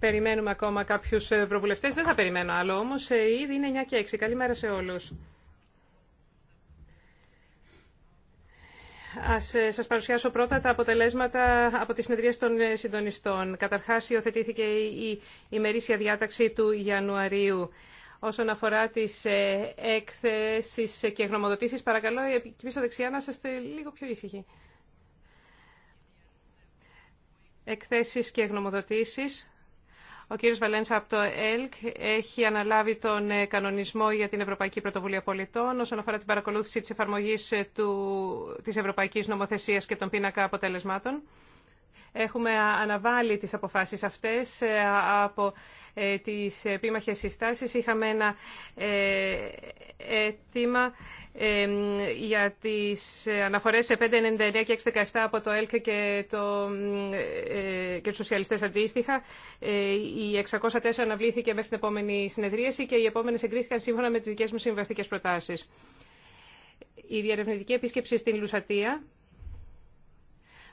Περιμένουμε ακόμα κάποιου ευρωβουλευτέ. Δεν θα περιμένω άλλο, Όμω ε, ήδη είναι 9 και 6. Καλημέρα σε όλου. Α ε, σας παρουσιάσω πρώτα τα αποτελέσματα από τι συνεδρίε των ε, συντονιστών. Καταρχά υιοθετήθηκε η ημερήσια διάταξη του Ιανουαρίου. Όσον αφορά τις ε, έκθεσεις και γνωμοδοτήσει, παρακαλώ η πίσω δεξιά να είστε λίγο πιο ήσυχοι. Εκθέσεις και γνωμοδοτήσει. Ο κύριος Βαλένσα από το ΕΛΚ έχει αναλάβει τον ε, κανονισμό για την Ευρωπαϊκή Πρωτοβουλία Πολιτών όσον αφορά την παρακολούθηση τη εφαρμογή ε, τη της Ευρωπαϊκής και των πίνακα αποτελεσμάτων. Έχουμε αναβάλει τις αποφάσεις αυτές ε, από ε, τις επίμαχες συστάσεις. Είχαμε ένα ε, αίτημα για τις αναφορές σε 5.99 και 6.17 από το ΕΛΚ και, το, και τους σοσιαλιστές αντίστοιχα. Η 604 αναβλήθηκε μέχρι την επόμενη συνεδρίαση και οι επόμενες εγκρίθηκαν σύμφωνα με τις δικές μου συμβαστικές προτάσεις. Η διαρευνητική επίσκεψη στην Λουσατία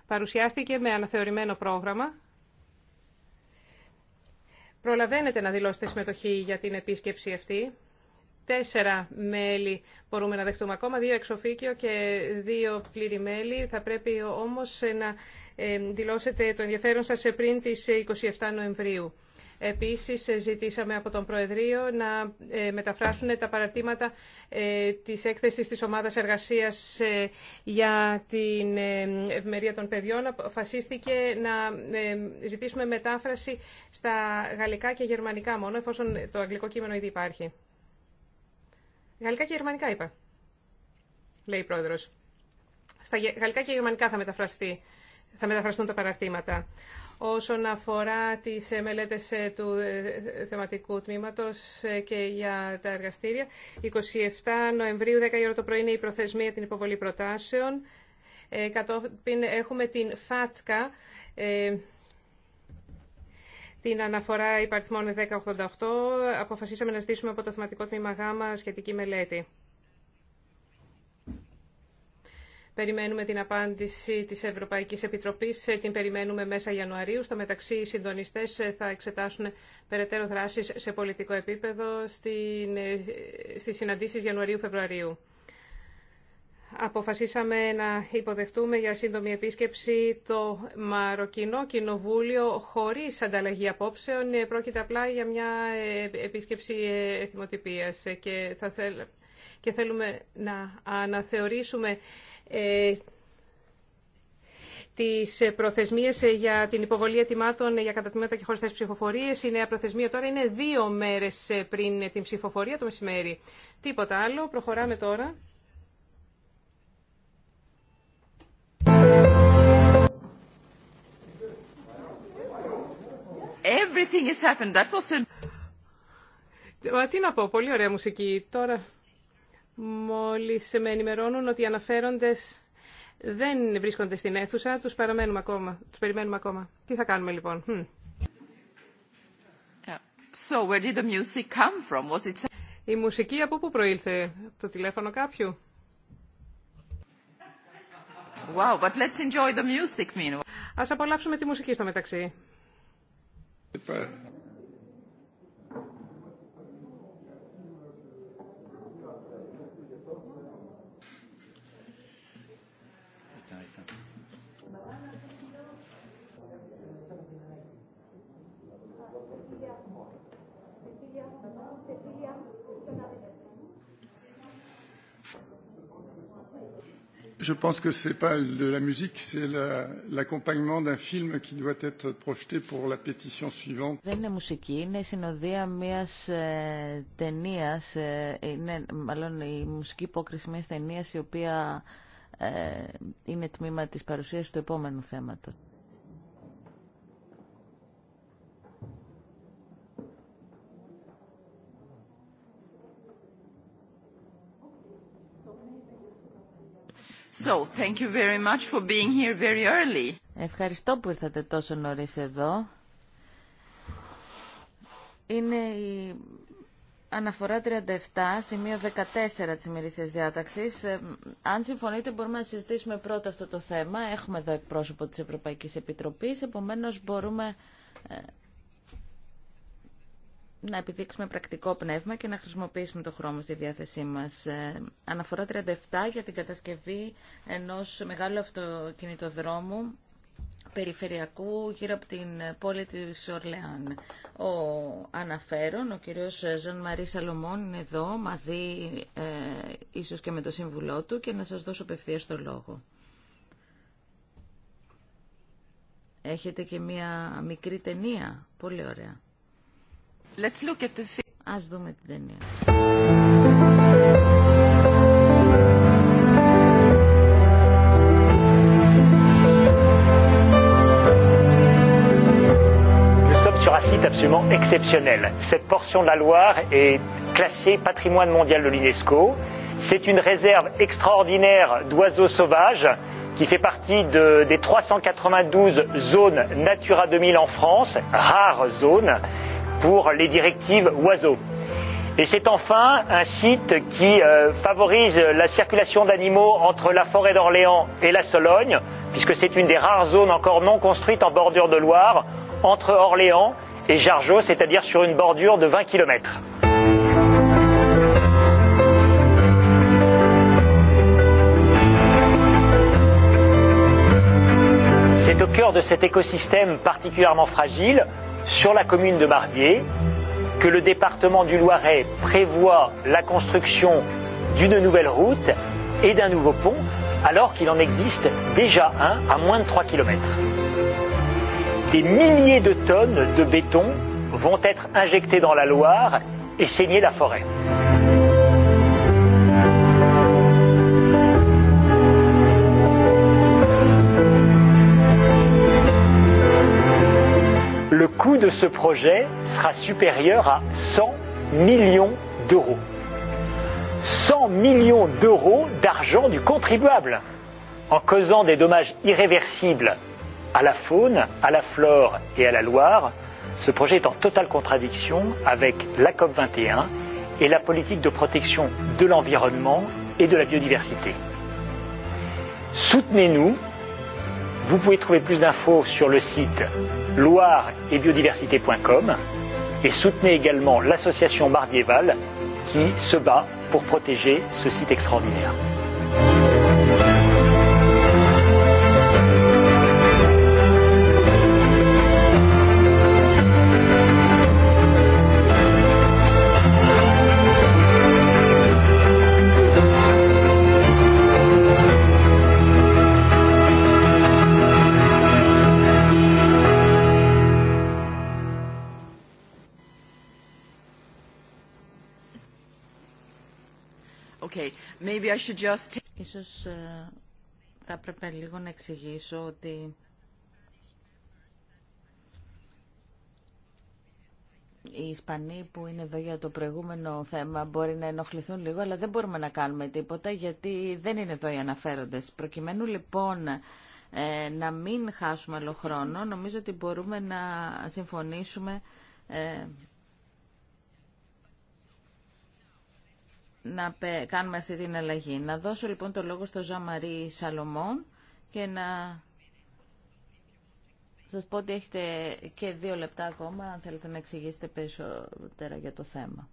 παρουσιάστηκε με αναθεωρημένο πρόγραμμα. Προλαβαίνετε να δηλώσετε συμμετοχή για την επίσκεψη αυτή. Τέσσερα μέλη μπορούμε να δεχτούμε ακόμα, δύο εξοφίκιο και δύο πλήρη μέλη. Θα πρέπει όμως να ε, δηλώσετε το ενδιαφέρον σας πριν τις 27 Νοεμβρίου. Επίσης, ζητήσαμε από τον Προεδρείο να ε, μεταφράσουν τα παραρτήματα ε, της έκθεσης της Ομάδας Εργασίας ε, για την Ευμερία των Παιδιών. Αποφασίστηκε να ζητήσουμε μετάφραση στα γαλλικά και γερμανικά μόνο, εφόσον το αγγλικό κείμενο ήδη υπάρχει. Γαλλικά και γερμανικά είπα, λέει η Πρόεδρος. Στα γαλλικά και γερμανικά θα, μεταφραστεί, θα μεταφραστούν τα παραρτήματα όσον αφορά τις ε, μελέτες ε, του ε, θεματικού τμήματος και για τα εργαστήρια. 27 Νοεμβρίου, 10 η ώρα το πρωί είναι η προθεσμία την υποβολή προτάσεων. Κατόπιν έχουμε την ΦΑΤΚΑ, την αναφορά υπαριθμών 1088. Αποφασίσαμε να στήσουμε από το θεματικό τμήμα ΓΑΜΑ σχετική μελέτη. Περιμένουμε την απάντηση της Ευρωπαϊκής Επιτροπής, την περιμένουμε μέσα Ιανουαρίου. Στο μεταξύ, οι συντονιστές θα εξετάσουν περαιτέρω δράσεις σε πολιτικό επίπεδο στις συναντήσεις Ιανουαρίου-Φεβρουαρίου. Αποφασίσαμε να υποδεχτούμε για σύντομη επίσκεψη το Μαροκινό Κοινοβούλιο χωρίς ανταλλαγή απόψεων. Πρόκειται απλά για μια επίσκεψη εθιμοτυπίας και, θα θέλουμε να αναθεωρήσουμε ε, τις προθεσμίες ε, για την υποβολή ετοιμάτων ε, για κατατμήματα και χωριστές ψηφοφορίες. Η νέα προθεσμία τώρα είναι δύο μέρες πριν την ψηφοφορία το μεσημέρι. Τίποτα άλλο. Προχωράμε τώρα. Everything has happened. That was a... τι να πω, πολύ ωραία μουσική τώρα. Μόλις με ενημερώνουν ότι οι αναφέροντες δεν βρίσκονται στην αίθουσα, τους, παραμένουμε ακόμα. τους περιμένουμε ακόμα. Τι θα κάνουμε λοιπόν. Hm. So where did the music come from? Was Η μουσική από πού προήλθε, από το τηλέφωνο κάποιου. Wow, but let's enjoy the music Ας απολαύσουμε τη μουσική στο μεταξύ. je pense que ce n'est pas de la musique, c'est l'accompagnement d'un film qui doit être projeté pour la pétition suivante. Δεν είναι μουσική, είναι η συνοδεία μια ε, ταινία, ε, είναι μάλλον η μουσική υπόκριση μια ταινία η οποία ε, είναι τμήμα τη παρουσίαση του επόμενου θέματο. So, thank you very much for being here very early. Ευχαριστώ που ήρθατε τόσο νωρίς εδώ. Είναι η αναφορά 37, σημείο 14 της ημερήσιας διάταξης. Ε, αν συμφωνείτε μπορούμε να συζητήσουμε πρώτα αυτό το θέμα. Έχουμε εδώ εκπρόσωπο της Ευρωπαϊκής Επιτροπής, επομένως μπορούμε ε, να επιδείξουμε πρακτικό πνεύμα και να χρησιμοποιήσουμε το χρώμα στη διάθεσή μας. Ε, αναφορά 37 για την κατασκευή ενός μεγάλου αυτοκινητοδρόμου περιφερειακού γύρω από την πόλη της Ορλεάν. Ο αναφέρον, ο κύριος Ζων Μαρή Σαλωμόν είναι εδώ μαζί ε, ίσως και με το σύμβουλό του και να σας δώσω απευθεία το λόγο. Έχετε και μία μικρή ταινία. Πολύ ωραία. Let's look at the... Ας δούμε την ταινία. site absolument exceptionnel. Cette portion de la Loire est classée patrimoine mondial de l'UNESCO. C'est une réserve extraordinaire d'oiseaux sauvages qui fait partie de, des 392 zones Natura 2000 en France, rares zones pour les directives oiseaux. Et c'est enfin un site qui favorise la circulation d'animaux entre la forêt d'Orléans et la Sologne, puisque c'est une des rares zones encore non construites en bordure de Loire, entre Orléans et Jargeau, c'est-à-dire sur une bordure de 20 km. C'est au cœur de cet écosystème particulièrement fragile sur la commune de Mardier, que le département du Loiret prévoit la construction d'une nouvelle route et d'un nouveau pont, alors qu'il en existe déjà un à moins de 3 km. Des milliers de tonnes de béton vont être injectées dans la Loire et saigner la forêt. Le coût de ce projet sera supérieur à 100 millions d'euros. 100 millions d'euros d'argent du contribuable en causant des dommages irréversibles à la faune, à la flore et à la Loire, ce projet est en totale contradiction avec la COP21 et la politique de protection de l'environnement et de la biodiversité. Soutenez-nous Vous pouvez trouver plus d'infos sur le site loire et biodiversité.com et soutenez également l'association Bardieval qui se bat pour protéger ce site extraordinaire. maybe Ίσως ε, θα έπρεπε λίγο να εξηγήσω ότι οι Ισπανοί που είναι εδώ για το προηγούμενο θέμα μπορεί να ενοχληθούν λίγο, αλλά δεν μπορούμε να κάνουμε τίποτα γιατί δεν είναι εδώ οι αναφέροντες. Προκειμένου λοιπόν ε, να μην χάσουμε άλλο χρόνο, νομίζω ότι μπορούμε να συμφωνήσουμε ε, να κάνουμε αυτή την αλλαγή. Να δώσω λοιπόν το λόγο στο Ζαμαρί Σαλομών και να σας πω ότι έχετε και δύο λεπτά ακόμα αν θέλετε να εξηγήσετε περισσότερα για το θέμα.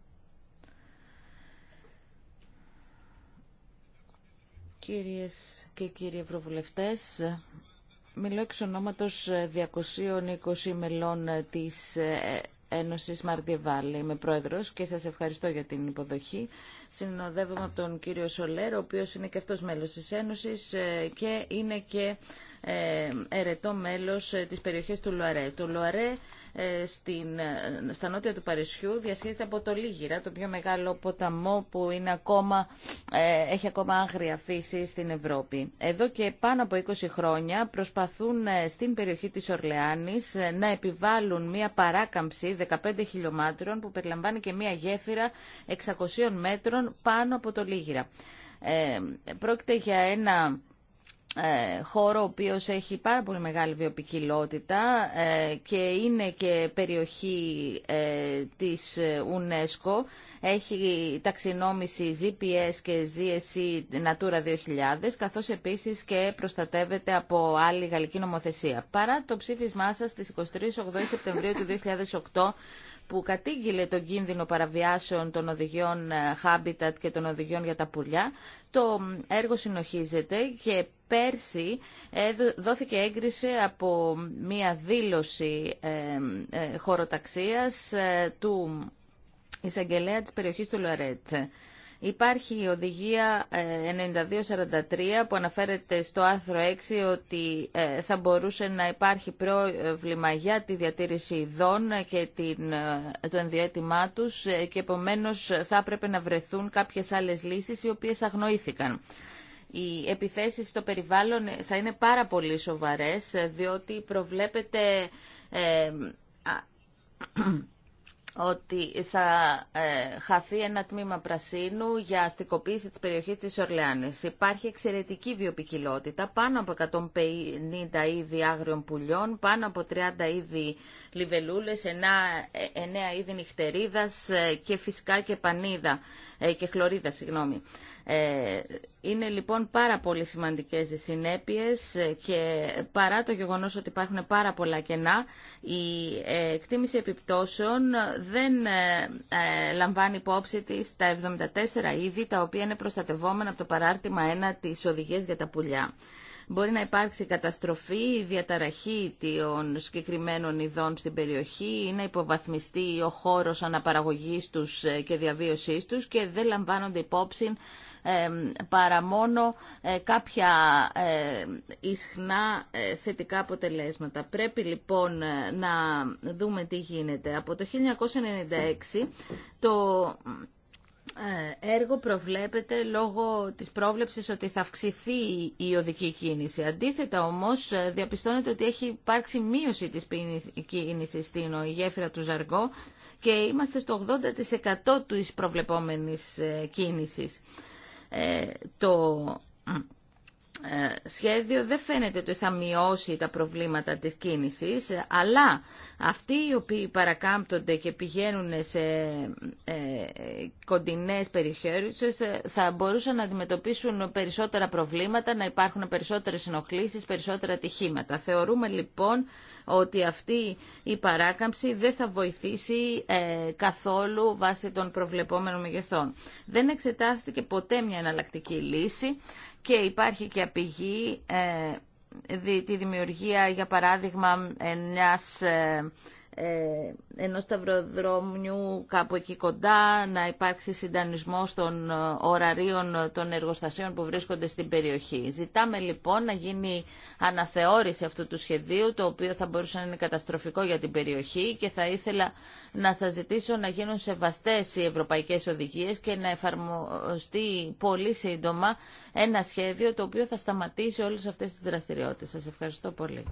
Κυρίες και κύριοι Ευρωβουλευτές, μιλώ εξ ονόματος 220 μελών της Ένωσης Μάρτιε Είμαι πρόεδρος και σας ευχαριστώ για την υποδοχή. Συνοδεύομαι από τον κύριο Σολέρ, ο οποίος είναι και αυτός μέλος της Ένωσης ε, και είναι και ερετό μέλος ε, της περιοχής του Λουαρέ. Το Λοαρέ ε, στην, ε, στα νότια του Παρισιού διασχίζεται από το Λίγυρα, το πιο μεγάλο ποταμό που είναι ακόμα, ε, έχει ακόμα άγρια φύση στην Ευρώπη. Εδώ και πάνω από 20 χρόνια προσπαθούν στην περιοχή της Ορλεάνης να επιβάλλουν μια παράκαμψη 15 χιλιόμετρων που περιλαμβάνει και μια γέφυρα 600 μέτρων πάνω από το Λίγυρα. Ε, πρόκειται για ένα ε, χώρο ο οποίος έχει πάρα πολύ μεγάλη βιοπικιλότητα ε, και είναι και περιοχή ε, της UNESCO. Έχει ταξινόμηση GPS και GSE Natura 2000, καθώς επίσης και προστατεύεται από άλλη γαλλική νομοθεσία. Παρά το ψήφισμά σας στις 23 Σεπτεμβρίου του 2008, που κατήγγειλε τον κίνδυνο παραβιάσεων των οδηγιών Habitat και των οδηγιών για τα πουλιά. Το έργο συνοχίζεται και πέρσι ε, δόθηκε έγκριση από μία δήλωση ε, ε, χωροταξίας του εισαγγελέα της περιοχής του Λουαρέτ. Υπάρχει η οδηγία 9243 που αναφέρεται στο άρθρο 6 ότι θα μπορούσε να υπάρχει πρόβλημα για τη διατήρηση ειδών και την, το ενδιαίτημά τους και επομένως θα έπρεπε να βρεθούν κάποιες άλλες λύσεις οι οποίες αγνοήθηκαν οι επιθέσεις στο περιβάλλον θα είναι πάρα πολύ σοβαρές, διότι προβλέπεται ε, ότι θα ε, χαθεί ένα τμήμα πρασίνου για αστικοποίηση της περιοχής της Ορλεάνης. Υπάρχει εξαιρετική βιοπικιλότητα, πάνω από 150 είδη άγριων πουλιών, πάνω από 30 είδη λιβελούλες, 9 ε, είδη νυχτερίδας ε, και φυσικά και πανίδα και χλωρίδα, συγγνώμη. Ε, είναι λοιπόν πάρα πολύ σημαντικές οι συνέπειες ε, και παρά το γεγονός ότι υπάρχουν πάρα πολλά κενά, η ε, εκτίμηση επιπτώσεων δεν λαμβάνει υπόψη της τα 74 είδη τα οποία είναι προστατευόμενα από το παράρτημα 1 της οδηγίας για τα πουλιά. Μπορεί να υπάρξει καταστροφή ή διαταραχή των συγκεκριμένων ειδών στην περιοχή ή να υποβαθμιστεί ο χώρος αναπαραγωγής τους και διαβίωσής τους και δεν λαμβάνονται υπόψη παρά μόνο ε, κάποια ε, ισχνά ε, θετικά αποτελέσματα. Πρέπει λοιπόν να δούμε τι γίνεται. Από το 1996 το έργο προβλέπεται λόγω της πρόβλεψης ότι θα αυξηθεί η οδική κίνηση. Αντίθετα όμως διαπιστώνεται ότι έχει υπάρξει μείωση της κίνησης στην γέφυρα του Ζαργό και είμαστε στο 80% της προβλεπόμενης κίνησης. Ε, το ε, σχέδιο δεν φαίνεται ότι θα μειώσει τα προβλήματα της κίνησης, αλλά αυτοί οι οποίοι παρακάμπτονται και πηγαίνουν σε ε, κοντινές περιοχές ε, θα μπορούσαν να αντιμετωπίσουν περισσότερα προβλήματα, να υπάρχουν περισσότερες συνοχλήσεις, περισσότερα ατυχήματα. Θεωρούμε λοιπόν ότι αυτή η παράκαμψη δεν θα βοηθήσει ε, καθόλου βάσει των προβλεπόμενων μεγεθών. Δεν εξετάστηκε ποτέ μια εναλλακτική λύση και υπάρχει και απηγή ε, τη δημιουργία, για παράδειγμα, ε, μιας ε, ε, Ενό σταυροδρόμιου κάπου εκεί κοντά, να υπάρξει συντανισμό των ε, ωραρίων ε, των εργοστασίων που βρίσκονται στην περιοχή. Ζητάμε λοιπόν να γίνει αναθεώρηση αυτού του σχεδίου, το οποίο θα μπορούσε να είναι καταστροφικό για την περιοχή και θα ήθελα να σας ζητήσω να γίνουν σεβαστές οι ευρωπαϊκές οδηγίες και να εφαρμοστεί πολύ σύντομα ένα σχέδιο το οποίο θα σταματήσει όλες αυτές τις δραστηριότητες. Σας ευχαριστώ πολύ.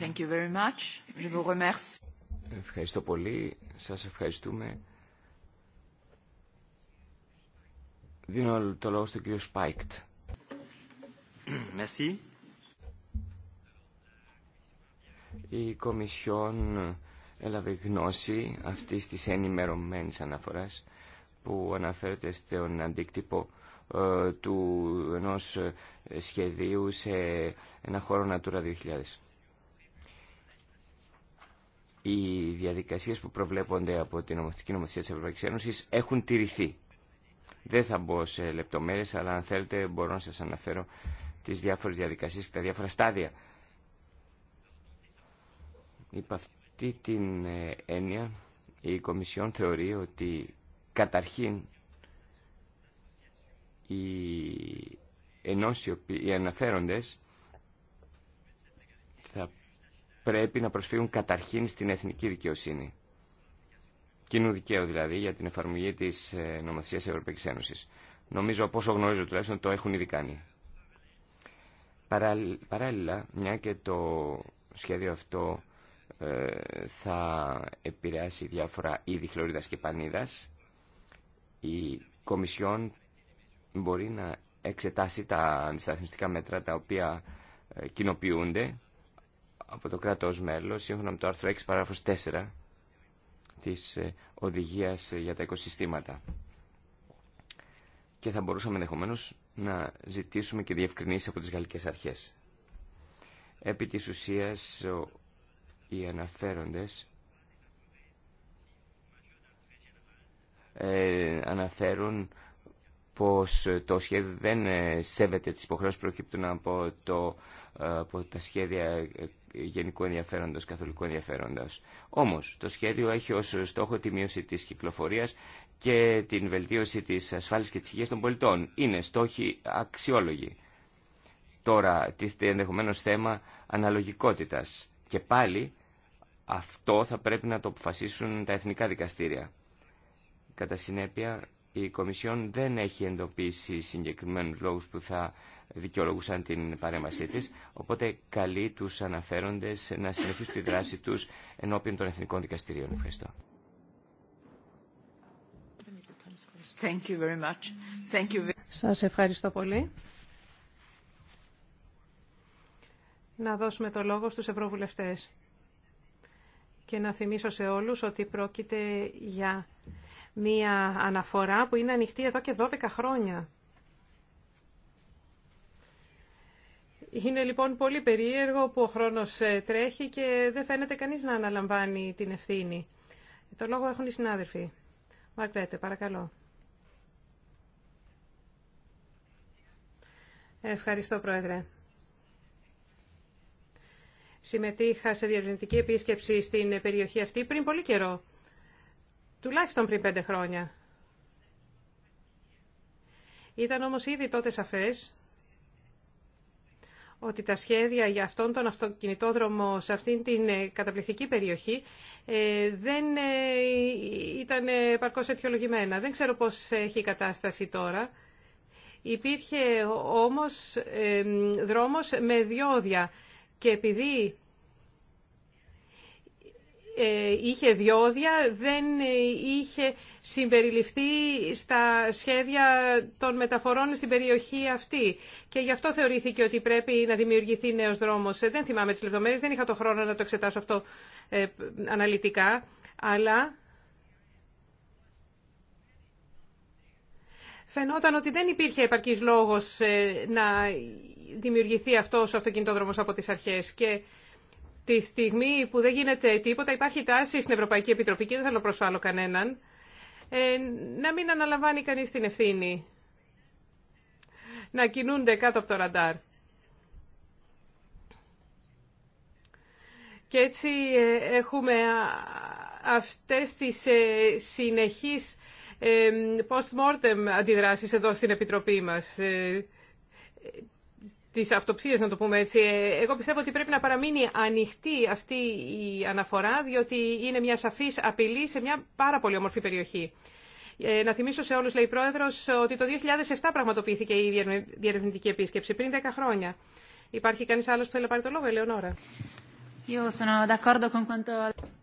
Thank you very much. Je vous remercie. Ευχαριστώ πολύ. Σας ευχαριστούμε. Δίνω το λόγο στον κύριο Σπάικτ. Merci. Η Κομισιόν έλαβε γνώση αυτής της ενημερωμένης αναφοράς που αναφέρεται στον αντίκτυπο ε, του ενός ε, σχεδίου σε ένα χώρο Natura 2000 οι διαδικασίες που προβλέπονται από την νομοθετική νομοθεσία της Ευρωπαϊκής Ένωσης έχουν τηρηθεί. Δεν θα μπω σε λεπτομέρειες, αλλά αν θέλετε μπορώ να σας αναφέρω τις διάφορες διαδικασίες και τα διάφορα στάδια. Υπ' αυτή την ε, έννοια η Κομισιόν θεωρεί ότι καταρχήν οι ενώσεις οι αναφέροντες θα πρέπει να προσφύγουν καταρχήν στην εθνική δικαιοσύνη. Κοινού δικαίου δηλαδή για την εφαρμογή τη ε, νομοθεσία Ευρωπαϊκή Ένωση. Νομίζω, από όσο γνωρίζω τουλάχιστον, το έχουν ήδη κάνει. Παράλληλα, μια και το σχέδιο αυτό ε, θα επηρεάσει διάφορα είδη χλωρίδας και πανίδας, η Κομισιόν μπορεί να εξετάσει τα αντισταθμιστικά μέτρα τα οποία ε, κοινοποιούνται από το κράτος μέλο, σύμφωνα με το άρθρο 6 παράγραφος 4 της ε, οδηγίας για τα οικοσυστήματα. Και θα μπορούσαμε ενδεχομένω να ζητήσουμε και διευκρινήσει από τις γαλλικέ αρχές. Επί τη ουσία, οι αναφέροντες ε, αναφέρουν πως το σχέδιο δεν ε, σέβεται τις υποχρεώσεις που προκύπτουν από το από τα σχέδια ε, γενικού ενδιαφέροντος, καθολικού ενδιαφέροντος. Όμως, το σχέδιο έχει ως στόχο τη μείωση της κυκλοφορίας και την βελτίωση της ασφάλειας και της υγείας των πολιτών. Είναι στόχοι αξιόλογοι. Τώρα, τίθεται ενδεχομένω θέμα αναλογικότητας. Και πάλι, αυτό θα πρέπει να το αποφασίσουν τα εθνικά δικαστήρια. Κατά συνέπεια, η Κομισιόν δεν έχει εντοπίσει συγκεκριμένους λόγους που θα δικαιολογούσαν την παρέμβασή τη, οπότε καλεί τους αναφέροντε να συνεχίσουν τη δράση τους ενώπιον των εθνικών δικαστηρίων. Ευχαριστώ. Σα ευχαριστώ πολύ. Να δώσουμε το λόγο στους ευρωβουλευτές. Και να θυμίσω σε όλους ότι πρόκειται για μία αναφορά που είναι ανοιχτή εδώ και 12 χρόνια. Είναι λοιπόν πολύ περίεργο που ο χρόνος ε, τρέχει και δεν φαίνεται κανείς να αναλαμβάνει την ευθύνη. Το λόγο έχουν οι συνάδελφοι. Μαρκρέτε, παρακαλώ. Ευχαριστώ, Πρόεδρε. Συμμετείχα σε διευρυντική επίσκεψη στην περιοχή αυτή πριν πολύ καιρό. Τουλάχιστον πριν πέντε χρόνια. Ήταν όμως ήδη τότε σαφές ότι τα σχέδια για αυτόν τον αυτοκινητόδρομο σε αυτήν την ε, καταπληκτική περιοχή ε, δεν ε, ήταν παρκώς αιτιολογημένα. Δεν ξέρω πώς έχει η κατάσταση τώρα. Υπήρχε όμως δρόμος με διόδια και επειδή ε, είχε διόδια, δεν ε, είχε συμπεριληφθεί στα σχέδια των μεταφορών στην περιοχή αυτή. Και γι' αυτό θεωρήθηκε ότι πρέπει να δημιουργηθεί νέος δρόμος. Ε, δεν θυμάμαι τις λεπτομέρειες, δεν είχα το χρόνο να το εξετάσω αυτό αναλυτικά, αλλά... Φαινόταν ότι δεν υπήρχε επαρκής λόγος να δημιουργηθεί αυτός ο αυτοκινητόδρομος από τις αρχές και τη στιγμή που δεν γίνεται τίποτα, υπάρχει τάση στην Ευρωπαϊκή Επιτροπή και δεν θέλω να κανέναν, κανέναν, ε, να μην αναλαμβάνει κανείς την ευθύνη. Να κινούνται κάτω από το ραντάρ. Και έτσι ε, έχουμε αυτές τις ε, συνεχείς post-mortem αντιδράσεις εδώ στην Επιτροπή μας τις αυτοψίες, να το πούμε έτσι. Εγώ πιστεύω ότι πρέπει να παραμείνει ανοιχτή αυτή η αναφορά, διότι είναι μια σαφής απειλή σε μια πάρα πολύ όμορφη περιοχή. Ε, να θυμίσω σε όλους, λέει η Πρόεδρος, ότι το 2007 πραγματοποιήθηκε η διερευνητική επίσκεψη, πριν 10 χρόνια. Υπάρχει κανείς άλλος που θέλει να πάρει το λόγο, Ελεονόρα.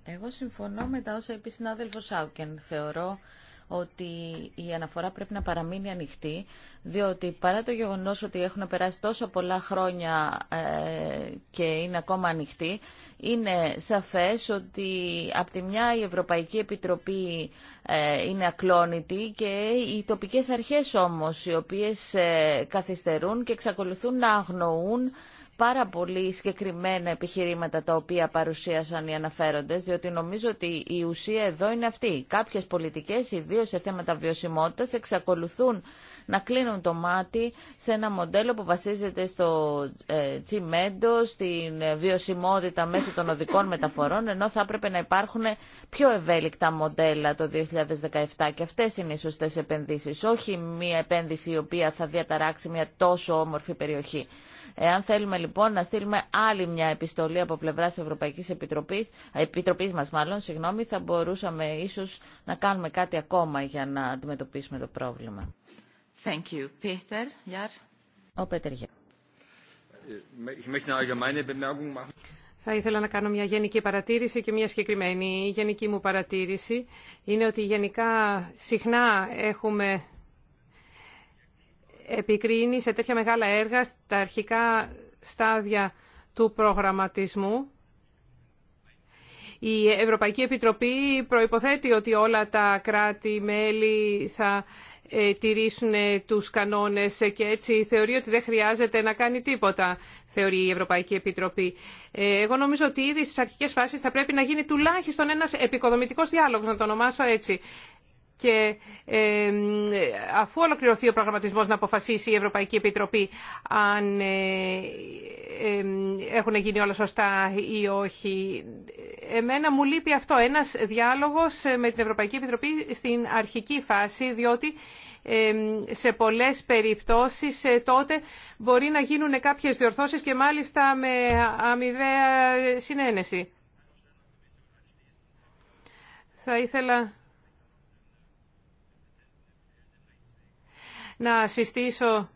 Εγώ συμφωνώ με τα όσα είπε η συνάδελφο Σάουκεν. Θεωρώ ότι η αναφορά πρέπει να παραμείνει ανοιχτή, διότι παρά το γεγονός ότι έχουν περάσει τόσο πολλά χρόνια ε, και είναι ακόμα ανοιχτή, είναι σαφές ότι από τη μια η Ευρωπαϊκή Επιτροπή ε, είναι ακλόνητη και οι τοπικές αρχές όμως, οι οποίες ε, καθυστερούν και εξακολουθούν να αγνοούν πάρα πολύ συγκεκριμένα επιχειρήματα τα οποία παρουσίασαν οι αναφέροντες, διότι νομίζω ότι η ουσία εδώ είναι αυτή. Κάποιες πολιτικές, ιδίω σε θέματα βιωσιμότητας, εξακολουθούν να κλείνουν το μάτι σε ένα μοντέλο που βασίζεται στο ε, τσιμέντο, στην βιωσιμότητα μέσω των οδικών μεταφορών, ενώ θα έπρεπε να υπάρχουν πιο ευέλικτα μοντέλα το 2017 και αυτές είναι οι σωστές επενδύσεις, όχι μια επένδυση η οποία θα διαταράξει μια τόσο όμορφη περιοχή. Εάν θέλουμε λοιπόν να στείλουμε άλλη μια επιστολή από πλευρά Ευρωπαϊκή Επιτροπή, Επιτροπής μα μάλλον, συγγνώμη, θα μπορούσαμε ίσω να κάνουμε κάτι ακόμα για να αντιμετωπίσουμε το πρόβλημα. Thank you. Peter, Ο Πέτερ Γιάρ. Θα ήθελα να κάνω μια γενική παρατήρηση και μια συγκεκριμένη. Η γενική μου παρατήρηση είναι ότι γενικά συχνά έχουμε επικρίνει σε τέτοια μεγάλα έργα στα αρχικά στάδια του προγραμματισμού. Η Ευρωπαϊκή Επιτροπή προϋποθέτει ότι όλα τα κράτη-μέλη θα ε, τηρήσουν ε, τους κανόνες και έτσι θεωρεί ότι δεν χρειάζεται να κάνει τίποτα, θεωρεί η Ευρωπαϊκή Επιτροπή. Ε, εγώ νομίζω ότι ήδη στις αρχικές φάσεις θα πρέπει να γίνει τουλάχιστον ένας επικοδομητικός διάλογος, να το ονομάσω έτσι και αφού ολοκληρωθεί ο προγραμματισμός να αποφασίσει η Ευρωπαϊκή Επιτροπή αν ε, έχουν γίνει όλα σωστά ή όχι. Εμένα μου λείπει αυτό, ένας διάλογος με την Ευρωπαϊκή Επιτροπή στην αρχική φάση, διότι σε πολλές περιπτώσεις ε, τότε μπορεί να γίνουν κάποιες διορθώσεις και μάλιστα με αμοιβαία συνένεση. Θα ήθελα να συστήσω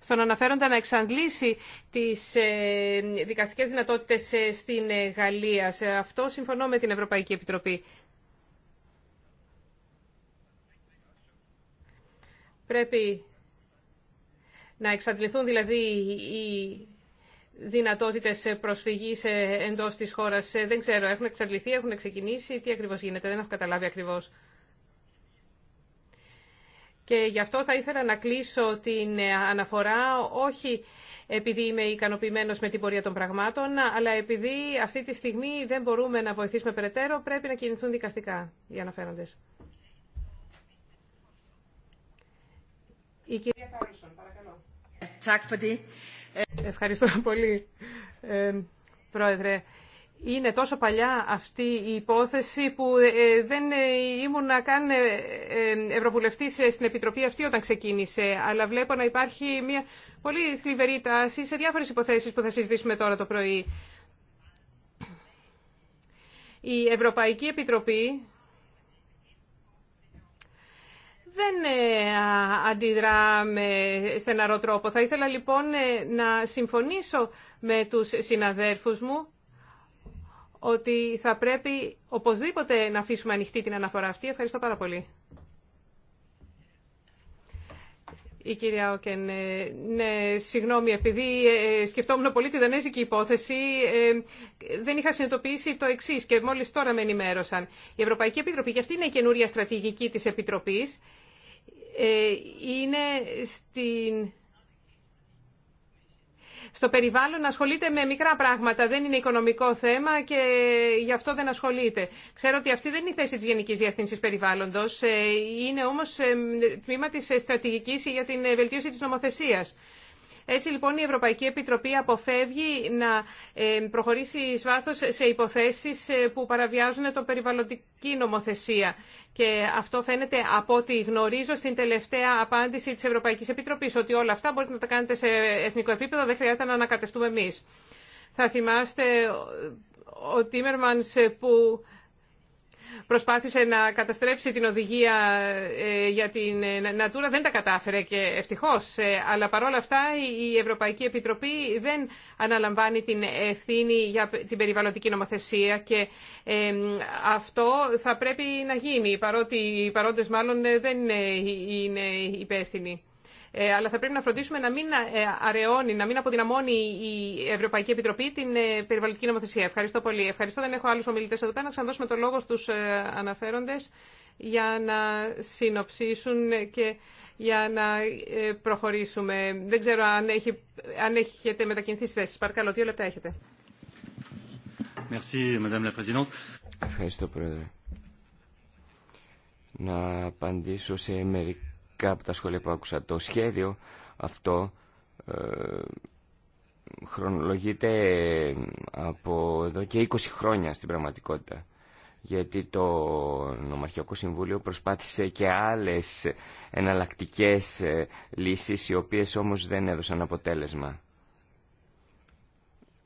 στον αναφέροντα να εξαντλήσει τις ε, δικαστικές δυνατότητες ε, στην ε, Γαλλία. Σε αυτό συμφωνώ με την Ευρωπαϊκή Επιτροπή. Πρέπει να εξαντληθούν δηλαδή οι δυνατότητες προσφυγής εντός της χώρας. Δεν ξέρω, έχουν εξαντληθεί, έχουν ξεκινήσει, τι ακριβώς γίνεται, δεν έχω καταλάβει ακριβώς. Και γι' αυτό θα ήθελα να κλείσω την αναφορά όχι επειδή είμαι ικανοποιημένος με την πορεία των πραγμάτων, αλλά επειδή αυτή τη στιγμή δεν μπορούμε να βοηθήσουμε περαιτέρω, πρέπει να κινηθούν δικαστικά οι αναφέροντες. Η ε, ε, Ευχαριστώ πολύ, ε, Πρόεδρε. Είναι τόσο παλιά αυτή η υπόθεση που ε, ε, δεν ε, ήμουν να καν ευρωβουλευτή στην Επιτροπή αυτή όταν ξεκίνησε. Αλλά βλέπω να υπάρχει μια πολύ θλιβερή τάση σε διάφορες υποθέσεις που θα συζητήσουμε τώρα το πρωί. Η Ευρωπαϊκή Επιτροπή δεν αντιδρά με στεναρό τρόπο. Θα ήθελα λοιπόν να συμφωνήσω με τους συναδέρφους μου ότι θα πρέπει οπωσδήποτε να αφήσουμε ανοιχτή την αναφορά αυτή. Ευχαριστώ πάρα πολύ. Η κυρία Όκεν, ε, ναι, συγγνώμη, επειδή ε, σκεφτόμουν πολύ τη δανέζικη υπόθεση, ε, δεν είχα συνειδητοποιήσει το εξή και μόλι τώρα με ενημέρωσαν. Η Ευρωπαϊκή Επιτροπή, και αυτή είναι η καινούρια στρατηγική τη Επιτροπή, είναι στην στο περιβάλλον ασχολείται με μικρά πράγματα. Δεν είναι οικονομικό θέμα και γι' αυτό δεν ασχολείται. Ξέρω ότι αυτή δεν είναι η θέση τη Γενική Διευθύνση Περιβάλλοντο. Ε, είναι όμω ε, τμήμα τη ε, στρατηγική για την βελτίωση τη νομοθεσία. Έτσι λοιπόν η Ευρωπαϊκή Επιτροπή αποφεύγει να ε, προχωρήσει σβάθος σε υποθέσεις ε, που παραβιάζουν το περιβαλλοντική νομοθεσία. Και αυτό φαίνεται από ό,τι γνωρίζω στην τελευταία απάντηση της Ευρωπαϊκής Επιτροπής, ότι όλα αυτά μπορείτε να τα κάνετε σε εθνικό επίπεδο, δεν χρειάζεται να ανακατευτούμε εμείς. Θα θυμάστε ο Τίμερμανς ε, που προσπάθησε να καταστρέψει την οδηγία ε, για την ε, Natura. Δεν τα κατάφερε και ευτυχώς. Ε, αλλά παρόλα αυτά η Ευρωπαϊκή Επιτροπή δεν αναλαμβάνει την ευθύνη για την περιβαλλοντική νομοθεσία και αυτό θα πρέπει να γίνει, παρότι οι παρόντες μάλλον δεν είναι υπεύθυνοι. Ε, αλλά θα πρέπει να φροντίσουμε να μην ε, αραιώνει, να μην αποδυναμώνει η Ευρωπαϊκή Επιτροπή την ε, περιβαλλοντική νομοθεσία. Ευχαριστώ πολύ. Ευχαριστώ. Δεν έχω άλλου ομιλητέ εδώ πέρα. Να ξαναδώσουμε το λόγο στου αναφέροντε για να συνοψίσουν και για να προχωρήσουμε. Δεν ξέρω αν, έχει, αν έχετε μετακινηθεί στις Παρακαλώ, δύο λεπτά έχετε. Merci, Madame la Présidente. Ευχαριστώ, Πρόεδρε. Να απαντήσω σε από τα σχόλια που άκουσα. Το σχέδιο αυτό ε, χρονολογείται ε, από εδώ και 20 χρόνια στην πραγματικότητα. Γιατί το Νομαρχιακό Συμβούλιο προσπάθησε και άλλες εναλλακτικές ε, λύσεις οι οποίες όμως δεν έδωσαν αποτέλεσμα.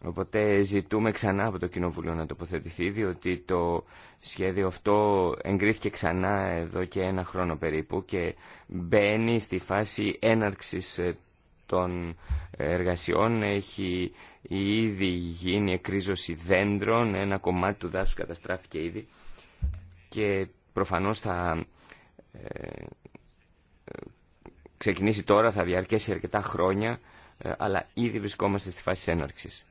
Οπότε ζητούμε ξανά από το Κοινοβουλίο να τοποθετηθεί, διότι το σχέδιο αυτό εγκρίθηκε ξανά εδώ και ένα χρόνο περίπου και μπαίνει στη φάση έναρξης ε, των ε, εργασιών. Έχει ήδη γίνει εκρίζωση δέντρων, ένα κομμάτι του δάσους καταστράφηκε ήδη και προφανώς θα ε, ξεκινήσει τώρα, θα διαρκέσει αρκετά χρόνια, αλλά ήδη βρισκόμαστε στη φάση έναρξης.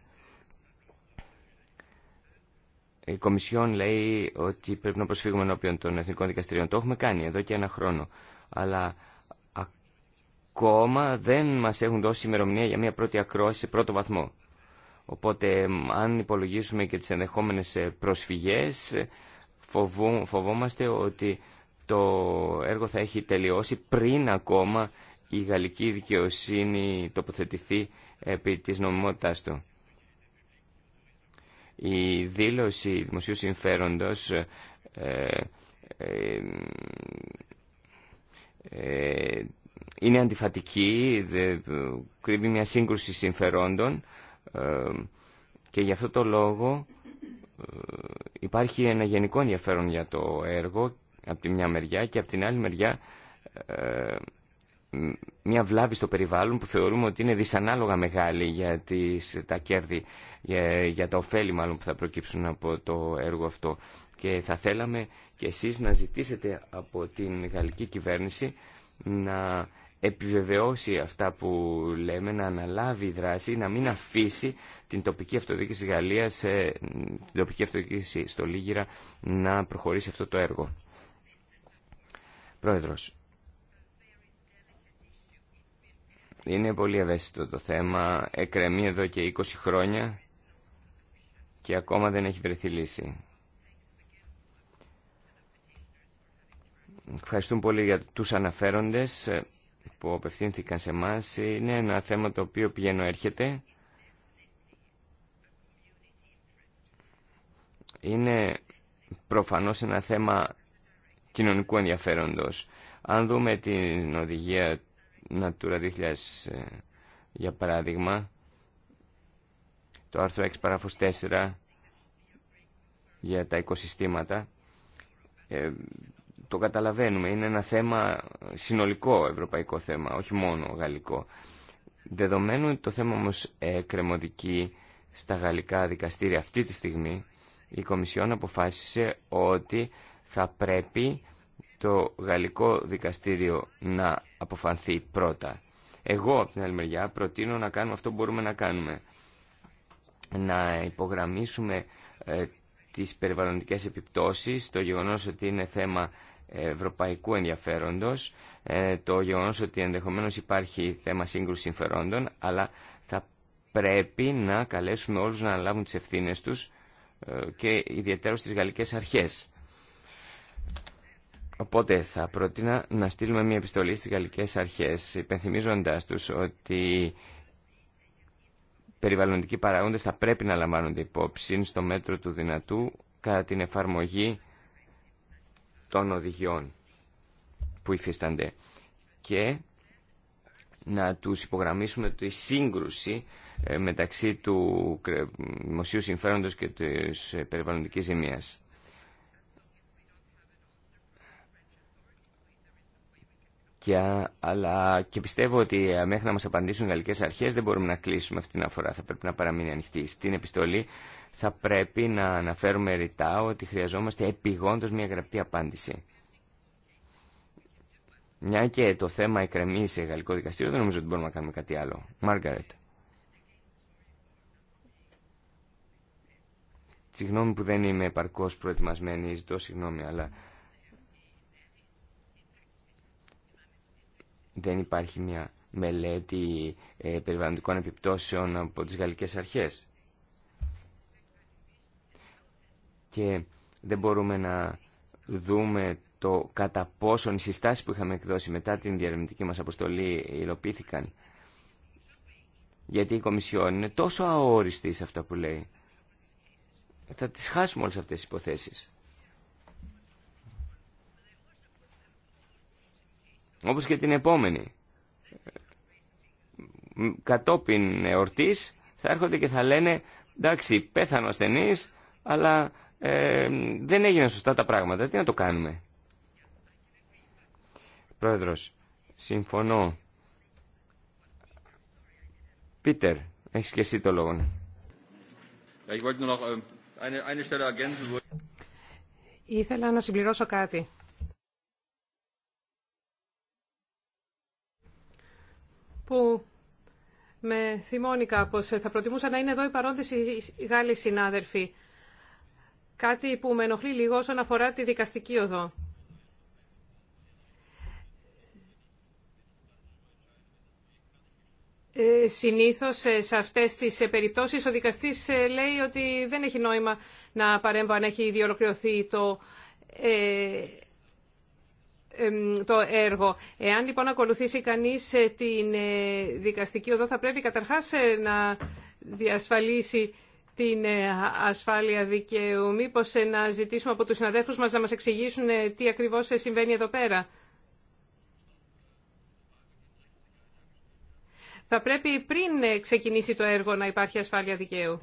Η Κομισιόν λέει ότι πρέπει να προσφύγουμε ενώπιον των εθνικών δικαστηρίων. Το έχουμε κάνει εδώ και ένα χρόνο. Αλλά ακόμα δεν μα έχουν δώσει ημερομηνία για μια πρώτη ακρόαση σε πρώτο βαθμό. Οπότε αν υπολογίσουμε και τις ενδεχόμενες προσφυγές φοβόμαστε ότι το έργο θα έχει τελειώσει πριν ακόμα η γαλλική δικαιοσύνη τοποθετηθεί επί της νομιμότητάς του. Η δήλωση δημοσίου συμφέροντος ε, ε, ε, είναι αντιφατική, δε, κρύβει μια σύγκρουση συμφερόντων και γι' αυτό το λόγο υπάρχει ένα γενικό ενδιαφέρον για το έργο από τη μια μεριά και από την άλλη μεριά μια βλάβη στο περιβάλλον που θεωρούμε ότι είναι δυσανάλογα μεγάλη για τα κέρδη για, για τα ωφέλη μάλλον που θα προκύψουν από το έργο αυτό. Και θα θέλαμε και εσείς να ζητήσετε από την γαλλική κυβέρνηση να επιβεβαιώσει αυτά που λέμε, να αναλάβει δράση, να μην αφήσει την τοπική αυτοδιοίκηση Γαλλίας, ε, την τοπική αυτοδιοίκηση στο Λίγυρα να προχωρήσει αυτό το έργο. Πρόεδρος, είναι πολύ ευαίσθητο το θέμα, εκρεμεί εδώ και 20 χρόνια και ακόμα δεν έχει βρεθεί λύση. Ευχαριστούμε πολύ για τους αναφέροντες που απευθύνθηκαν σε εμά. Είναι ένα θέμα το οποίο πηγαίνω έρχεται. Είναι προφανώς ένα θέμα κοινωνικού ενδιαφέροντος. Αν δούμε την οδηγία Natura 2000, για παράδειγμα, το άρθρο 6 παράγραφος 4 για τα οικοσυστήματα. Ε, το καταλαβαίνουμε, είναι ένα θέμα συνολικό ευρωπαϊκό θέμα, όχι μόνο γαλλικό. Δεδομένου το θέμα όμως ε, στα γαλλικά δικαστήρια αυτή τη στιγμή, η Κομισιόν αποφάσισε ότι θα πρέπει το γαλλικό δικαστήριο να αποφανθεί πρώτα. Εγώ από την άλλη μεριά προτείνω να κάνουμε αυτό που μπορούμε να κάνουμε να υπογραμμίσουμε ε, τις περιβαλλοντικές επιπτώσεις, το γεγονός ότι είναι θέμα ευρωπαϊκού ενδιαφέροντος, ε, το γεγονός ότι ενδεχομένως υπάρχει θέμα σύγκρουση συμφερόντων, αλλά θα πρέπει να καλέσουμε όλους να αναλάβουν τις ευθύνες τους ε, και ιδιαίτερα στις γαλλικές αρχές. Οπότε θα πρότεινα να στείλουμε μια επιστολή στις γαλλικές αρχές, υπενθυμίζοντάς τους ότι περιβαλλοντικοί παράγοντες θα πρέπει να λαμβάνονται υπόψη στο μέτρο του δυνατού κατά την εφαρμογή των οδηγιών που υφίστανται και να τους υπογραμμίσουμε τη σύγκρουση ε, μεταξύ του δημοσίου συμφέροντος και της ε, περιβαλλοντικής ζημίας. και, αλλά και πιστεύω ότι ε, μέχρι να μα απαντήσουν οι γαλλικές αρχές δεν μπορούμε να κλείσουμε αυτή την αφορά. Θα πρέπει να παραμείνει ανοιχτή. Στην επιστολή θα πρέπει να αναφέρουμε ρητά ότι χρειαζόμαστε επιγόντω μια γραπτή απάντηση. Μια και το θέμα εκκρεμεί σε γαλλικό δικαστήριο, δεν νομίζω ότι μπορούμε να κάνουμε κάτι άλλο. Μάργαρετ. Συγγνώμη που δεν είμαι επαρκώ προετοιμασμένη, ζητώ συγγνώμη, αλλά... δεν υπάρχει μια μελέτη ε, περιβαλλοντικών επιπτώσεων από τις γαλλικές αρχές. Και δεν μπορούμε να δούμε το κατά πόσον οι συστάσεις που είχαμε εκδώσει μετά την διαρευνητική μας αποστολή υλοποιήθηκαν. Γιατί η Κομισιόν είναι τόσο αόριστη σε αυτά που λέει. Θα τις χάσουμε όλες αυτές τις υποθέσεις. όπως και την επόμενη. Κατόπιν εορτής θα έρχονται και θα λένε εντάξει πέθανε ο ασθενής αλλά ε, δεν έγιναν σωστά τα πράγματα. Τι να το κάνουμε. Πρόεδρος, συμφωνώ. Πίτερ, έχεις και εσύ το λόγο. Ήθελα να συμπληρώσω κάτι. που με θυμώνει κάπως. Θα προτιμούσα να είναι εδώ οι παρόντες οι Γάλλοι συνάδελφοι. Κάτι που με ενοχλεί λίγο όσον αφορά τη δικαστική οδό. Ε, συνήθως ε, σε αυτές τις ε, περιπτώσεις ο δικαστής λέει ότι δεν έχει νόημα να παρέμβω αν έχει ήδη το το έργο. Εάν λοιπόν ακολουθήσει κανείς ε, την ε, δικαστική οδό θα πρέπει καταρχάς ε, να διασφαλίσει την ασφάλεια δικαίου. Μήπως να ζητήσουμε από τους συναδέλφους μας να μας εξηγήσουν τι ακριβώς συμβαίνει εδώ πέρα. Θα πρέπει πριν ξεκινήσει το έργο να υπάρχει ασφάλεια δικαίου.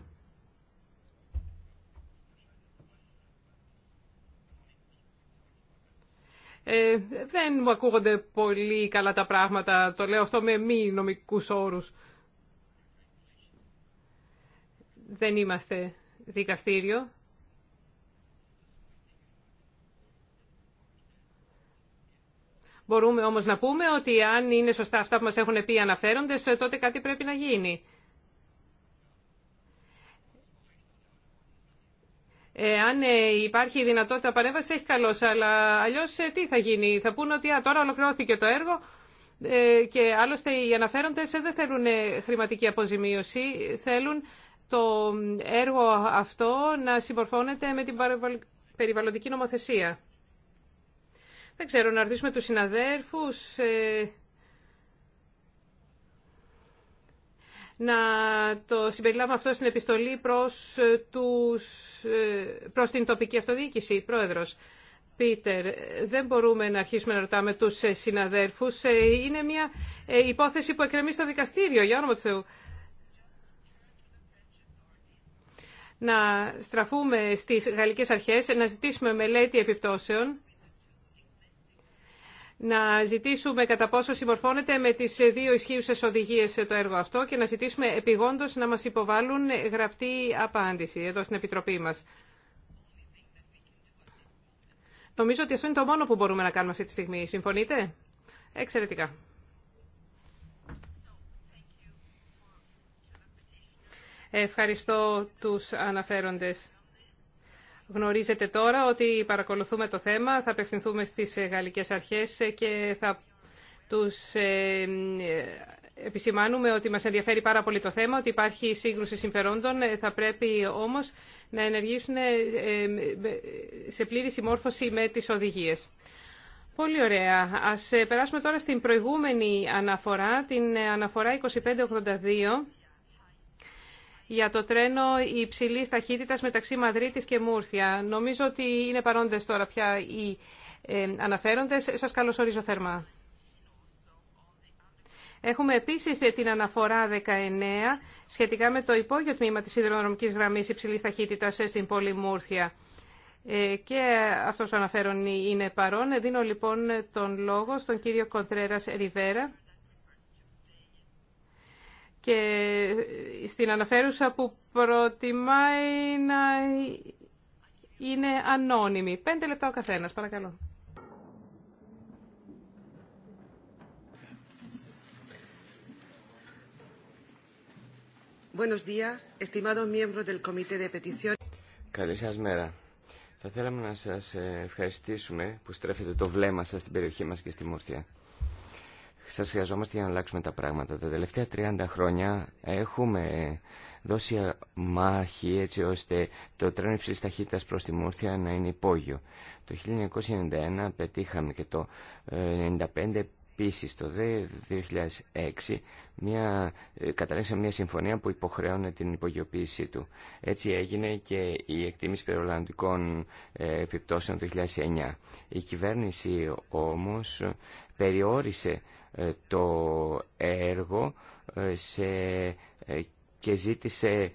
Ε, δεν μου ακούγονται πολύ καλά τα πράγματα. Το λέω αυτό με μη νομικούς όρους. Δεν είμαστε δικαστήριο. Μπορούμε όμως να πούμε ότι αν είναι σωστά αυτά που μας έχουν πει οι αναφέροντες, τότε κάτι πρέπει να γίνει. Ε, αν ε, υπάρχει η δυνατότητα παρέμβαση, έχει καλώ. Αλλά αλλιώ ε, τι θα γίνει, θα πούνε ότι τώρα ολοκληρώθηκε το έργο και άλλωστε οι αναφέροντες δεν θέλουν χρηματική αποζημίωση, θέλουν το έργο αυτό να συμπορφώνεται με την περιβαλλοντική νομοθεσία. Δεν ξέρω, να ρωτήσουμε τους συναδέρφους, να το συμπεριλάβουμε αυτό στην επιστολή προς, ε, τους, ε, προς την τοπική αυτοδιοίκηση, πρόεδρος. Πίτερ, δεν μπορούμε να αρχίσουμε να ρωτάμε τους ε, συναδέρφους. Είναι μια υπόθεση που εκκρεμεί στο δικαστήριο, για όνομα του Θεού. Να στραφούμε στις γαλλικές αρχές, να ζητήσουμε μελέτη επιπτώσεων να ζητήσουμε κατά πόσο συμμορφώνεται με τις δύο ισχύουσες οδηγίες το έργο αυτό και να ζητήσουμε επιγόντως να μας υποβάλουν γραπτή απάντηση εδώ στην Επιτροπή μας. Νομίζω ότι αυτό είναι το μόνο που μπορούμε να κάνουμε αυτή τη στιγμή. Συμφωνείτε? Εξαιρετικά. Ευχαριστώ τους αναφέροντες. Γνωρίζετε τώρα ότι παρακολουθούμε το θέμα, θα απευθυνθούμε στις ε, γαλλικές αρχές ε, και θα τους ε, επισημάνουμε ότι μας ενδιαφέρει πάρα πολύ το θέμα, ότι υπάρχει σύγκρουση συμφερόντων, θα πρέπει όμως να ενεργήσουν σε πλήρη συμμόρφωση με τις οδηγίες. Πολύ ωραία. Ας περάσουμε τώρα στην προηγούμενη αναφορά, την αναφορά 2582 για το τρένο υψηλή ταχύτητα μεταξύ Μαδρίτης και Μούρθια. Νομίζω ότι είναι παρόντες τώρα πια οι ε, αναφέροντες. Σας καλωσορίζω θερμά. Έχουμε επίσης την αναφορά 19 σχετικά με το υπόγειο τμήμα της σιδηροδρομικής γραμμής υψηλή ταχύτητα στην πόλη Μούρθια. Ε, και αυτός ο αναφέρον είναι παρόν. Δίνω λοιπόν τον λόγο στον κύριο Κοντρέρα Ριβέρα και στην αναφέρουσα που προτιμάει να είναι ανώνυμη. Πέντε λεπτά ο καθένας, παρακαλώ. Buenos Καλή σας μέρα. Θα θέλαμε να σας ευχαριστήσουμε που στρέφετε το βλέμμα σας στην περιοχή μας και στη Μορφιά σας χρειαζόμαστε για να αλλάξουμε τα πράγματα. Τα τελευταία 30 χρόνια έχουμε δώσει μάχη έτσι ώστε το τρένο υψηλής ταχύτητας προς τη Μούρθια να είναι υπόγειο. Το 1991 πετύχαμε και το 1995 ε, Επίση, το 2006 μια, ε, καταλήξαμε μια συμφωνία που υποχρέωνε την υπογειοποίησή του. Έτσι έγινε και η εκτίμηση περιβαλλοντικών ε, επιπτώσεων το 2009. Η κυβέρνηση όμως περιόρισε ε, το έργο ε, σε, ε, και ζήτησε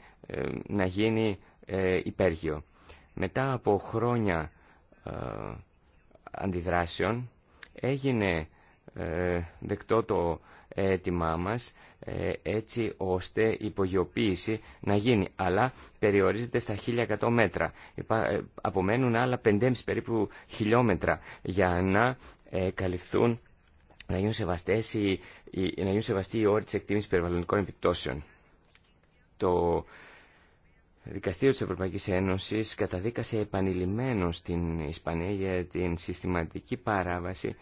να γίνει υπέργειο. Μετά από χρόνια αντιδράσεων έγινε δεκτό το αίτημά μας έτσι ώστε η υπογειοποίηση να γίνει αλλά περιορίζεται στα 1100 μέτρα απομένουν άλλα 5,5 περίπου χιλιόμετρα για να καλυφθούν να γίνουν, σεβαστή η να γίνουν σεβαστοί περιβαλλοντικών επιπτώσεων. Το Δικαστήριο τη Ευρωπαϊκή Ένωση καταδίκασε επανειλημμένο στην Ισπανία για την συστηματική παράβαση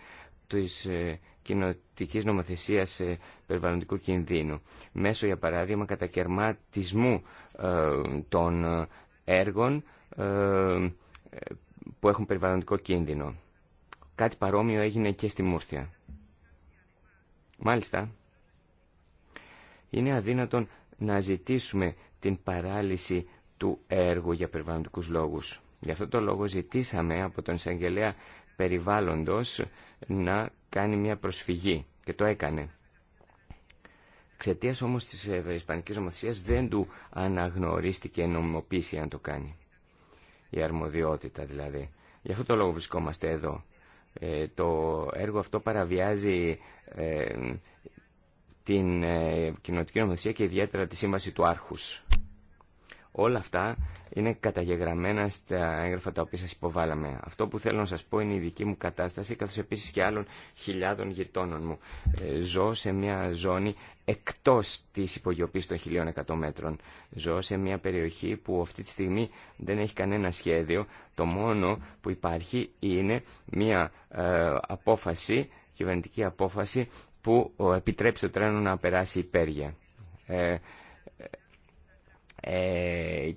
τη ε, κοινοτική νομοθεσία ε, περιβαλλοντικού κινδύνου μέσω, για παράδειγμα, κατακαιρματισμού ε, των έργων που έχουν περιβαλλοντικό κίνδυνο. Κάτι παρόμοιο έγινε και στη Μούρθια. Μάλιστα, είναι αδύνατον να ζητήσουμε την παράλυση του έργου για περιβαλλοντικούς λόγους. Γι' αυτό το λόγο ζητήσαμε από τον εισαγγελέα περιβάλλοντος να κάνει μια προσφυγή και το έκανε. Εξαιτία όμως της ε, Ισπανικής νομοθεσία δεν του αναγνωρίστηκε νομιμοποίηση αν το κάνει. Η αρμοδιότητα δηλαδή. Γι' αυτό το λόγο βρισκόμαστε εδώ. Ε, το έργο αυτό παραβιάζει ε, την ε, κοινωνική νομοθεσία και ιδιαίτερα τη σύμβαση του Άρχους. Όλα αυτά είναι καταγεγραμμένα στα έγγραφα τα οποία σας υποβάλαμε. Αυτό που θέλω να σας πω είναι η δική μου κατάσταση, καθώς επίσης και άλλων χιλιάδων γειτόνων μου. Ε, ζω σε μια ζώνη εκτός της υπογειοποίησης των 1100 μέτρων. Ζω σε μια περιοχή που αυτή τη στιγμή δεν έχει κανένα σχέδιο. Το μόνο που υπάρχει είναι μια ε, απόφαση, κυβερνητική απόφαση, που επιτρέψει το τρένο να περάσει υπέργεια. Ε, ε,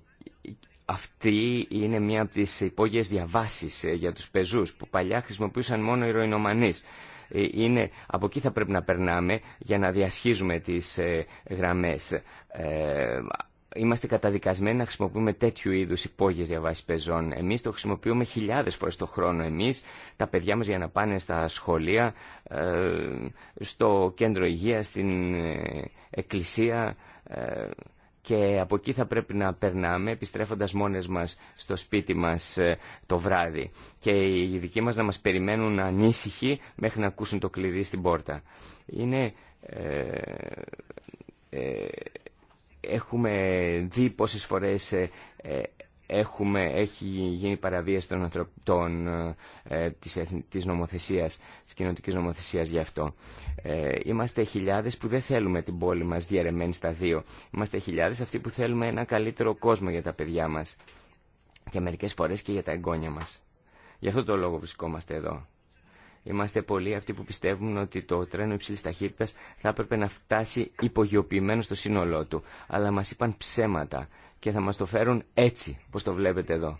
αυτή είναι μία από τις υπόγειες διαβάσεις ε, για τους πεζούς που παλιά χρησιμοποιούσαν μόνο οι ροϊνομανείς. Ε, είναι, από εκεί θα πρέπει να περνάμε για να διασχίζουμε τις ε, γραμμές. Ε, είμαστε καταδικασμένοι να χρησιμοποιούμε τέτοιου είδους υπόγειες διαβάσεις πεζών. Εμείς το χρησιμοποιούμε χιλιάδες φορές το χρόνο. Εμείς, τα παιδιά μας για να πάνε στα σχολεία, στο κέντρο υγείας, στην εκκλησία και από εκεί θα πρέπει να περνάμε επιστρέφοντας μόνες μας στο σπίτι μας ε, το βράδυ και οι δικοί μας να μας περιμένουν ανήσυχοι μέχρι να ακούσουν το κλειδί στην πόρτα. Είναι... Ε, ε, έχουμε δει πόσες φορές έχουμε, έχει γίνει παραβίαση των, των, ε, της, της νομοθεσίας, της νομοθεσίας γι' αυτό. Ε, είμαστε χιλιάδες που δεν θέλουμε την πόλη μας διαρεμένη στα δύο. Είμαστε χιλιάδες αυτοί που θέλουμε ένα καλύτερο κόσμο για τα παιδιά μας και μερικές φορές και για τα εγγόνια μας. Γι' αυτό το λόγο βρισκόμαστε εδώ. Είμαστε πολλοί αυτοί που πιστεύουν ότι το τρένο υψηλής ταχύτητα θα έπρεπε να φτάσει υπογειοποιημένο στο σύνολό του. Αλλά μας είπαν ψέματα και θα μας το φέρουν έτσι, όπως το βλέπετε εδώ.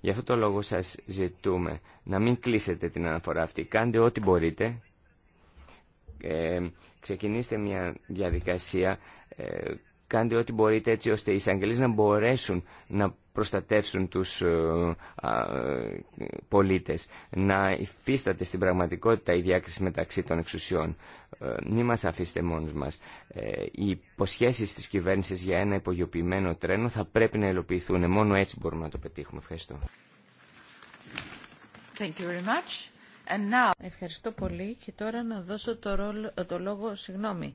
Γι' αυτό το λόγο σας ζητούμε να μην κλείσετε την αναφορά αυτή. Κάντε ό,τι μπορείτε. Ε, ξεκινήστε μια διαδικασία ε, κάντε ό,τι μπορείτε έτσι ώστε οι εισαγγελείς να μπορέσουν να προστατεύσουν τους ε, πολίτες, να υφίσταται στην πραγματικότητα η διάκριση μεταξύ των εξουσιών. Ε, μη μας αφήσετε μόνους μας. Ε, οι υποσχέσεις της κυβέρνησης για ένα υπογειοποιημένο τρένο θα πρέπει να ελοπιθούν. Μόνο έτσι μπορούμε να το πετύχουμε. Ευχαριστώ. Thank you very much. And now... Ευχαριστώ πολύ και τώρα να δώσω το λόγο, συγγνώμη,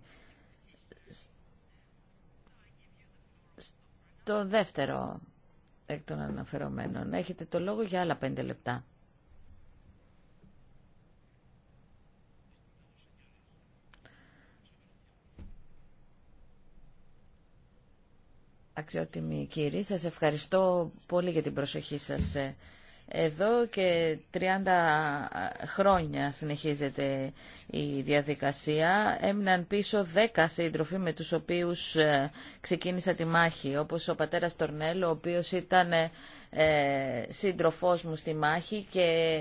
το δεύτερο εκ των αναφερομένων. Έχετε το λόγο για άλλα πέντε λεπτά. Αξιότιμοι κύριοι, σας ευχαριστώ πολύ για την προσοχή σας ε, εδώ και 30 χρόνια συνεχίζεται η διαδικασία. Έμειναν πίσω 10 σύντροφοι με τους οποίους ε, ξεκίνησα τη μάχη, όπως ο πατέρας Τορνέλο, ο οποίος ήταν ε, σύντροφός μου στη μάχη και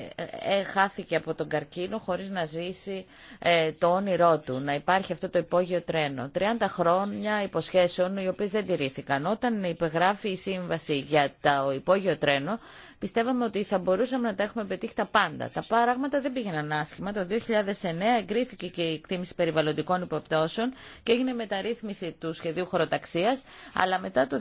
ε, χάθηκε από τον καρκίνο χωρίς να ζήσει το όνειρό του, να υπάρχει αυτό το υπόγειο τρένο. 30 χρόνια υποσχέσεων οι οποίες δεν τηρήθηκαν. Όταν υπεγράφει η σύμβαση για το υπόγειο τρένο πιστεύαμε ότι θα μπορούσαμε να τα έχουμε πετύχει τα πάντα. Τα πράγματα δεν πήγαιναν άσχημα. Το 2009 εγκρίθηκε και η εκτίμηση περιβαλλοντικών υποπτώσεων και έγινε μεταρρύθμιση του σχεδίου χωροταξία. Αλλά μετά το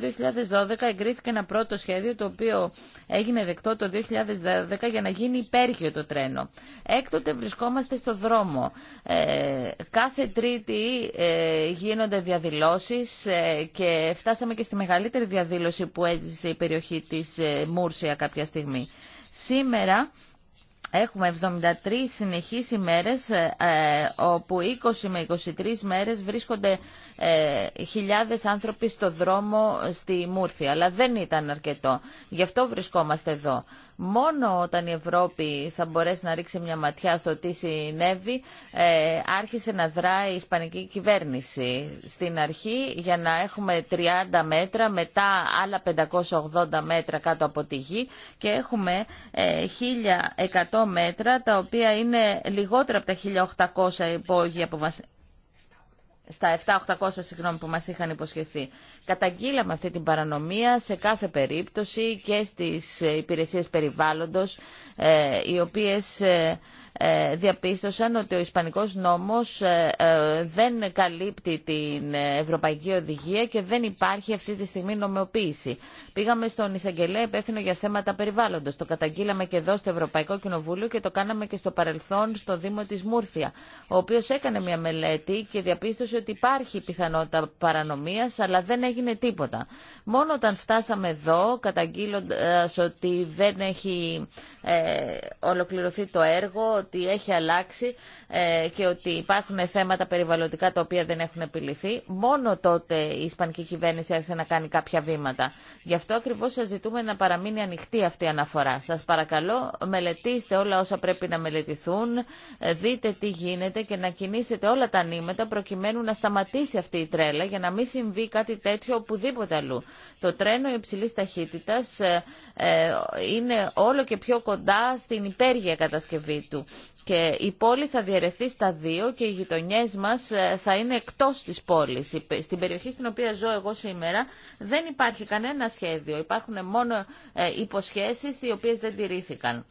2012 εγκρίθηκε ένα πρώτο σχέδιο το οποίο έγινε δεκτό το 2012 για να γίνει υπέργειο το τρένο. Έκτοτε βρισκόμαστε στο δρόμο. Ε, κάθε Τρίτη ε, γίνονται διαδηλώσει ε, και φτάσαμε και στη μεγαλύτερη διαδήλωση που έζησε η περιοχή τη Μούρσια κάποια Σήμερα Έχουμε 73 συνεχείς ημέρες ε, όπου 20 με 23 μέρες βρίσκονται ε, χιλιάδες άνθρωποι στο δρόμο στη Μούρθια. Αλλά δεν ήταν αρκετό. Γι' αυτό βρισκόμαστε εδώ. Μόνο όταν η Ευρώπη θα μπορέσει να ρίξει μια ματιά στο τι συνέβη, ε, άρχισε να δράει η Ισπανική κυβέρνηση. Στην αρχή για να έχουμε 30 μέτρα, μετά άλλα 580 μέτρα κάτω από τη γη και έχουμε 1100 ε, μέτρα τα οποία είναι λιγότερα από τα 1800 υπόγεια που μας στα 7-800 συγγνώμη που μας είχαν υποσχεθεί. Καταγγείλαμε αυτή την παρανομία σε κάθε περίπτωση και στις ε, υπηρεσίες περιβάλλοντος, ε, οι οποίες ε, ε, διαπίστωσαν ότι ο Ισπανικός νόμος ε, ε, δεν καλύπτει την Ευρωπαϊκή Οδηγία και δεν υπάρχει αυτή τη στιγμή νομοποίηση. Πήγαμε στον Ισαγγελέα υπεύθυνο για θέματα περιβάλλοντος. Το καταγγείλαμε και εδώ στο Ευρωπαϊκό Κοινοβούλιο και το κάναμε και στο παρελθόν στο Δήμο της Μούρθια, ο οποίος έκανε μια μελέτη και διαπίστωσε ότι υπάρχει πιθανότητα παρανομίας, αλλά δεν έγινε τίποτα. Μόνο όταν φτάσαμε εδώ, καταγγείλοντας ότι δεν έχει ολοκληρωθεί το έργο, ότι έχει αλλάξει ε, και ότι υπάρχουν θέματα περιβαλλοντικά τα οποία δεν έχουν επιληθεί, μόνο τότε η Ισπανική κυβέρνηση άρχισε να κάνει κάποια βήματα. Γι' αυτό ακριβώ σα ζητούμε να παραμείνει ανοιχτή αυτή η αναφορά. Σα παρακαλώ, μελετήστε όλα όσα πρέπει να μελετηθούν, ε, δείτε τι γίνεται και να κινήσετε όλα τα νήματα προκειμένου να σταματήσει αυτή η τρέλα για να μην συμβεί κάτι τέτοιο οπουδήποτε αλλού. Το τρένο υψηλή ε, ε, είναι όλο και πιο κοντά στην υπέργεια κατασκευή του. Και η πόλη θα διαιρεθεί στα δύο και οι γειτονιές μας ε, θα είναι εκτός της πόλης. Στην περιοχή στην οποία ζω εγώ σήμερα δεν υπάρχει κανένα σχέδιο. Υπάρχουν μόνο ε, υποσχέσεις οι οποίες δεν τηρήθηκαν.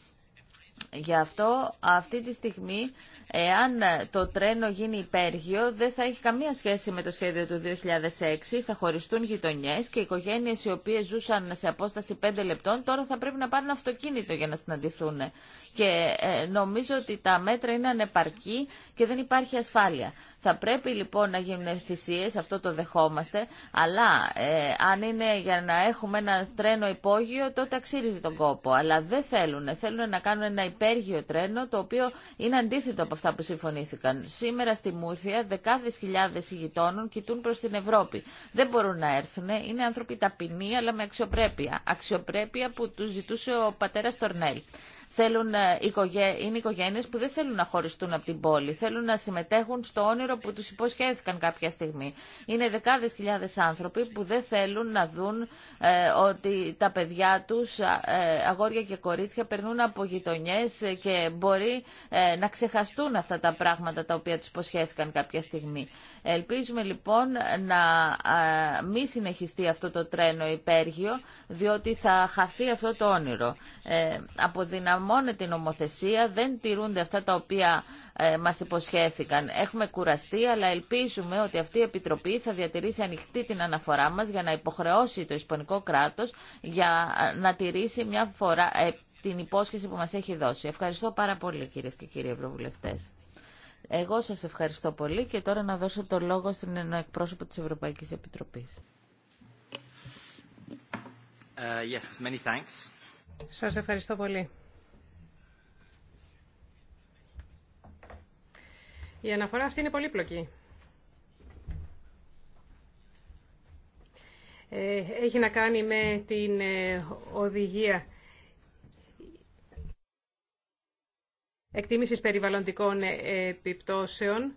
Γι' αυτό αυτή τη στιγμή Εάν ε, το τρένο γίνει υπέργειο, δεν θα έχει καμία σχέση με το σχέδιο του 2006. Θα χωριστούν γειτονιέ και οι οικογένειε οι οποίε ζούσαν σε απόσταση 5 λεπτών τώρα θα πρέπει να πάρουν αυτοκίνητο για να συναντηθούν. Και ε, νομίζω ότι τα μέτρα είναι ανεπαρκή και δεν υπάρχει ασφάλεια. Θα πρέπει λοιπόν να γίνουν θυσίε, αυτό το δεχόμαστε, αλλά ε, αν είναι για να έχουμε ένα τρένο υπόγειο, τότε αξίζει τον κόπο. Αλλά δεν θέλουν. Θέλουν να κάνουν ένα υπέργειο τρένο, το οποίο είναι αντίθετο από αυτά που συμφωνήθηκαν. Σήμερα στη Μούρθια δεκάδες χιλιάδες γειτόνων κοιτούν προς την Ευρώπη. Δεν μπορούν να έρθουν. Είναι άνθρωποι ταπεινοί, αλλά με αξιοπρέπεια. Αξιοπρέπεια που του ζητούσε ο πατέρας Τορνέλ. Θέλουν ε, Είναι οικογένειε που δεν θέλουν να χωριστούν από την πόλη. Θέλουν να συμμετέχουν στο όνειρο που του υποσχέθηκαν κάποια στιγμή. Είναι δεκάδε χιλιάδε άνθρωποι που δεν θέλουν να δουν ε, ότι τα παιδιά του, ε, αγόρια και κορίτσια, περνούν από γειτονιέ και μπορεί να ξεχαστούν αυτά τα πράγματα τα οποία του υποσχέθηκαν κάποια στιγμή. Ελπίζουμε λοιπόν να μην συνεχιστεί αυτό το τρένο υπέργειο, διότι θα χαθεί αυτό το όνειρο. Ε, Μόνο την νομοθεσία, δεν τηρούνται αυτά τα οποία ε, μας υποσχέθηκαν. Έχουμε κουραστεί, αλλά ελπίζουμε ότι αυτή η Επιτροπή θα διατηρήσει ανοιχτή την αναφορά μας για να υποχρεώσει το Ισπανικό κράτος για ε, να τηρήσει μια φορά ε, την υπόσχεση που μας έχει δώσει. Ευχαριστώ πάρα πολύ κυρίες και κύριοι Ευρωβουλευτές. Εγώ σας ευχαριστώ πολύ και τώρα να δώσω το λόγο στην εκπρόσωπο της Ευρωπαϊκής Επιτροπής. Ε, yes, many thanks. Σας ευχαριστώ πολύ. Η αναφορά αυτή είναι πολύπλοκη. Ε, έχει να κάνει με την ε, οδηγία εκτίμησης περιβαλλοντικών ε, επιπτώσεων.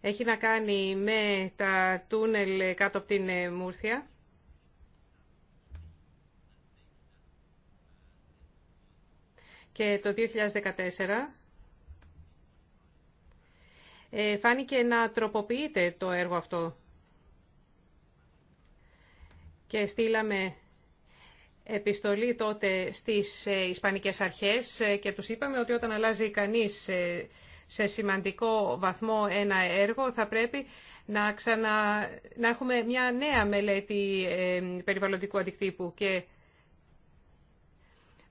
Έχει να κάνει με τα τούνελ κάτω από την Μούρθια. και το 2014 ε, φάνηκε να τροποποιείται το έργο αυτό. Και στείλαμε επιστολή τότε στις ε, Ισπανικές Αρχές ε, και τους είπαμε ότι όταν αλλάζει κανείς σε σημαντικό βαθμό ένα έργο θα πρέπει να, ξανα... να έχουμε μια νέα μελέτη περιβαλλοντικού αντικτύπου και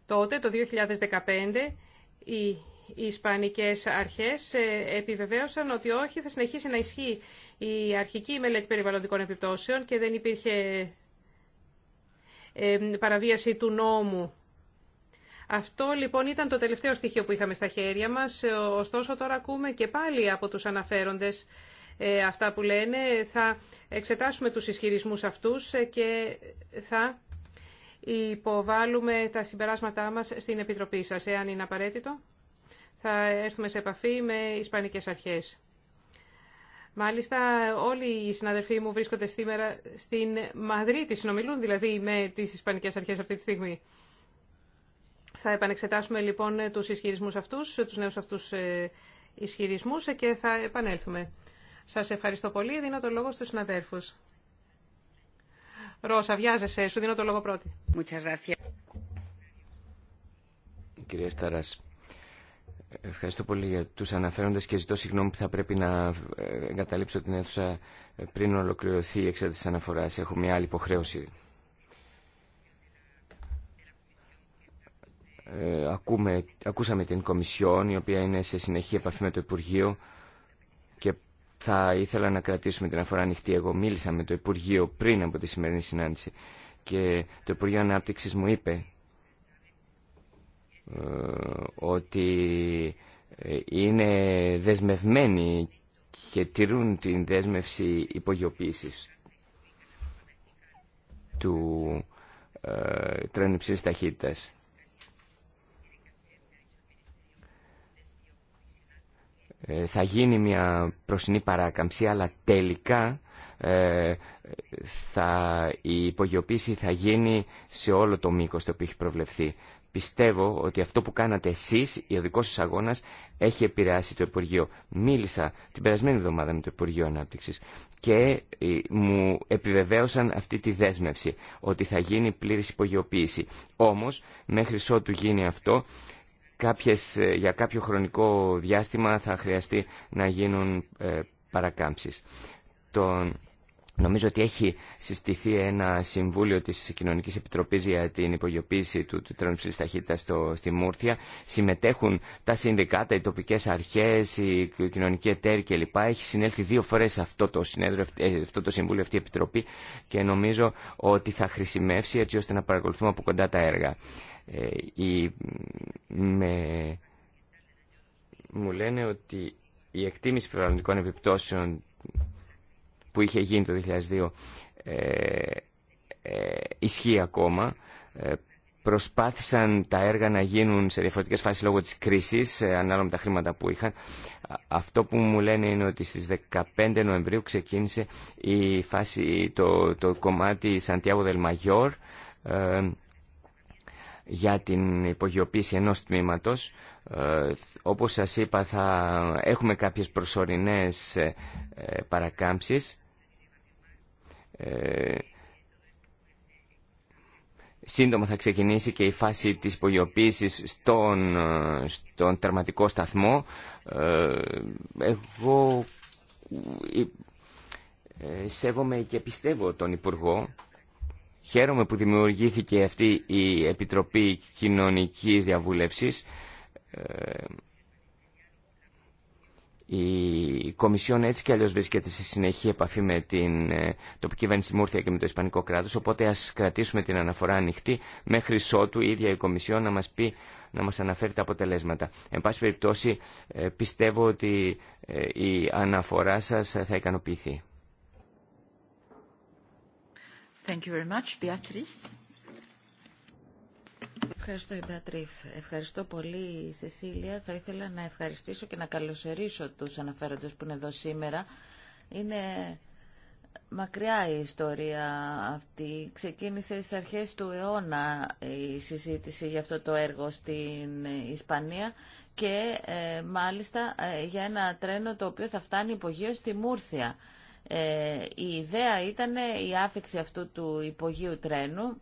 Τότε, το 2015, οι Ισπανικές αρχές ε, επιβεβαίωσαν ότι όχι, θα συνεχίσει να ισχύει η αρχική μελέτη περιβαλλοντικών επιπτώσεων και δεν υπήρχε ε, παραβίαση του νόμου. Αυτό λοιπόν ήταν το τελευταίο στοιχείο που είχαμε στα χέρια μας, ε, ωστόσο τώρα ακούμε και πάλι από τους αναφέροντες αυτά που λένε. Θα εξετάσουμε τους ισχυρισμούς αυτούς και θα υποβάλουμε τα συμπεράσματά μας στην Επιτροπή σας. Εάν είναι απαραίτητο, θα έρθουμε σε επαφή με Ισπανικές Αρχές. Μάλιστα, όλοι οι συναδελφοί μου βρίσκονται σήμερα στην Μαδρίτη, συνομιλούν δηλαδή με τις Ισπανικές Αρχές αυτή τη στιγμή. Θα επανεξετάσουμε λοιπόν τους ισχυρισμούς αυτούς, τους νέους αυτούς ε, ισχυρισμούς και θα επανέλθουμε. Σας ευχαριστώ πολύ. Δίνω το λόγο στους συναδέλφους. Ρώσα, βιάζεσαι. Σου δίνω το λόγο πρώτη. Κυρία Σταράς, ευχαριστώ πολύ για του αναφέροντες και ζητώ συγγνώμη που θα πρέπει να ε, εγκαταλείψω την αίθουσα ε, πριν ολοκληρωθεί η εξέταση τη αναφορά. Έχω μια άλλη υποχρέωση. Ε, ακούσαμε την Κομισιόν, η οποία είναι σε συνεχή επαφή με το Υπουργείο θα ήθελα να κρατήσουμε την αφορά ανοιχτή. Εγώ μίλησα με το Υπουργείο πριν από τη σημερινή συνάντηση και το Υπουργείο Ανάπτυξης μου είπε ε, ότι ε, είναι δεσμευμένοι και τηρούν την δέσμευση υπογειοποίησης του ε, τρένου ταχύτητας. Ε, θα γίνει μια προσινή παράκαμψη, αλλά τελικά ε, θα, η υπογειοποίηση θα γίνει σε όλο το μήκος το οποίο έχει προβλεφθεί. Πιστεύω ότι αυτό που κάνατε εσείς, ο δικός σας αγώνας, έχει επηρεάσει το Υπουργείο. Μίλησα την περασμένη εβδομάδα με το Υπουργείο Ανάπτυξης και ε, μου επιβεβαίωσαν αυτή τη δέσμευση ότι θα γίνει πλήρης υπογειοποίηση. Όμως, μέχρι ότου γίνει αυτό, κάποιες, ε, για κάποιο χρονικό διάστημα θα χρειαστεί να γίνουν ε, παρακάμψεις. νομίζω ότι έχει συστηθεί ένα συμβούλιο της Κοινωνικής Επιτροπής για την υπογειοποίηση του, τετρών ψηλής ταχύτητας στη Μούρθια. Συμμετέχουν τα συνδικάτα, οι τοπικές αρχές, οι κοινωνικοί εταίροι κλπ. Έχει συνέλθει δύο φορές αυτό το, συνέδριο, ε, αυτό το συμβούλιο, αυτή η επιτροπή και νομίζω ότι θα χρησιμεύσει έτσι ώστε να παρακολουθούμε από κοντά τα έργα. Ε, οι, μου λένε ότι η εκτίμηση προγραμματικών επιπτώσεων που είχε γίνει το 2002 ε, ε, ισχύει ακόμα. προσπάθησαν τα έργα να γίνουν σε διαφορετικές φάσεις λόγω της κρίσης, ανάλογα με τα χρήματα που είχαν. Αυτό που μου λένε είναι ότι στις 15 Νοεμβρίου ξεκίνησε η φάση, το, το κομμάτι Σαντιάγο Δελμαγιόρ, για την υπογειοποίηση ενός τμήματος. Ε, όπως σας είπα θα έχουμε κάποιες προσωρινές ε, ε, παρακάμψεις. Ε, σύντομα θα ξεκινήσει και η φάση της υπογειοποίησης στον, ε, στον τερματικό σταθμό. εγώ σέβομαι και πιστεύω τον Υπουργό Χαίρομαι που δημιουργήθηκε αυτή η Επιτροπή Κοινωνικής Διαβούλευσης. Ε, η Κομισιόν έτσι και αλλιώς βρίσκεται σε συνεχή επαφή με την ε, τοπική κυβέρνηση Μούρθια και με το Ισπανικό κράτος, οπότε ας κρατήσουμε την αναφορά ανοιχτή μέχρι ότου η ίδια η Κομισιόν να μας πει να μας αναφέρει τα αποτελέσματα. Εν πάση περιπτώσει ε, πιστεύω ότι η αναφορά σας θα ικανοποιηθεί. Thank you very Ευχαριστώ, Ευχαριστώ πολύ, Σεσίλια. Θα ήθελα να ευχαριστήσω και να καλωσορίσω τους αναφέροντες που είναι εδώ σήμερα. Είναι μακριά η ιστορία αυτή. Ξεκίνησε στις αρχές του αιώνα η συζήτηση για αυτό το έργο στην Ισπανία και ε, μάλιστα ε, για ένα τρένο το οποίο θα φτάνει υπογείως στη Μούρθια. Ε, η ιδέα ήταν η άφηξη αυτού του υπογείου τρένου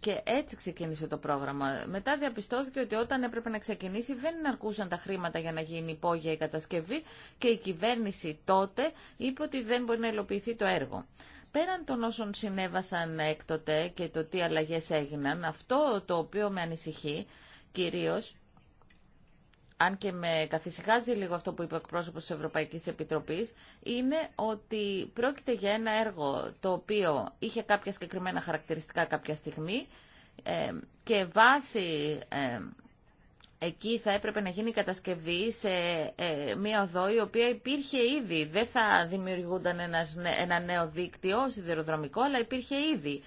και έτσι ξεκίνησε το πρόγραμμα. Μετά διαπιστώθηκε ότι όταν έπρεπε να ξεκινήσει δεν αρκούσαν τα χρήματα για να γίνει υπόγεια η κατασκευή και η κυβέρνηση τότε είπε ότι δεν μπορεί να υλοποιηθεί το έργο. Πέραν των όσων συνέβασαν έκτοτε και το τι αλλαγές έγιναν, αυτό το οποίο με ανησυχεί κυρίως αν και με καθησυχάζει λίγο αυτό που είπε ο εκπρόσωπο τη Ευρωπαϊκή Επιτροπή, είναι ότι πρόκειται για ένα έργο το οποίο είχε κάποια συγκεκριμένα χαρακτηριστικά κάποια στιγμή ε, και βάσει ε, εκεί θα έπρεπε να γίνει η κατασκευή σε ε, μια οδό η οποία υπήρχε ήδη. Δεν θα δημιουργούνταν ένα νέο δίκτυο σιδηροδρομικό, αλλά υπήρχε ήδη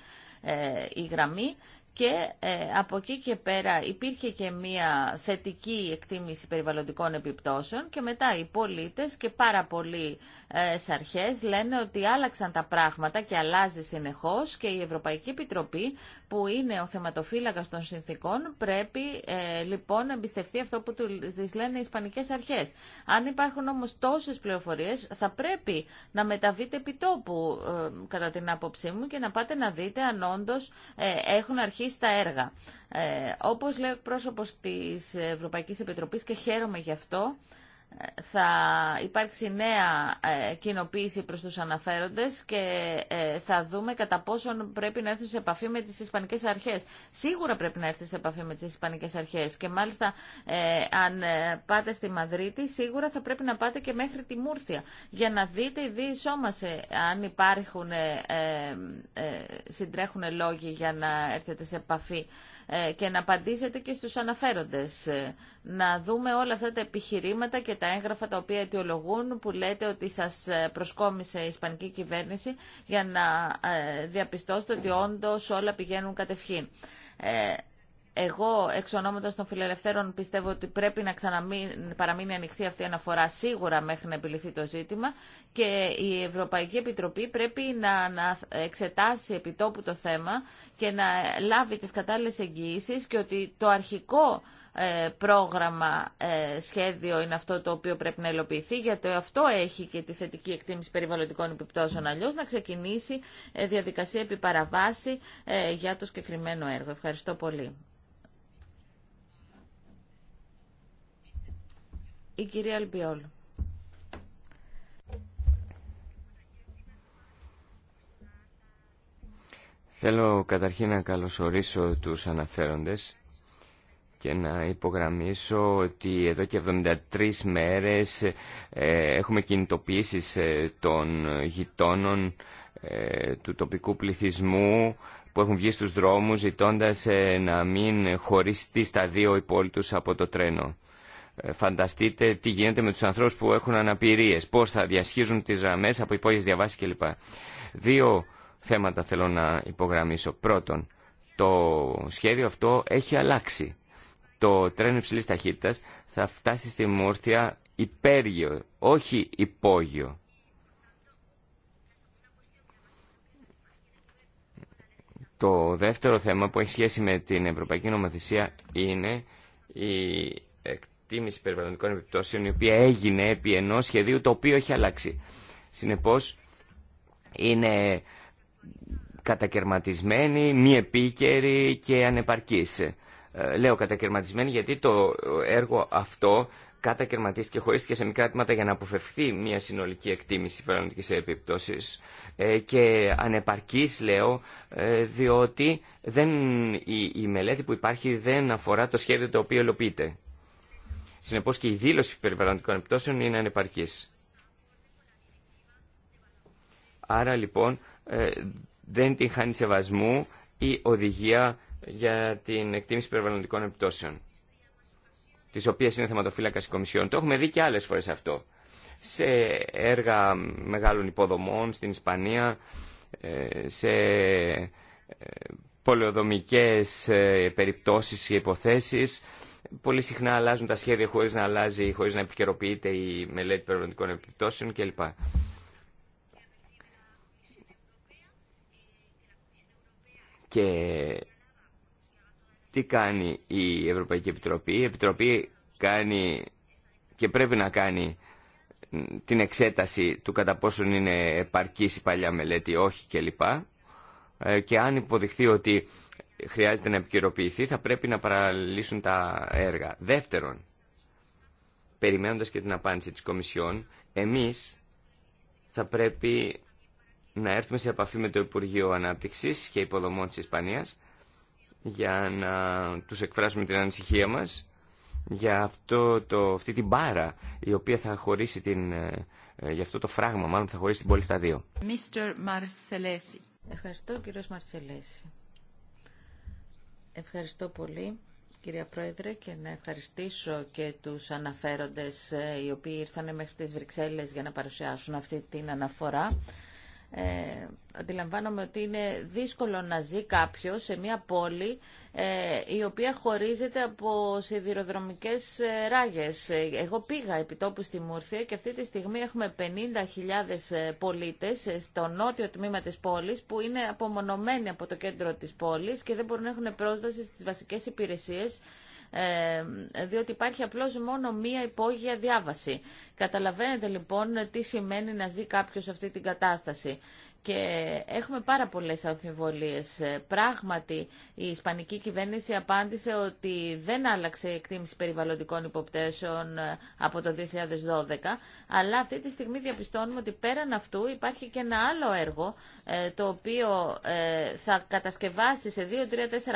η γραμμή και ε, από εκεί και πέρα υπήρχε και μία θετική εκτίμηση περιβαλλοντικών επιπτώσεων και μετά οι πολίτες και πάρα πολλοί ε, αρχές λένε ότι άλλαξαν τα πράγματα και αλλάζει συνεχώς και η Ευρωπαϊκή Επιτροπή που είναι ο θεματοφύλακας των συνθήκων πρέπει ε, λοιπόν να εμπιστευτεί αυτό που τις λένε οι Ισπανικές αρχές. Αν υπάρχουν όμως τόσες πληροφορίες θα πρέπει να μεταβείτε επιτόπου ε, κατά την άποψή μου και να πάτε να δείτε αν όντως έχουν αρχίσει τα έργα. όπως λέει ο πρόσωπος της Ευρωπαϊκής Επιτροπής και χαίρομαι γι' αυτό, θα υπάρξει νέα ε, κοινοποίηση προς τους αναφέροντες και ε, θα δούμε κατά πόσον πρέπει να έρθουν σε επαφή με τις Ισπανικές Αρχές. Σίγουρα πρέπει να έρθει σε επαφή με τις Ισπανικές Αρχές και μάλιστα ε, αν πάτε στη Μαδρίτη σίγουρα θα πρέπει να πάτε και μέχρι τη Μούρθια για να δείτε οι δύο αν υπάρχουν συντρέχουν λόγοι για να έρθετε σε επαφή ε, και να απαντήσετε και στους αναφέροντες. Ε, να δούμε όλα αυτά τα επιχειρήματα και τα έγγραφα τα οποία αιτιολογούν που λέτε ότι σας ε, προσκόμισε η Ισπανική κυβέρνηση για να διαπιστώσετε ότι όντως όλα πηγαίνουν κατευχήν εγώ εξ ονόματο των φιλελευθέρων πιστεύω ότι πρέπει να παραμείνει ανοιχτή αυτή η αναφορά σίγουρα μέχρι να επιληθεί το ζήτημα και η Ευρωπαϊκή Επιτροπή πρέπει να, να εξετάσει επιτόπου το θέμα και να λάβει τις κατάλληλες εγγυήσεις και ότι το αρχικό ε, πρόγραμμα, ε, σχέδιο είναι αυτό το οποίο πρέπει να υλοποιηθεί, γιατί αυτό έχει και τη θετική εκτίμηση περιβαλλοντικών επιπτώσεων. Αλλιώ να ξεκινήσει ε, διαδικασία επιπαραβάση για το συγκεκριμένο έργο. Ευχαριστώ πολύ. η κυρία Αλμπιόλ. Θέλω καταρχήν να καλωσορίσω τους αναφέροντες και να υπογραμμίσω ότι εδώ και 73 μέρες ε, έχουμε κινητοποιήσει ε, των γειτόνων ε, του τοπικού πληθυσμού που έχουν βγει στους δρόμους ζητώντας να μην χωριστεί στα δύο υπόλοιπους από το τρένο. Ε, φανταστείτε τι γίνεται με τους ανθρώπους που έχουν αναπηρίες, πώς θα διασχίζουν τις γραμμές από υπόγειες διαβάσεις κλπ. Δύο θέματα θέλω να υπογραμμίσω. Πρώτον, το σχέδιο αυτό έχει αλλάξει. Το τρένο υψηλή ταχύτητα θα φτάσει στη Μούρθια υπέργειο, όχι υπόγειο. Το δεύτερο θέμα που έχει σχέση με την Ευρωπαϊκή Νομοθεσία είναι η εκτίμηση περιβαλλοντικών επιπτώσεων η οποία έγινε επί ενός σχεδίου το οποίο έχει αλλάξει. Συνεπώς είναι κατακαιρματισμένη, μη επίκαιρη και ανεπαρκής. Ε, λέω κατακαιρματισμένη γιατί το έργο αυτό κατακαιρματίστηκε, χωρίστηκε σε μικρά τμήματα για να αποφευχθεί μια συνολική εκτίμηση περιβαλλοντικής επιπτώσης ε, και ανεπαρκή λέω ε, διότι δεν, η, μελέτη που υπάρχει δεν αφορά το σχέδιο το οποίο υλοποιείται. Συνεπώ και η δήλωση περιβαλλοντικών επιπτώσεων είναι ανεπαρκή. Άρα λοιπόν ε, δεν την χάνει σεβασμού η οδηγία για την εκτίμηση περιβαλλοντικών επιπτώσεων, Τι οποίε είναι θεματοφύλακα η Κομισιόν. Το έχουμε δει και άλλε φορέ αυτό. Σε έργα μεγάλων υποδομών στην Ισπανία, ε, σε ε, πολεοδομικές περιπτώσεις και υποθέσεις Πολύ συχνά αλλάζουν τα σχέδια χωρίς να αλλάζει, χωρίς να επικαιροποιείται η μελέτη περιοριστικών επιπτώσεων κλπ. Και τι κάνει η Ευρωπαϊκή Επιτροπή. Η Επιτροπή κάνει και πρέπει να κάνει την εξέταση του κατά πόσον είναι επαρκής η παλιά μελέτη, όχι κλπ. Ε, και αν υποδειχθεί ότι χρειάζεται να επικαιροποιηθεί θα πρέπει να παραλύσουν τα έργα. Δεύτερον, περιμένοντας και την απάντηση της Κομισιόν, εμείς θα πρέπει να έρθουμε σε επαφή με το Υπουργείο Ανάπτυξης και Υποδομών της Ισπανίας για να τους εκφράσουμε την ανησυχία μας για αυτό το, αυτή την μπάρα η οποία θα χωρίσει την, ε, ε, για αυτό το φράγμα μάλλον θα χωρίσει την πόλη στα δύο. Ευχαριστώ κύριος Μαρσελέση. Ευχαριστώ πολύ κυρία Πρόεδρε και να ευχαριστήσω και τους αναφέροντες ε, οι οποίοι ήρθαν μέχρι τις Βρυξέλλες για να παρουσιάσουν αυτή την αναφορά. Ε, αντιλαμβάνομαι ότι είναι δύσκολο να ζει κάποιο σε μια πόλη ε, η οποία χωρίζεται από σιδηροδρομικές ε, ράγες. Ε, εγώ πήγα επιτόπου στη Μούρθια και αυτή τη στιγμή έχουμε 50.000 ε, πολίτες στο νότιο τμήμα της πόλης που είναι απομονωμένοι από το κέντρο της πόλης και δεν μπορούν να έχουν πρόσβαση στις βασικές υπηρεσίες ε, διότι υπάρχει απλώς μόνο μία υπόγεια διάβαση. Καταλαβαίνετε λοιπόν τι σημαίνει να ζει κάποιος αυτή την κατάσταση και έχουμε πάρα πολλές αμφιβολίες. Ε, πράγματι, η Ισπανική κυβέρνηση απάντησε ότι δεν άλλαξε η εκτίμηση περιβαλλοντικών υποπτέσεων ε, από το 2012, αλλά αυτή τη στιγμή διαπιστώνουμε ότι πέραν αυτού υπάρχει και ένα άλλο έργο, ε, το οποίο θα κατασκευάσει σε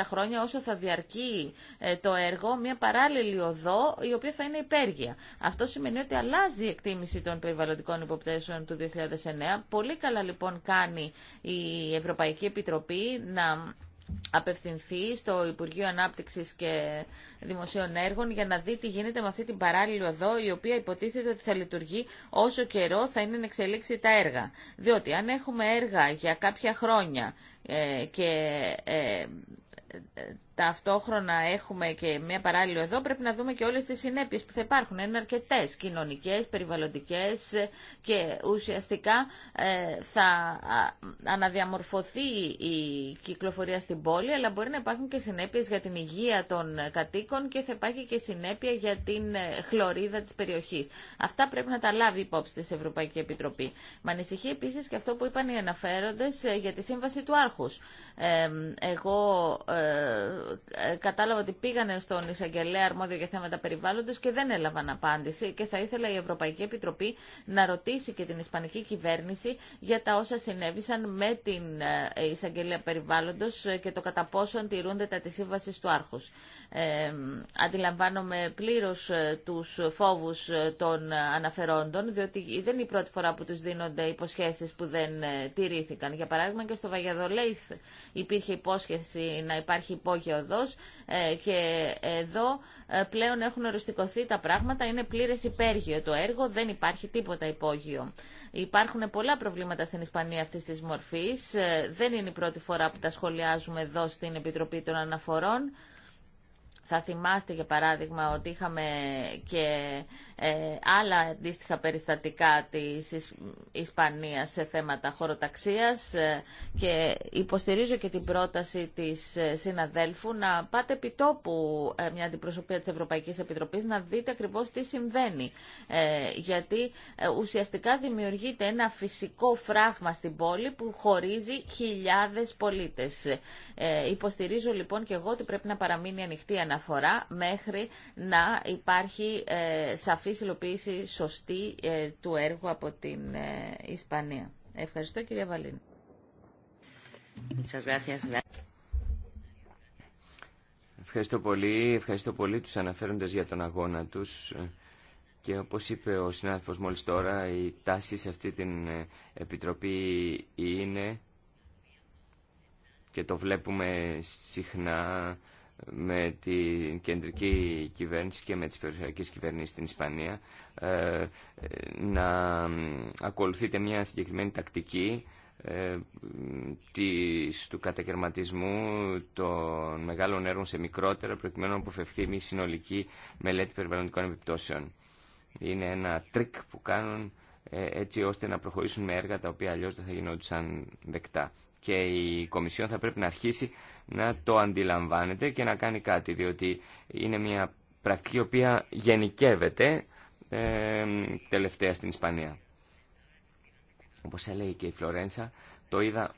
2-3-4 χρόνια, όσο θα διαρκεί το έργο, μια παράλληλη οδό, η οποία θα είναι υπέργεια. Αυτό σημαίνει ότι αλλάζει η εκτίμηση των περιβαλλοντικών υποπτέσεων του 2009. Πολύ καλά λοιπόν κάνει η Ευρωπαϊκή Επιτροπή να απευθυνθεί στο Υπουργείο Ανάπτυξης και Δημοσίων Έργων για να δει τι γίνεται με αυτή την παράλληλη οδό η οποία υποτίθεται ότι θα λειτουργεί όσο καιρό θα είναι να εξελίξει τα έργα. Διότι αν έχουμε έργα για κάποια χρόνια ε, και ε, ταυτόχρονα έχουμε και μια παράλληλο εδώ, πρέπει να δούμε και όλες τις συνέπειες που θα υπάρχουν. Είναι αρκετές κοινωνικές, περιβαλλοντικές και ουσιαστικά ε, θα αναδιαμορφωθεί η κυκλοφορία στην πόλη, αλλά μπορεί να υπάρχουν και συνέπειες για την υγεία των κατοίκων και θα υπάρχει και συνέπεια για την ε, χλωρίδα της περιοχής. Αυτά πρέπει να τα λάβει υπόψη της Ευρωπαϊκή Επιτροπή. Με ανησυχεί επίσης και αυτό που είπαν οι αναφέροντες ε, για τη σύμβαση του Άρχους. εγώ ε, κατάλαβα ότι πήγανε στον εισαγγελέα αρμόδιο για θέματα περιβάλλοντος και δεν έλαβαν απάντηση και θα ήθελα η Ευρωπαϊκή Επιτροπή να ρωτήσει και την Ισπανική κυβέρνηση για τα όσα συνέβησαν με την ε, εισαγγελία περιβάλλοντος και το κατά πόσον τηρούνται τα της σύμβασης του Άρχους. Ε, αντιλαμβάνομαι πλήρως ε, τους φόβους των αναφερόντων, διότι δεν είναι η πρώτη φορά που τους δίνονται υποσχέσεις που δεν τηρήθηκαν. Για παράδειγμα και στο Βαγιαδολέιθ υπήρχε υπόσχεση να υπάρχει υπόγειο ε, και εδώ ε, πλέον έχουν οριστικοθεί τα πράγματα, είναι πλήρες υπέργειο το έργο, δεν υπάρχει τίποτα υπόγειο. Υπάρχουν πολλά προβλήματα στην Ισπανία αυτή τη μορφή. Ε, δεν είναι η πρώτη φορά που τα σχολιάζουμε εδώ στην Επιτροπή των Αναφορών. Θα θυμάστε για παράδειγμα ότι είχαμε και ε, άλλα αντίστοιχα περιστατικά της Ισπανίας σε θέματα χωροταξίας ε, και υποστηρίζω και την πρόταση της ε, συναδέλφου να πάτε επιτόπου μια αντιπροσωπεία της Ευρωπαϊκής Επιτροπής να δείτε ακριβώς τι συμβαίνει. Γιατί ουσιαστικά δημιουργείται ένα φυσικό φράγμα στην πόλη που χωρίζει χιλιάδες πολίτες. Υποστηρίζω λοιπόν και εγώ ότι πρέπει να παραμείνει ανοιχτή αναφορά μέχρι να υπάρχει σαφή σαφής σωστή ε, του έργου από την ε, Ισπανία. Ευχαριστώ κυρία Βαλίνη. Ευχαριστώ πολύ. Ευχαριστώ πολύ τους αναφέροντες για τον αγώνα τους. Και όπως είπε ο συνάδελφος μόλις τώρα, η τάση σε αυτή την ε, επιτροπή είναι και το βλέπουμε συχνά με την κεντρική κυβέρνηση και με τις περιφερειακές κυβερνήσεις στην Ισπανία ε, να ακολουθείτε μια συγκεκριμένη τακτική ε, της, του κατακαιρματισμού των μεγάλων έργων σε μικρότερα προκειμένου να αποφευθεί μια συνολική μελέτη περιβαλλοντικών επιπτώσεων. Είναι ένα τρίκ που κάνουν ε, έτσι ώστε να προχωρήσουν με έργα τα οποία αλλιώς δεν θα γινόντουσαν δεκτά και η Κομισιόν θα πρέπει να αρχίσει να το αντιλαμβάνεται και να κάνει κάτι, διότι είναι μια πρακτική η οποία γενικεύεται ε, τελευταία στην Ισπανία. Όπως έλεγε και η Φλωρένσα, το είδα,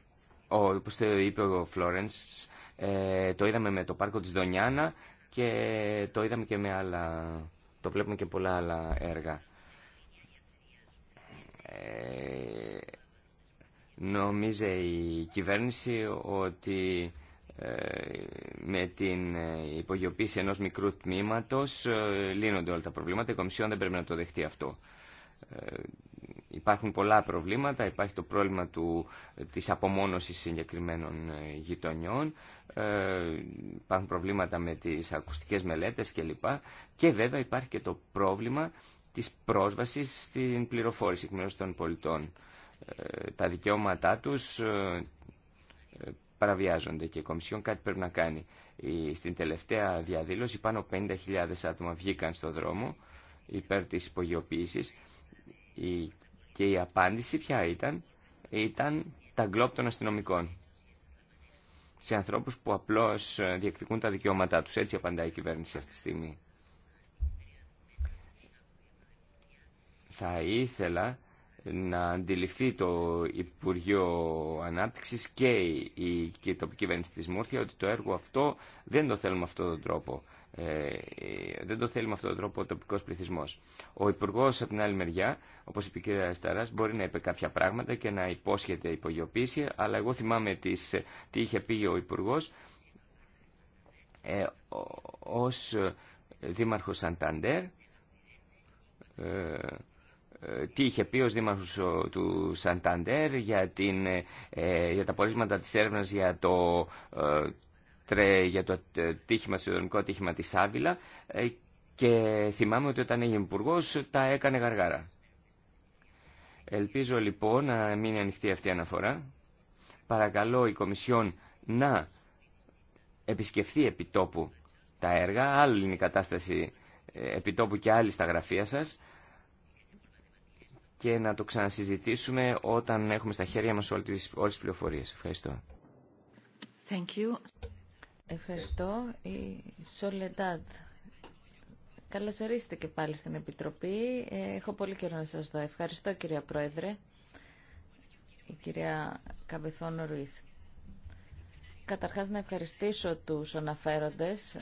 ο, όπως το είπε ο Φλόρενς, ε, το είδαμε με το πάρκο της Δονιάνα και το είδαμε και με άλλα, το βλέπουμε και πολλά άλλα έργα. Ε, Νομίζε η κυβέρνηση ότι ε, με την ε, υπογειοποίηση ενός μικρού τμήματος ε, λύνονται όλα τα προβλήματα. Η Κομισιόν δεν πρέπει να το δεχτεί αυτό. Υπάρχουν πολλά προβλήματα. Υπάρχει το πρόβλημα του, της απομόνωσης συγκεκριμένων γειτονιών. Υπάρχουν προβλήματα με τις ακουστικές μελέτες κλπ. Και βέβαια υπάρχει και το πρόβλημα της πρόσβασης στην πληροφόρηση εκ μέρους των πολιτών τα δικαιώματά τους ε, παραβιάζονται και η Κομισιόν κάτι πρέπει να κάνει. Στην τελευταία διαδήλωση πάνω 50.000 άτομα βγήκαν στο δρόμο υπέρ της υπογειοποίησης και η απάντηση ποια ήταν, ήταν τα γκλόπ των αστυνομικών. Σε ανθρώπους που απλώς ε, διεκδικούν τα δικαιώματά τους. Έτσι απαντάει η κυβέρνηση αυτή τη στιγμή. Θα ήθελα να αντιληφθεί το Υπουργείο Ανάπτυξης και η, και τοπική κυβέρνηση της Μούρθια ότι το έργο αυτό δεν το θέλουμε αυτόν τον τρόπο. Ε, ε δεν το θέλει με αυτόν τον τρόπο ο τοπικό πληθυσμό. Ο Υπουργό, από την άλλη μεριά, όπω είπε η κυρία Σταρά, μπορεί να είπε κάποια πράγματα και να υπόσχεται υπογειοποίηση, αλλά εγώ θυμάμαι τις, τι είχε πει ο Υπουργό ε, ω ε, δήμαρχο Σανταντέρ. Ε, τι είχε πει ω δήμαρχος του Σανταντέρ για, την, ε, για τα πορίσματα της έρευνα για το, ε, τρε, για το τύχημα, τύχημα της Άβυλα ε, και θυμάμαι ότι όταν έγινε υπουργό τα έκανε γαργάρα. Ελπίζω λοιπόν να μείνει ανοιχτή αυτή η αναφορά. Παρακαλώ η Κομισιόν να επισκεφθεί επιτόπου τα έργα. Άλλη είναι η κατάσταση επιτόπου και άλλη στα γραφεία σας και να το ξανασυζητήσουμε όταν έχουμε στα χέρια μας όλες τις, όλες τις πληροφορίες. Ευχαριστώ. Thank you. Ευχαριστώ. Η Soledad. Καλώς και πάλι στην Επιτροπή. Ε, έχω πολύ καιρό να σας δω. Ευχαριστώ κυρία Πρόεδρε. Η κυρία Καμπεθόνο Ρουίθ. Καταρχάς να ευχαριστήσω τους αναφέροντες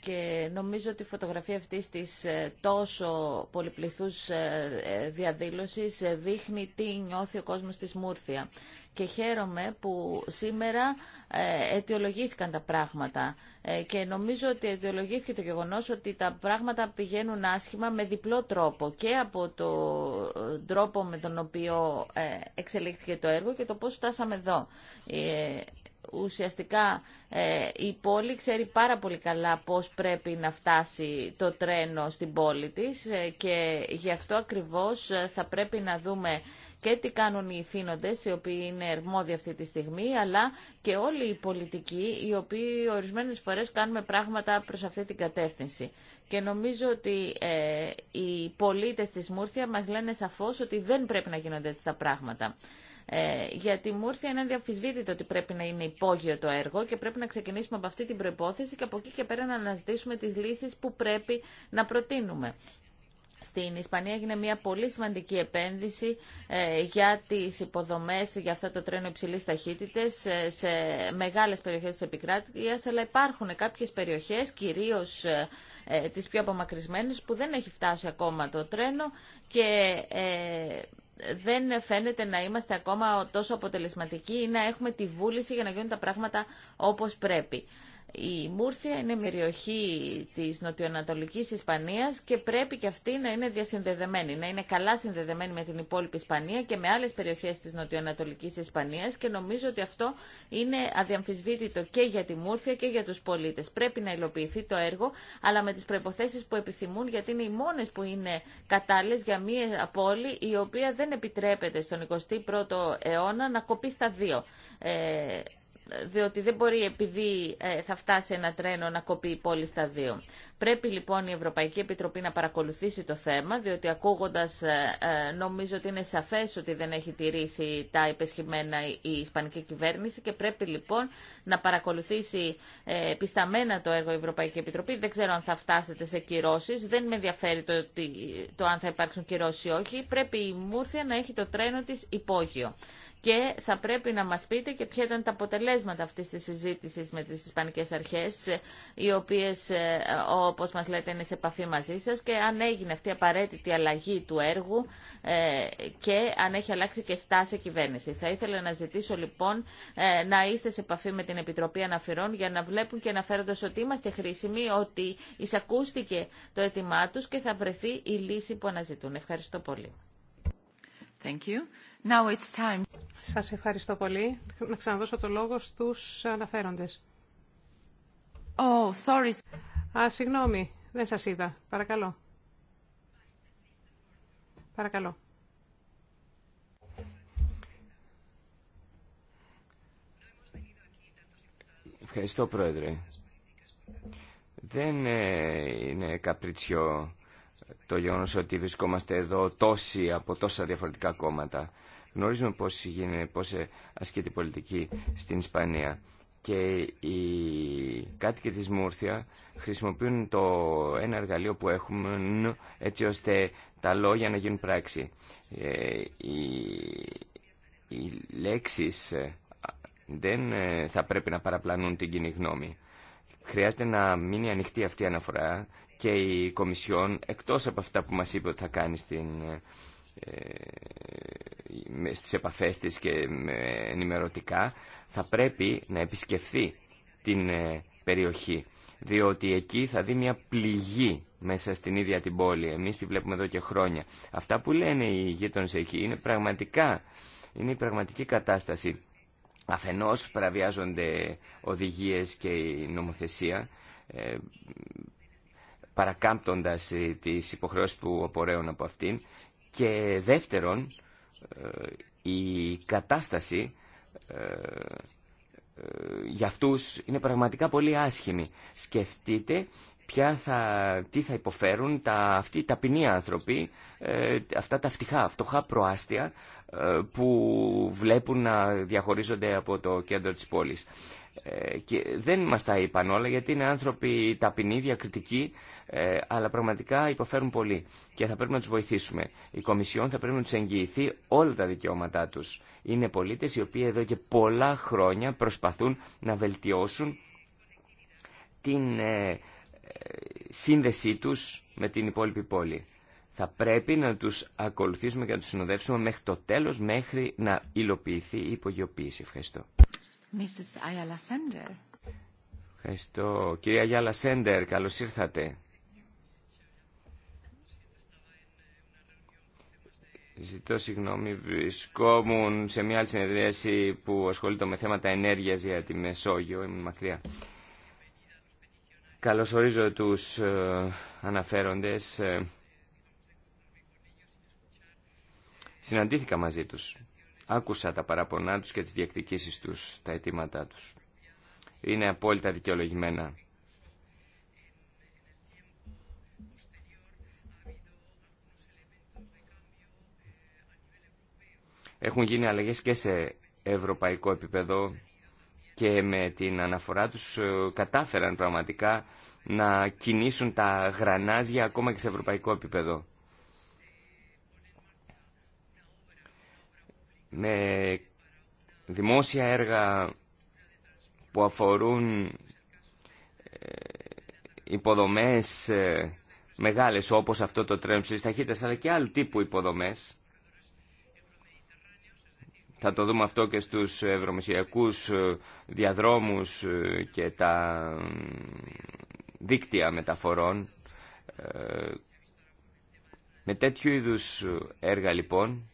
και νομίζω ότι η φωτογραφία αυτής της ε, τόσο πολυπληθούς ε, ε, διαδήλωσης δείχνει τι νιώθει ο κόσμος της Μούρθια. Και χαίρομαι που σήμερα αιτιολογήθηκαν τα πράγματα και νομίζω ότι αιτιολογήθηκε το γεγονός ότι τα πράγματα πηγαίνουν άσχημα με διπλό τρόπο και από τον τρόπο με τον οποίο εξελίχθηκε το έργο και το πώς φτάσαμε εδώ ουσιαστικά ε, η πόλη ξέρει πάρα πολύ καλά πώς πρέπει να φτάσει το τρένο στην πόλη της ε, και γι' αυτό ακριβώς ε, θα πρέπει να δούμε και τι κάνουν οι ηθήνοντες, οι οποίοι είναι ερμόδιοι αυτή τη στιγμή, αλλά και όλοι οι πολιτικοί, οι οποίοι ορισμένες φορές κάνουμε πράγματα προς αυτή την κατεύθυνση. Και νομίζω ότι οι πολίτες της Μούρθια μας λένε σαφώς ότι δεν πρέπει να γίνονται έτσι τα πράγματα. Ε, γιατί μου ήρθε ένα διαφυσβήτητο ότι πρέπει να είναι υπόγειο το έργο και πρέπει να ξεκινήσουμε από αυτή την προπόθεση και από εκεί και πέρα να αναζητήσουμε τις λύσεις που πρέπει να προτείνουμε. Στην Ισπανία έγινε μια πολύ σημαντική επένδυση ε, για τις υποδομές για αυτά τα τρένο υψηλής ταχύτητες ε, σε μεγάλες περιοχές της επικράτειας, αλλά υπάρχουν κάποιες περιοχές, κυρίως ε, ε, τις πιο απομακρυσμένες, που δεν έχει φτάσει ακόμα το τρένο και ε, δεν φαίνεται να είμαστε ακόμα τόσο αποτελεσματικοί ή να έχουμε τη βούληση για να γίνουν τα πράγματα όπως πρέπει. Η Μούρθια είναι περιοχή της νοτιοανατολικής Ισπανίας και πρέπει και αυτή να είναι διασυνδεδεμένη, να είναι καλά συνδεδεμένη με την υπόλοιπη Ισπανία και με άλλες περιοχές της νοτιοανατολικής Ισπανίας και νομίζω ότι αυτό είναι αδιαμφισβήτητο και για τη Μούρθια και για τους πολίτες. Πρέπει να υλοποιηθεί το έργο, αλλά με τις προϋποθέσεις που επιθυμούν, γιατί είναι οι μόνες που είναι κατάλληλες για μία πόλη η οποία δεν επιτρέπεται στον 21ο αιώνα να κοπεί στα δύο. Ε, διότι δεν μπορεί επειδή ε, θα φτάσει ένα τρένο να κοπεί η πόλη στα δύο. Πρέπει λοιπόν η Ευρωπαϊκή Επιτροπή να παρακολουθήσει το θέμα, διότι ακούγοντας ε, ε, νομίζω ότι είναι σαφές ότι δεν έχει τηρήσει τα υπεσχημένα η Ισπανική κυβέρνηση και πρέπει λοιπόν να παρακολουθήσει ε, πισταμένα το έργο η Ευρωπαϊκή Επιτροπή. Δεν ξέρω αν θα φτάσετε σε κυρώσεις, δεν με ενδιαφέρει το, ότι, το αν θα υπάρξουν κυρώσεις ή όχι. Πρέπει η Μούρθια να έχει το τρένο της υπόγειο. Και θα πρέπει να μας πείτε και ποια ήταν τα αποτελέσματα αυτής της συζήτησης με τις Ισπανικές Αρχές, οι οποίες όπως μας λέτε, είναι σε επαφή μαζί σας και αν έγινε αυτή η απαραίτητη αλλαγή του έργου ε, και αν έχει αλλάξει και στάση κυβέρνηση. Θα ήθελα να ζητήσω λοιπόν ε, να είστε σε επαφή με την Επιτροπή Αναφυρών για να βλέπουν και αναφέροντα ότι είμαστε χρήσιμοι, ότι εισακούστηκε το αίτημά τους και θα βρεθεί η λύση που αναζητούν. Ευχαριστώ πολύ. Thank you. Now it's time. Σας ευχαριστώ πολύ. Να ξαναδώσω το λόγο στους αναφέροντες. Oh, sorry. Α, συγγνώμη, δεν σας είδα. Παρακαλώ. Παρακαλώ. Ευχαριστώ, Πρόεδρε. Δεν ε, είναι καπριτσιό το γεγονό ότι βρισκόμαστε εδώ τόσοι από τόσα διαφορετικά κόμματα. Γνωρίζουμε πώς, γίνεται, πώς ασκείται η πολιτική στην Ισπανία και οι κάτοικοι της Μούρθια χρησιμοποιούν το ένα εργαλείο που έχουμε έτσι ώστε τα λόγια να γίνουν πράξη. Ε, οι, οι λέξεις ε, δεν ε, θα πρέπει να παραπλανούν την κοινή γνώμη. Χρειάζεται να μείνει ανοιχτή αυτή η αναφορά και η Κομισιόν, εκτός από αυτά που μας είπε ότι θα κάνει στην, στις επαφές της και ενημερωτικά θα πρέπει να επισκεφθεί την ε, περιοχή διότι εκεί θα δει μια πληγή μέσα στην ίδια την πόλη. Εμείς τη βλέπουμε εδώ και χρόνια. Αυτά που λένε οι γείτονες εκεί είναι πραγματικά, είναι η πραγματική κατάσταση. Αφενός παραβιάζονται οδηγίες και η νομοθεσία, ε, παρακάμπτοντας ε, τις υποχρεώσεις που απορρέουν από αυτήν και δεύτερον ε, η κατάσταση ε, ε, για αυτούς είναι πραγματικά πολύ άσχημη. Σκεφτείτε ποια θα, τι θα υποφέρουν τα, αυτοί οι ταπεινοί άνθρωποι, αυτά τα φτυχά, φτωχά προάστια που βλέπουν να διαχωρίζονται από το κέντρο της πόλης. Ε, και δεν μας τα είπαν όλα γιατί είναι άνθρωποι ταπεινοί, διακριτικοί ε, αλλά πραγματικά υποφέρουν πολύ και θα πρέπει να τους βοηθήσουμε. Η Κομισιόν θα πρέπει να τους εγγυηθεί όλα τα δικαιώματά τους. Είναι πολίτες οι οποίοι εδώ και πολλά χρόνια προσπαθούν να βελτιώσουν την ε, σύνδεσή τους με την υπόλοιπη πόλη. Θα πρέπει να τους ακολουθήσουμε και να τους συνοδεύσουμε μέχρι το τέλος, μέχρι να υλοποιηθεί η υπογειοποίηση. Ευχαριστώ. Ευχαριστώ. Κυρία Γιάλα Σέντερ, καλώς ήρθατε. Ζητώ συγγνώμη, βρισκόμουν σε μια άλλη συνεδρίαση που ασχολείται με θέματα ενέργειας για τη Μεσόγειο, είμαι μακριά. ορίζω τους ε, αναφέροντες. Ε, συναντήθηκα μαζί τους Άκουσα τα παραπονά τους και τις διεκδικήσεις τους, τα αιτήματά τους. Είναι απόλυτα δικαιολογημένα. Έχουν γίνει αλλαγές και σε ευρωπαϊκό επίπεδο και με την αναφορά τους ε, κατάφεραν πραγματικά να κινήσουν τα γρανάζια ακόμα και σε ευρωπαϊκό επίπεδο. με δημόσια έργα που αφορούν ε, υποδομές ε, μεγάλες όπως αυτό το τρένο ψηλής ταχύτητας αλλά και άλλου τύπου υποδομές. Θα το δούμε αυτό και στους ευρωμεσιακούς ε, διαδρόμους και τα δίκτυα μεταφορών. Με τέτοιου είδους έργα λοιπόν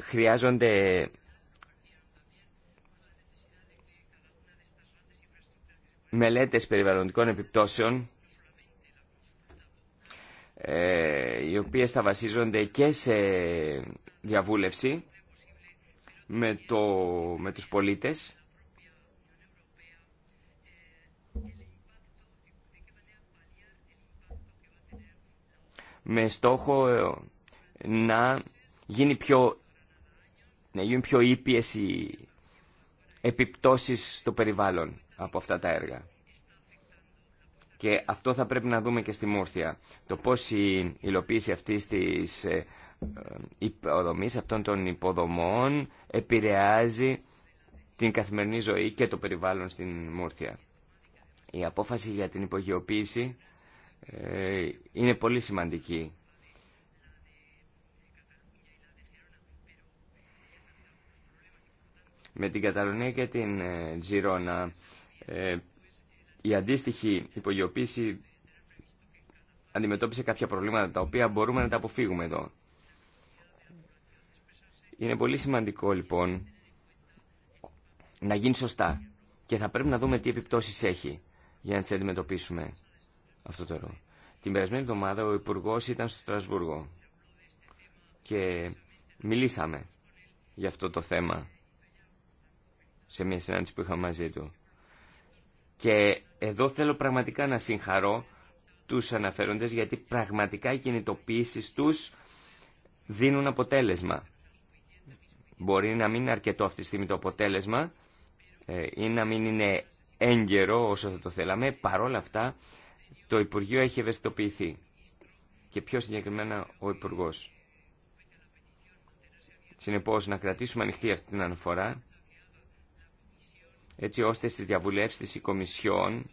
χρειάζονται μελέτες περιβαλλοντικών επιπτώσεων ε, οι οποίες θα βασίζονται και σε διαβούλευση με, το, με τους πολίτες με στόχο να γίνει πιο να γίνουν πιο ήπιες οι επιπτώσεις στο περιβάλλον από αυτά τα έργα. Και αυτό θα πρέπει να δούμε και στη Μούρθια. Το πώς η υλοποίηση αυτής της ε, ε, υποδομής, αυτών των υποδομών, επηρεάζει την καθημερινή ζωή και το περιβάλλον στην Μούρθια. Η απόφαση για την υπογειοποίηση ε, είναι πολύ σημαντική Με την Καταλωνία και την Τζιρόνα ε, ε, η αντίστοιχη υπογειοποίηση αντιμετώπισε κάποια προβλήματα τα οποία μπορούμε να τα αποφύγουμε εδώ. Είναι πολύ σημαντικό λοιπόν να γίνει σωστά και θα πρέπει να δούμε τι επιπτώσεις έχει για να τις αντιμετωπίσουμε αυτό το ερώτημα. Την περασμένη εβδομάδα ο υπουργό ήταν στο Στρασβούργο και μιλήσαμε για αυτό το θέμα σε μια συνάντηση που είχα μαζί του. Και εδώ θέλω πραγματικά να συγχαρώ τους αναφέροντες γιατί πραγματικά οι κινητοποίησεις τους δίνουν αποτέλεσμα. Μπορεί να μην είναι αρκετό αυτή τη στιγμή το αποτέλεσμα ε, ή να μην είναι έγκαιρο όσο θα το θέλαμε. Παρόλα αυτά το Υπουργείο έχει ευαισθητοποιηθεί και πιο συγκεκριμένα ο Υπουργός. Συνεπώς να κρατήσουμε ανοιχτή αυτή την αναφορά έτσι ώστε στις διαβουλεύσεις της Κομισιόν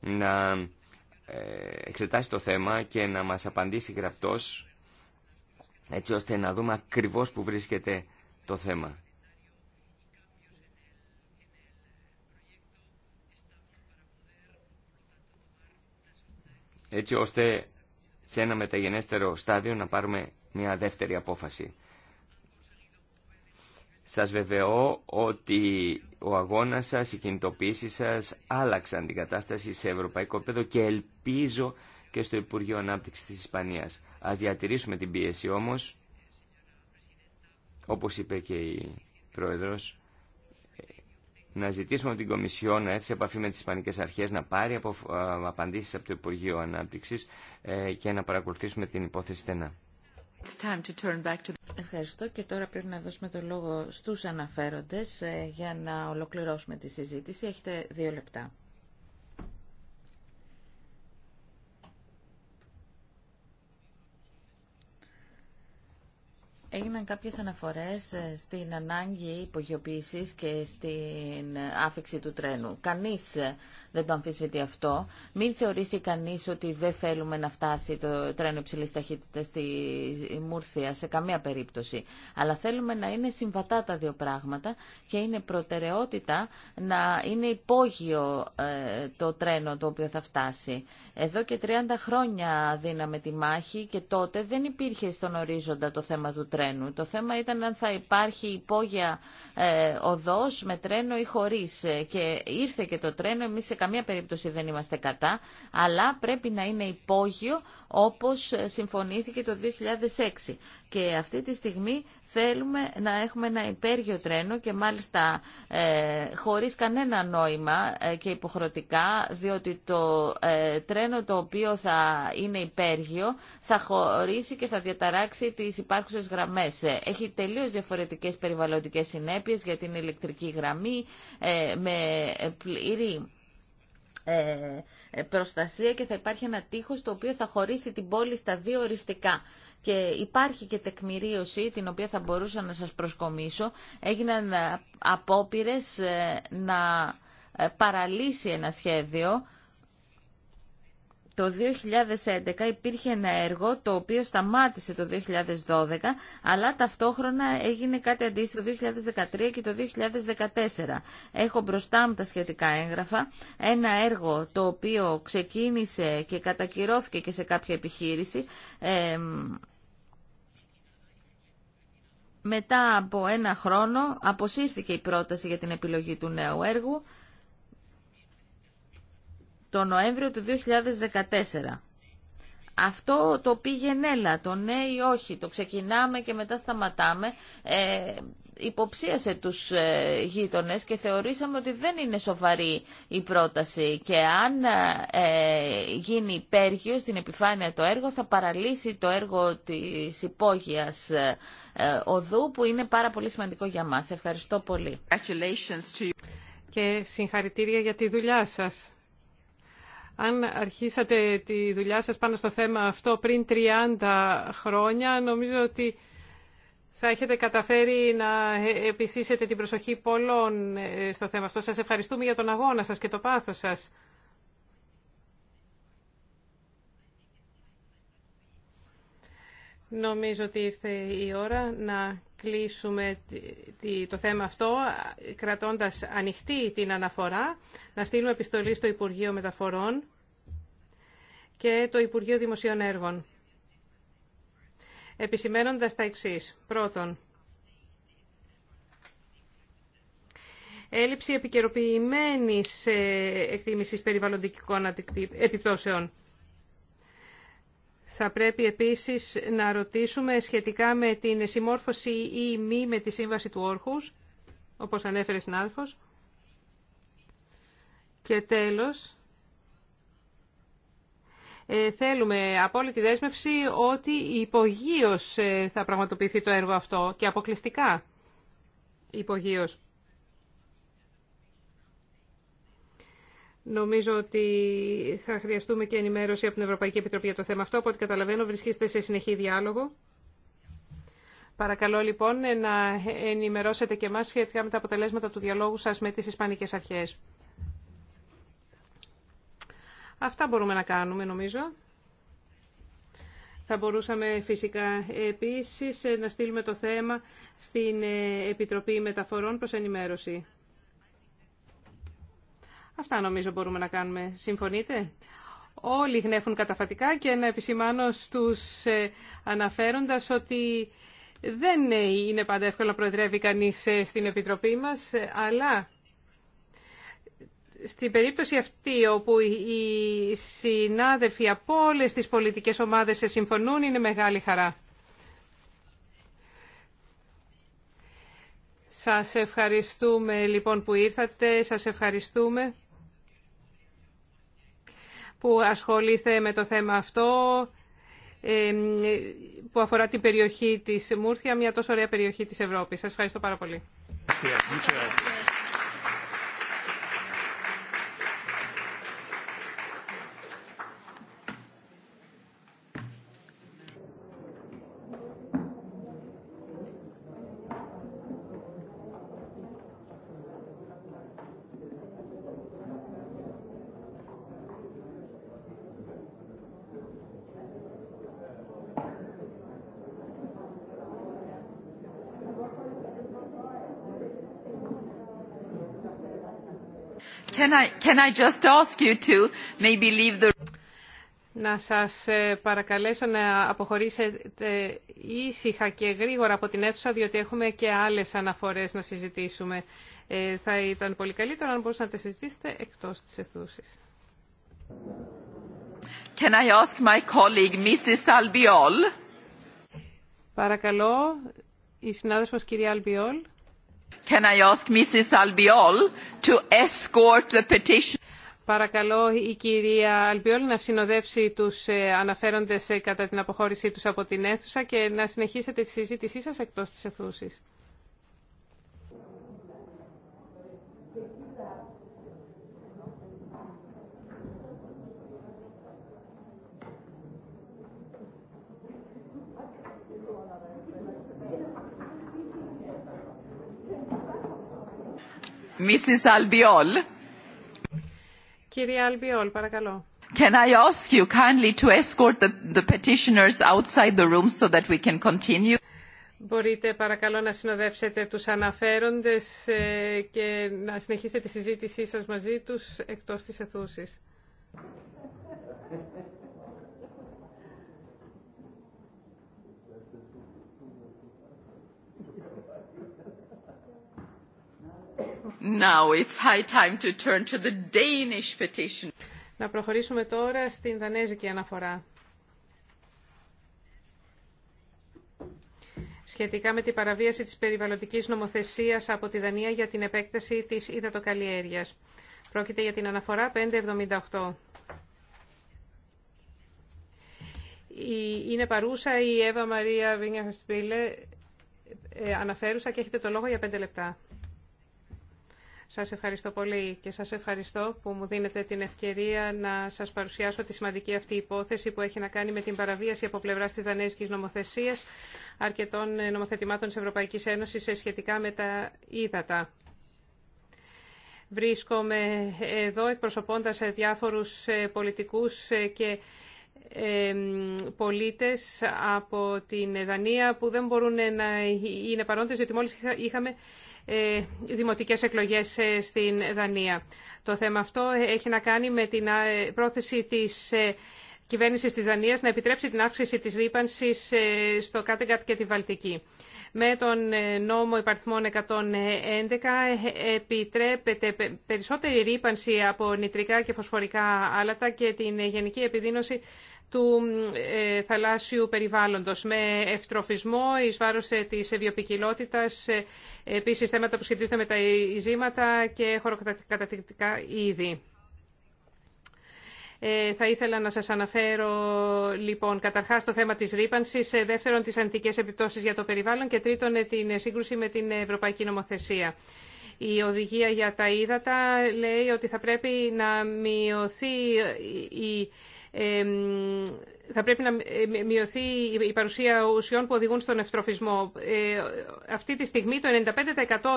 να ε, εξετάσει το θέμα και να μας απαντήσει γραπτός έτσι ώστε να δούμε ακριβώς που βρίσκεται το θέμα. Έτσι ώστε σε ένα μεταγενέστερο στάδιο να πάρουμε μια δεύτερη απόφαση. Σας βεβαιώ ότι ο αγώνας σας, οι κινητοποίησεις σας άλλαξαν την κατάσταση σε ευρωπαϊκό πέδο και ελπίζω και στο Υπουργείο Ανάπτυξης της Ισπανίας. Ας διατηρήσουμε την πίεση όμως, όπως είπε και η Πρόεδρος, να ζητήσουμε από την Κομισιό να έρθει σε επαφή με τις Ισπανικές Αρχές, να πάρει από, απαντήσεις από το Υπουργείο Ανάπτυξης ε, και να παρακολουθήσουμε την υπόθεση στενά. Ευχαριστώ και τώρα πρέπει να δώσουμε το λόγο στους αναφέροντες ε, για να ολοκληρώσουμε τη συζήτηση. Έχετε δύο λεπτά. Έγιναν κάποιες αναφορές ε, στην ανάγκη υπογειοποίησης και στην άφηξη του τρένου. Κανείς ε, δεν το αμφισβητεί αυτό. Μην θεωρήσει κανείς ότι δεν θέλουμε να φτάσει το τρένο υψηλή ταχύτητα στη Μούρθια σε καμία περίπτωση. Αλλά θέλουμε να είναι συμβατά τα δύο πράγματα και είναι προτεραιότητα να είναι υπόγειο ε, το τρένο το οποίο θα φτάσει. Εδώ και 30 χρόνια δίναμε τη μάχη και τότε δεν υπήρχε στον ορίζοντα το θέμα του τρένου το θέμα ήταν αν θα υπάρχει υπόγεια ε, οδός με τρένο ή χωρίς. Ε, και ήρθε και το τρένο, εμείς σε καμία περίπτωση δεν είμαστε κατά, αλλά πρέπει να είναι υπόγειο όπως συμφωνήθηκε το 2006. Και αυτή τη στιγμή θέλουμε να έχουμε ένα υπέργειο τρένο και μάλιστα ε, χωρίς κανένα νόημα ε, και υποχρεωτικά, διότι το ε, τρένο το οποίο θα είναι υπέργειο θα χωρίσει και θα διαταράξει τις υπάρχουσες γραμμές. Ε, έχει τελείως διαφορετικές περιβαλλοντικές συνέπειες για την ηλεκτρική γραμμή, με πλήρη ε, ε, προστασία και θα υπάρχει ένα τείχος το οποίο θα χωρίσει την πόλη στα δύο οριστικά. Και υπάρχει και τεκμηρίωση την οποία θα μπορούσα να σας προσκομίσω. Έγιναν ε, απόπειρες να παραλύσει ένα σχέδιο το 2011 υπήρχε ένα έργο το οποίο σταμάτησε το 2012, αλλά ταυτόχρονα έγινε κάτι αντίστοιχο το 2013 και το 2014. Έχω μπροστά μου τα σχετικά έγγραφα. Ένα έργο το οποίο ξεκίνησε και κατακυρώθηκε και σε κάποια επιχείρηση. Ε, μετά από ένα χρόνο αποσύρθηκε η πρόταση για την επιλογή του νέου έργου το Νοέμβριο του 2014. Αυτό το πήγε νέλα, το ναι ή όχι, το ξεκινάμε και μετά σταματάμε, ε, υποψίασε τους ε, και θεωρήσαμε ότι δεν είναι σοβαρή η πρόταση και αν ε, γίνει υπέργειο στην επιφάνεια το έργο θα παραλύσει το έργο της υπόγειας ε, οδού που είναι πάρα πολύ σημαντικό για μας. Ευχαριστώ πολύ. Και συγχαρητήρια για τη δουλειά σας. Αν αρχίσατε τη δουλειά σας πάνω στο θέμα αυτό πριν 30 χρόνια, νομίζω ότι θα έχετε καταφέρει να ε, επιστήσετε την προσοχή πολλών ε, στο θέμα αυτό. Σας ευχαριστούμε για τον αγώνα σας και το πάθος σας. Νομίζω ότι ήρθε η ώρα να κλείσουμε το θέμα αυτό κρατώντας ανοιχτή την αναφορά, να στείλουμε επιστολή στο Υπουργείο Μεταφορών και το Υπουργείο Δημοσίων Έργων, επισημένοντας τα εξής. Πρώτον, έλλειψη επικαιροποιημένης ε, εκτίμησης περιβαλλοντικών επιπτώσεων. Θα πρέπει επίσης να ρωτήσουμε σχετικά με την συμμόρφωση ή μη με τη σύμβαση του όρχους, όπως ανέφερε συνάδελφος. Και τέλος, ε, θέλουμε απόλυτη δέσμευση ότι υπογείως ε, θα πραγματοποιηθεί το έργο αυτό και αποκλειστικά υπογείως. Νομίζω ότι θα χρειαστούμε και ενημέρωση από την Ευρωπαϊκή Επιτροπή για το θέμα αυτό. Από ό,τι καταλαβαίνω βρισκείστε σε συνεχή διάλογο. Παρακαλώ λοιπόν να ενημερώσετε και εμάς σχετικά με τα αποτελέσματα του διαλόγου σας με τις Ισπανικές Αρχές. Αυτά μπορούμε να κάνουμε νομίζω. Θα μπορούσαμε φυσικά επίσης να στείλουμε το θέμα στην Επιτροπή Μεταφορών προς ενημέρωση. Αυτά νομίζω μπορούμε να κάνουμε. Συμφωνείτε? Όλοι γνέφουν καταφατικά και να επισημάνω στους ε, αναφέροντας ότι δεν είναι πάντα εύκολο να προεδρεύει κανείς ε, στην Επιτροπή μας, ε, αλλά στην περίπτωση αυτή όπου οι συνάδελφοι από όλε τις πολιτικές ομάδες συμφωνούν είναι μεγάλη χαρά. Σας ευχαριστούμε λοιπόν που ήρθατε, σας ευχαριστούμε που ασχολείστε με το θέμα αυτό που αφορά την περιοχή της Μούρθια, μια τόσο ωραία περιοχή της Ευρώπης. Σας ευχαριστώ πάρα πολύ. Να σας ε, παρακαλέσω να αποχωρήσετε ήσυχα και γρήγορα από την αίθουσα, διότι έχουμε και άλλες αναφορές να συζητήσουμε. Ε, θα ήταν πολύ καλύτερο αν μπορούσατε να τις συζητήσετε εκτός της αιθούσης. Can I ask my colleague, Mrs. Παρακαλώ, η συνάδελφος κυρία Αλμπιόλ. Can I ask Mrs. Albiol to escort the petition? Παρακαλώ η κυρία Αλμπιόλ να συνοδεύσει τους ε, αναφέροντες ε, κατά την αποχώρησή τους από την αίθουσα και να συνεχίσετε τη συζήτησή σας εκτός της αιθούσης. Mrs. Albiol. Κυρία Αλμπιόλ, παρακαλώ. Can I ask you kindly to escort the, the petitioners outside the room so that we can continue? Μπορείτε παρακαλώ να συνοδεύσετε τους αναφέροντες ε, και να συνεχίσετε τη συζήτησή σας μαζί τους εκτός της αιθούσης. Now it's high time to turn to the Danish petition. Να προχωρήσουμε τώρα στην δανέζικη αναφορά. σχετικά με την παραβίαση της περιβαλλοντικής νομοθεσίας από τη Δανία για την επέκταση της υδατοκαλλιέργειας. Πρόκειται για την αναφορά 578. Είναι παρούσα η Εύα Μαρία Βίνια Χασπίλε. Ε, αναφέρουσα και έχετε το λόγο για 5 λεπτά. Σας ευχαριστώ πολύ και σας ευχαριστώ που μου δίνετε την ευκαιρία να σας παρουσιάσω τη σημαντική αυτή υπόθεση που έχει να κάνει με την παραβίαση από πλευρά της Δανέζικης νομοθεσίας αρκετών νομοθετημάτων της Ευρωπαϊκής Ένωσης σε σχετικά με τα ύδατα. Βρίσκομαι εδώ εκπροσωπώντας διάφορους πολιτικούς και πολίτες από την Δανία που δεν μπορούν να είναι παρόντες διότι μόλις είχαμε ε, δημοτικές εκλογές ε, στην Δανία. Το θέμα αυτό ε, έχει να κάνει με την πρόθεση της κυβέρνησης της Δανίας να επιτρέψει την αύξηση της ρήπανσης στο Κάτεγκατ και τη Βαλτική με τον ε, νόμο υπαριθμών 111 ε, επιτρέπεται περισσότερη ρήπανση από νητρικά και φωσφορικά άλατα και την γενική επιδείνωση του ε, θαλάσσιου περιβάλλοντος με ευτροφισμό εις βάρος της βιοπικιλότητας, επίσης θέματα που σχετίζονται με τα ειζήματα και χωροκατακτικά είδη. Ε, θα ήθελα να σας αναφέρω λοιπόν καταρχάς το θέμα της ρήπανσης, ε, δεύτερον τις αντικές επιπτώσεις για το περιβάλλον και τρίτον ε, την σύγκρουση με την Ευρωπαϊκή Νομοθεσία. Η οδηγία για τα ύδατα λέει ότι θα πρέπει να μειωθεί η θα πρέπει να μειωθεί η παρουσία ουσιών που οδηγούν στον ευτροφισμό. Ε, αυτή τη στιγμή το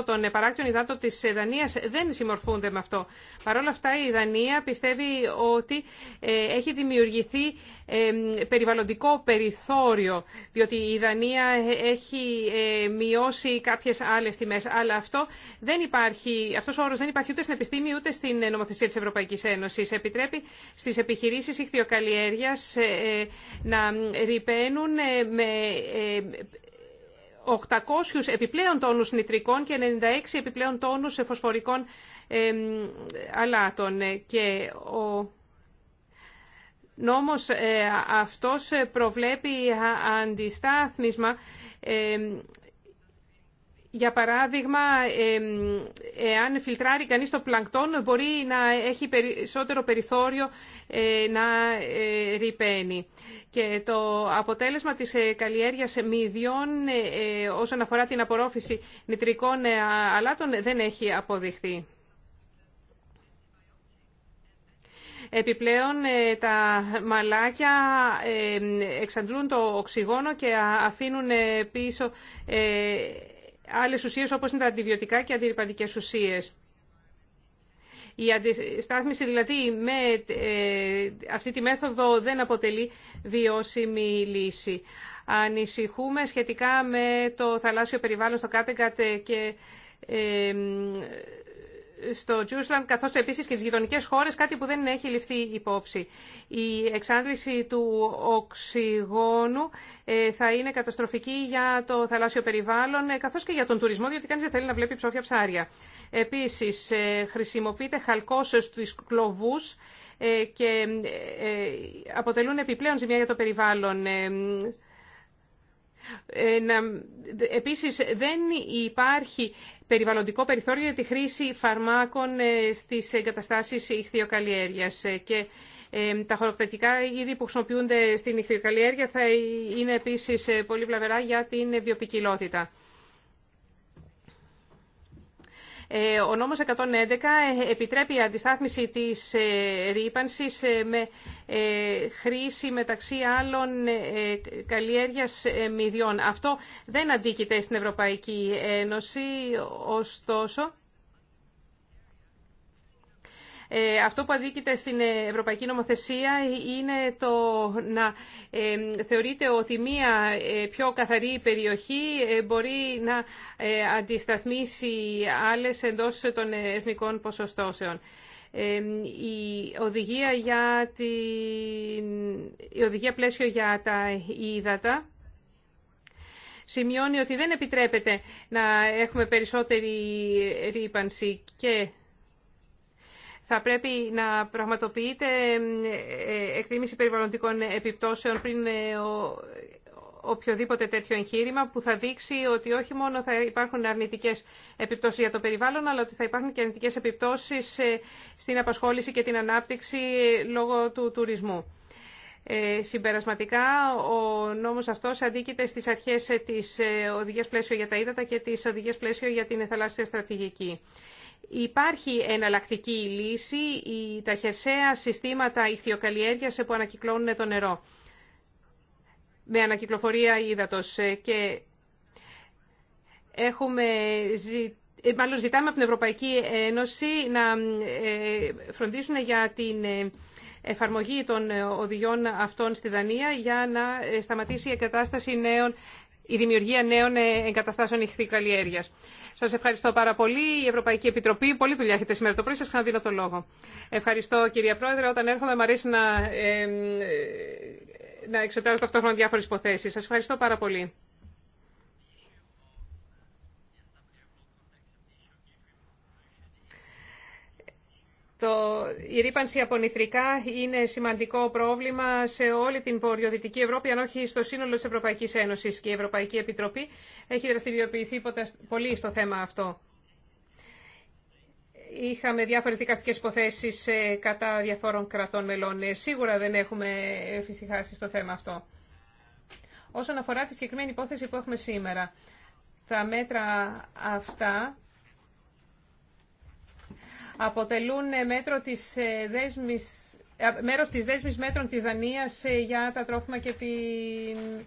95% των παράκτιων υδάτων της Δανίας δεν συμμορφούνται με αυτό. Παρ' όλα αυτά η Δανία πιστεύει ότι ε, έχει δημιουργηθεί ε, περιβαλλοντικό περιθώριο, διότι η Δανία έχει μειώσει κάποιες άλλες τιμές. Αλλά αυτό δεν υπάρχει, αυτός ο όρος δεν υπάρχει ούτε στην επιστήμη ούτε στην νομοθεσία της Ευρωπαϊκής Ένωσης. Επιτρέπει στις επιχειρήσεις ηχθειοκαλλιέργειας να ρηπαίνουν ε, με 800 ε, επιπλέον τόνους νητρικών και 96 επιπλέον τόνους φωσφορικών αλάτων. Ε, και ο νόμος αυτός προβλέπει αντιστάθμισμα για παράδειγμα, εάν φιλτράρει κανείς το πλανκτόν, μπορεί να έχει περισσότερο περιθώριο ε, να ε, ρηπαίνει. Και το αποτέλεσμα της ε, καλλιέργειας μυδιών όσον αφορά την απορρόφηση νητρικών αλάτων δεν έχει αποδειχθεί. Επιπλέον, τα μαλάκια εξαντλούν το οξυγόνο και αφήνουν πίσω Άλλε ουσίε όπω είναι τα αντιβιωτικά και αντιρρυπαντικές ουσίε. Η αντιστάθμιση δηλαδή με ε, αυτή τη μέθοδο δεν αποτελεί βιώσιμη λύση. Ανησυχούμε σχετικά με το θαλάσσιο περιβάλλον στο κάτε-κάτε και ε, στο Τζούσλαντ καθώ επίσης και στι γειτονικέ χώρες, κάτι που δεν έχει ληφθεί υπόψη. Η εξάντληση του οξυγόνου ε, θα είναι καταστροφική για το θαλάσσιο περιβάλλον ε, καθώ και για τον τουρισμό, διότι κανείς δεν θέλει να βλέπει ψόφια ψάρια. Επίσης, ε, χρησιμοποιείται χαλκός στους κλοβούς και αποτελούν επιπλέον ζημιά για το περιβάλλον. Επίσης, δεν υπάρχει περιβαλλοντικό περιθώριο για τη χρήση φαρμάκων ε, στις εγκαταστάσεις ηχθειοκαλλιέργειας ε, και ε, τα χωροκτακτικά είδη που χρησιμοποιούνται στην ηχθειοκαλλιέργεια θα είναι επίσης πολύ βλαβερά για την βιοπικιλότητα. Ε, ο νόμος 111 ε, επιτρέπει η αντιστάθμιση της ε, ρήπανσης με χρήση μεταξύ άλλων καλλιέργειας μηδιών. Αυτό δεν αντίκειται στην Ευρωπαϊκή Ένωση, ωστόσο ε, αυτό που αντίκειται στην ε, Ευρωπαϊκή Νομοθεσία είναι το να ε, θεωρείται ότι μία πιο καθαρή περιοχή μπορεί να αντισταθμίσει άλλες εντός των εθνικών ποσοστώσεων. Η οδηγία, για την... η οδηγία πλαίσιο για τα ύδατα σημειώνει ότι δεν επιτρέπεται να έχουμε περισσότερη ρήπανση και θα πρέπει να πραγματοποιείται ε, ε, εκτίμηση περιβαλλοντικών επιπτώσεων πριν ε, οποιοδήποτε τέτοιο εγχείρημα που θα δείξει ότι όχι μόνο θα υπάρχουν αρνητικές επιπτώσεις για το περιβάλλον, αλλά ότι θα υπάρχουν και αρνητικές επιπτώσεις στην απασχόληση και την ανάπτυξη λόγω του τουρισμού. Ε, συμπερασματικά, ο νόμος αυτός αντίκειται στις αρχές της οδηγίας πλαίσιο για τα Ήδατα και της οδηγίας πλαίσιο για την θαλάσσια στρατηγική. Υπάρχει εναλλακτική λύση, τα χερσαία συστήματα ηχθειοκαλλιέργειας που ανακυκλώνουν το νερό με ανακυκλοφορία ύδατος ε, και έχουμε ε, Μάλλον ζητάμε από την Ευρωπαϊκή Ένωση να ε, φροντίσουν για την εφαρμογή των οδηγιών αυτών στη Δανία για να σταματήσει η εγκατάσταση νέων η δημιουργία νέων εγκαταστάσεων ηχθή καλλιέργεια. Σα ευχαριστώ πάρα πολύ. Η Ευρωπαϊκή Επιτροπή, πολύ δουλειά έχετε σήμερα το πρωί, σα ξαναδίνω το λόγο. Ευχαριστώ, κυρία Πρόεδρε. Όταν έρχομαι, μου αρέσει να, ε, ε, να εξετάζω ταυτόχρονα διάφορε υποθέσει. Σα ευχαριστώ πάρα πολύ. Το, η ρήπανση από νητρικά είναι σημαντικό πρόβλημα σε όλη την βορειοδυτική Ευρώπη, αν όχι στο σύνολο της Ευρωπαϊκής Ένωσης και η Ευρωπαϊκή Επιτροπή έχει δραστηριοποιηθεί πολύ στο θέμα αυτό. Είχαμε διάφορες δικαστικές υποθέσεις ε, κατά διαφόρων κρατών μελών. Ε, σίγουρα δεν έχουμε φυσικάσει στο θέμα αυτό. Όσον αφορά τη συγκεκριμένη υπόθεση που έχουμε σήμερα, τα μέτρα αυτά αποτελούν ε, μέτρο της ε, δέσμης, ε, μέρος της δέσμης μέτρων της Δανίας για τα τρόφιμα και την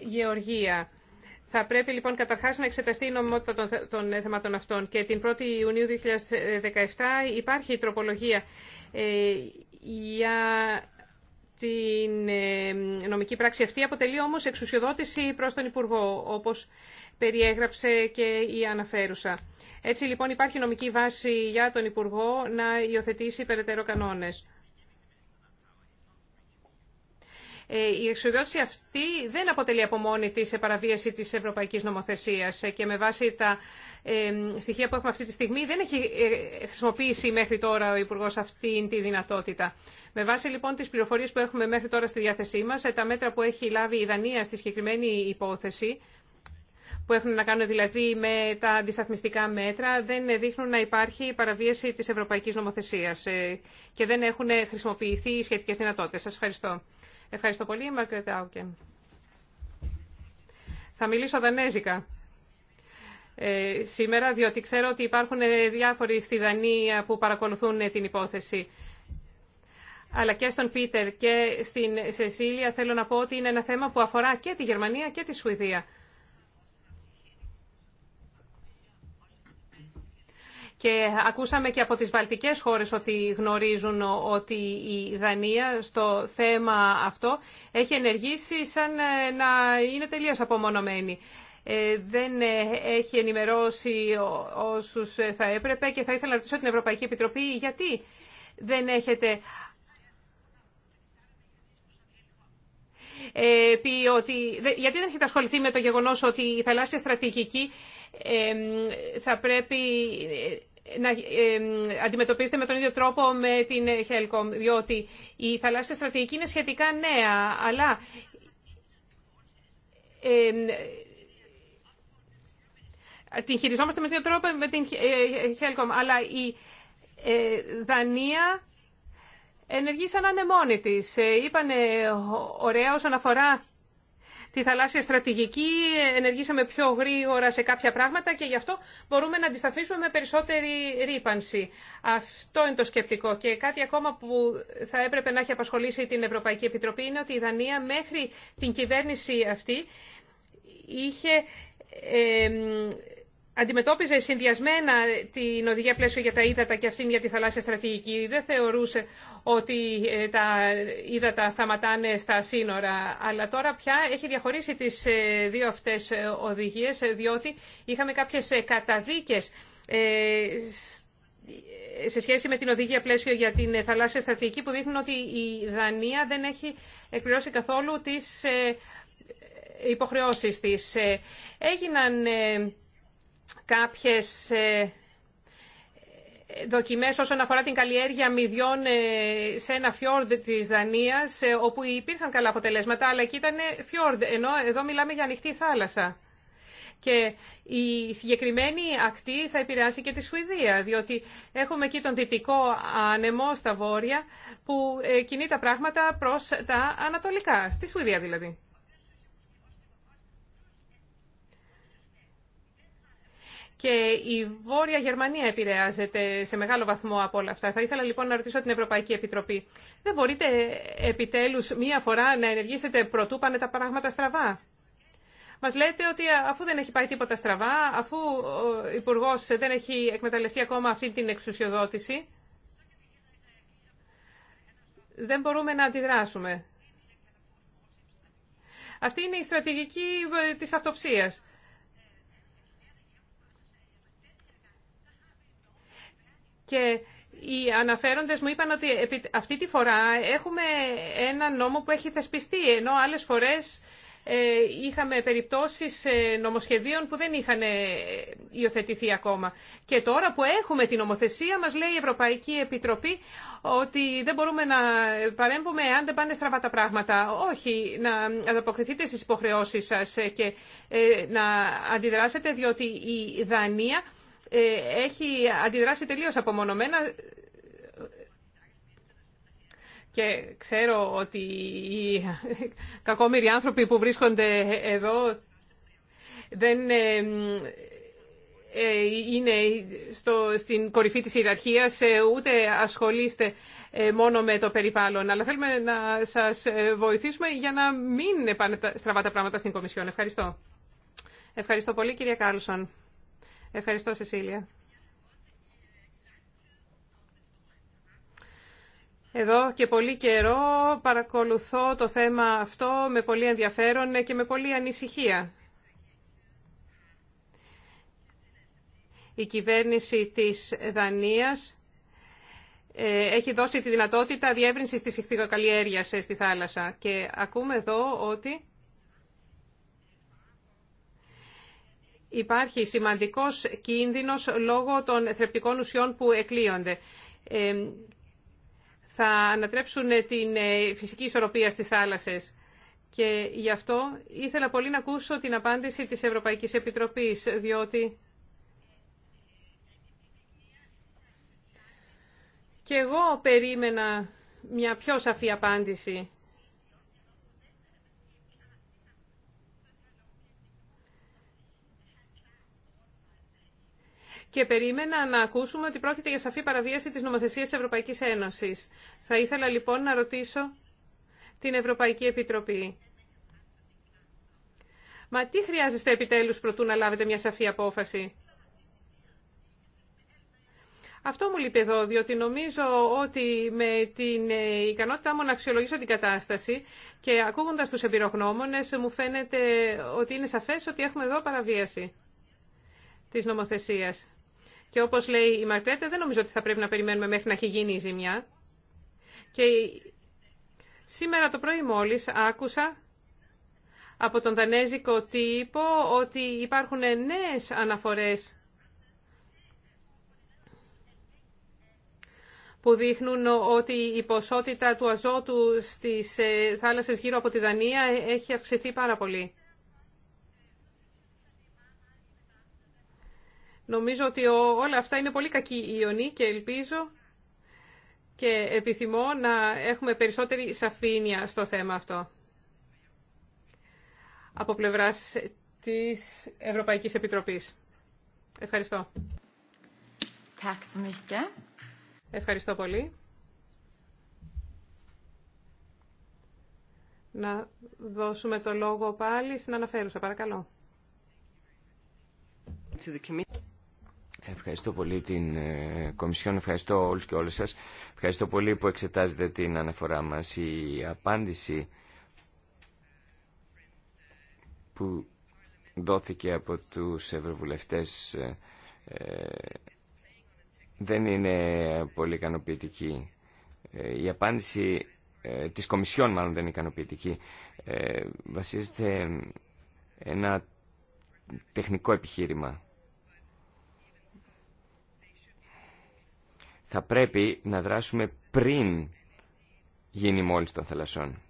γεωργία. Θα πρέπει λοιπόν καταρχάς να εξεταστεί η νομιμότητα των, των θέματων αυτών. Και την 1η Ιουνίου 2017 υπάρχει η τροπολογία ε, για την νομική πράξη αυτή. Αποτελεί όμως εξουσιοδότηση προς τον Υπουργό, όπως περιέγραψε και η αναφέρουσα. Έτσι λοιπόν υπάρχει νομική βάση για τον Υπουργό να υιοθετήσει περαιτέρω κανόνες. Ε, η εξουδιώτηση αυτή δεν αποτελεί από μόνη της σε παραβίαση της ευρωπαϊκής νομοθεσίας ε, και με βάση τα ε, στοιχεία που έχουμε αυτή τη στιγμή δεν έχει χρησιμοποιήσει μέχρι τώρα ο Υπουργός αυτή τη δυνατότητα. Με βάση λοιπόν τις πληροφορίες που έχουμε μέχρι τώρα στη διάθεσή μας, τα μέτρα που έχει λάβει η Δανία στη συγκεκριμένη υπόθεση, που έχουν να κάνουν δηλαδή με τα αντισταθμιστικά μέτρα δεν δείχνουν να υπάρχει παραβίαση της ευρωπαϊκής νομοθεσίας ε, και δεν έχουν χρησιμοποιηθεί οι σχετικές δυνατότητες. Σας ευχαριστώ. Ευχαριστώ πολύ, Μαρκρετ Άουκεν. Θα μιλήσω δανέζικα ε, σήμερα, διότι ξέρω ότι υπάρχουν ε, διάφοροι στη Δανία που παρακολουθούν την υπόθεση. Αλλά και στον Πίτερ και στην Σεσίλια θέλω να πω ότι είναι ένα θέμα που αφορά και τη Γερμανία και τη Σουηδία. Και ακούσαμε και από τις βαλτικές χώρες ότι γνωρίζουν ότι η Δανία στο θέμα αυτό έχει ενεργήσει σαν ε, να είναι τελείως απομονωμένη. Ε, δεν ε, έχει ενημερώσει όσους θα έπρεπε και θα ήθελα να ρωτήσω την Ευρωπαϊκή Επιτροπή γιατί δεν έχετε πει ότι... Γιατί δεν έχετε ασχοληθεί με το γεγονός ότι η θαλάσσια στρατηγική θα πρέπει να αντιμετωπίσετε με τον ίδιο τρόπο με την Helcom, διότι η θαλάσσια στρατηγική είναι σχετικά νέα, αλλά την χειριζόμαστε με τον ίδιο τρόπο με την Helcom, ε, αλλά η ε, Δανία ενεργεί σαν να είναι μόνη της. Ε, είπανε ωραία όσον αφορά τη θαλάσσια στρατηγική, ενεργήσαμε πιο γρήγορα σε κάποια πράγματα και γι' αυτό μπορούμε να αντισταθμίσουμε με περισσότερη ρήπανση. Αυτό είναι το σκεπτικό. Και κάτι ακόμα που θα έπρεπε να έχει απασχολήσει την Ευρωπαϊκή Επιτροπή είναι ότι η Δανία μέχρι την κυβέρνηση αυτή είχε ε, αντιμετώπιζε συνδυασμένα την οδηγία πλαίσιο για τα ύδατα και αυτήν για τη θαλάσσια στρατηγική. Δεν θεωρούσε ότι ε, τα ύδατα σταματάνε στα σύνορα. Αλλά τώρα πια έχει διαχωρίσει τις ε, δύο αυτές ε, οδηγίες, διότι είχαμε κάποιες καταδίκες σε σχέση με την οδηγία πλαίσιο για την θαλάσσια στρατηγική που δείχνουν ότι η Δανία δεν έχει εκπληρώσει καθόλου τις υποχρεώσεις της. Έγιναν κάποιες ε, δοκιμές όσον αφορά την καλλιέργεια μυδιών ε, σε ένα φιόρντ της Δανίας, ε, όπου υπήρχαν καλά αποτελέσματα, αλλά εκεί ήταν φιόρντ, ενώ εδώ μιλάμε για ανοιχτή θάλασσα. Και η συγκεκριμένη ακτή θα επηρεάσει και τη Σουηδία, διότι έχουμε εκεί τον δυτικό ανεμό στα βόρεια, που κινεί τα πράγματα προς τα ανατολικά, στη Σουηδία δηλαδή. και η Βόρεια Γερμανία επηρεάζεται σε μεγάλο βαθμό από όλα αυτά. Θα ήθελα λοιπόν να ρωτήσω την Ευρωπαϊκή Επιτροπή. Δεν μπορείτε επιτέλους μία φορά να ενεργήσετε προτού πάνε τα πράγματα στραβά. Μας λέτε ότι αφού δεν έχει πάει τίποτα στραβά, αφού ο υπουργό δεν έχει εκμεταλλευτεί ακόμα αυτή την εξουσιοδότηση, δεν μπορούμε να αντιδράσουμε. Αυτή είναι η στρατηγική ε, της αυτοψίας. και οι αναφέροντες μου είπαν ότι αυτή τη φορά έχουμε ένα νόμο που έχει θεσπιστεί, ενώ άλλες φορές ε, είχαμε περιπτώσεις ε, νομοσχεδίων που δεν είχαν ε, υιοθετηθεί ακόμα. Και τώρα που έχουμε την νομοθεσία μας λέει η Ευρωπαϊκή Επιτροπή ότι δεν μπορούμε να παρέμβουμε αν δεν πάνε στραβά τα πράγματα. Όχι, να ανταποκριθείτε στις υποχρεώσεις σας και να αντιδράσετε διότι η Δανία ε, έχει αντιδράσει τελείως απομονωμένα και ξέρω ότι οι κακόμοιροι άνθρωποι που βρίσκονται εδώ δεν ε, ε, είναι στο, στην κορυφή της ιεραρχίας, ούτε ασχολείστε μόνο με το περιβάλλον. Αλλά θέλουμε να σας βοηθήσουμε για να μην πάνε στραβά τα πράγματα στην Κομισιόν. Ευχαριστώ. Ευχαριστώ πολύ κυρία Κάρλσον. Ευχαριστώ, Σεσίλια. Εδώ και πολύ καιρό παρακολουθώ το θέμα αυτό με πολύ ενδιαφέρον και με πολύ ανησυχία. Η κυβέρνηση της Δανίας ε, έχει δώσει τη δυνατότητα διεύρυνσης της ηχθυγοκαλλιέργειας ε, στη θάλασσα και ακούμε εδώ ότι υπάρχει σημαντικός κίνδυνος λόγω των θρεπτικών ουσιών που εκλείονται. Ε, θα ανατρέψουν την ε, φυσική ισορροπία στις θάλασσες. Και γι' αυτό ήθελα πολύ να ακούσω την απάντηση της Ευρωπαϊκής Επιτροπής, διότι και εγώ περίμενα μια πιο σαφή απάντηση. και περίμενα να ακούσουμε ότι πρόκειται για σαφή παραβίαση της νομοθεσίας της Ευρωπαϊκής Ένωσης. Θα ήθελα λοιπόν να ρωτήσω την Ευρωπαϊκή Επιτροπή. Μα τι χρειάζεστε επιτέλους προτού να λάβετε μια σαφή απόφαση. Αυτό μου λείπει εδώ, διότι νομίζω ότι με την ε, ικανότητά μου να αξιολογήσω την κατάσταση και ακούγοντας τους εμπειρογνώμονες μου φαίνεται ότι είναι σαφές ότι έχουμε εδώ παραβίαση της νομοθεσίας. Και όπως λέει η Μαρκρέτα, δεν νομίζω ότι θα πρέπει να περιμένουμε μέχρι να έχει γίνει η ζημιά. Και σήμερα το πρωί μόλις άκουσα από τον Δανέζικο τύπο ότι υπάρχουν νέες αναφορές που δείχνουν ότι η ποσότητα του αζότου στις ε, θάλασσες γύρω από τη Δανία έχει αυξηθεί πάρα πολύ. Νομίζω ότι όλα αυτά είναι πολύ κακή ιονή και ελπίζω και επιθυμώ να έχουμε περισσότερη σαφήνεια στο θέμα αυτό. Από πλευράς της Ευρωπαϊκής Επιτροπής. Ευχαριστώ. Ευχαριστώ πολύ. Να δώσουμε το λόγο πάλι στην αναφέρουσα, παρακαλώ. Ευχαριστώ πολύ την ε, Κομισιόν, ευχαριστώ όλους και όλες σας. Ευχαριστώ πολύ που εξετάζετε την αναφορά μας. Η απάντηση που δόθηκε από τους ευρωβουλευτές ε, ε, δεν είναι πολύ ικανοποιητική. Η απάντηση της Κομισιόν μάλλον δεν είναι ικανοποιητική. Βασίζεται ένα τεχνικό επιχείρημα θα πρέπει να δράσουμε πριν γίνει μόλις των θαλασσών.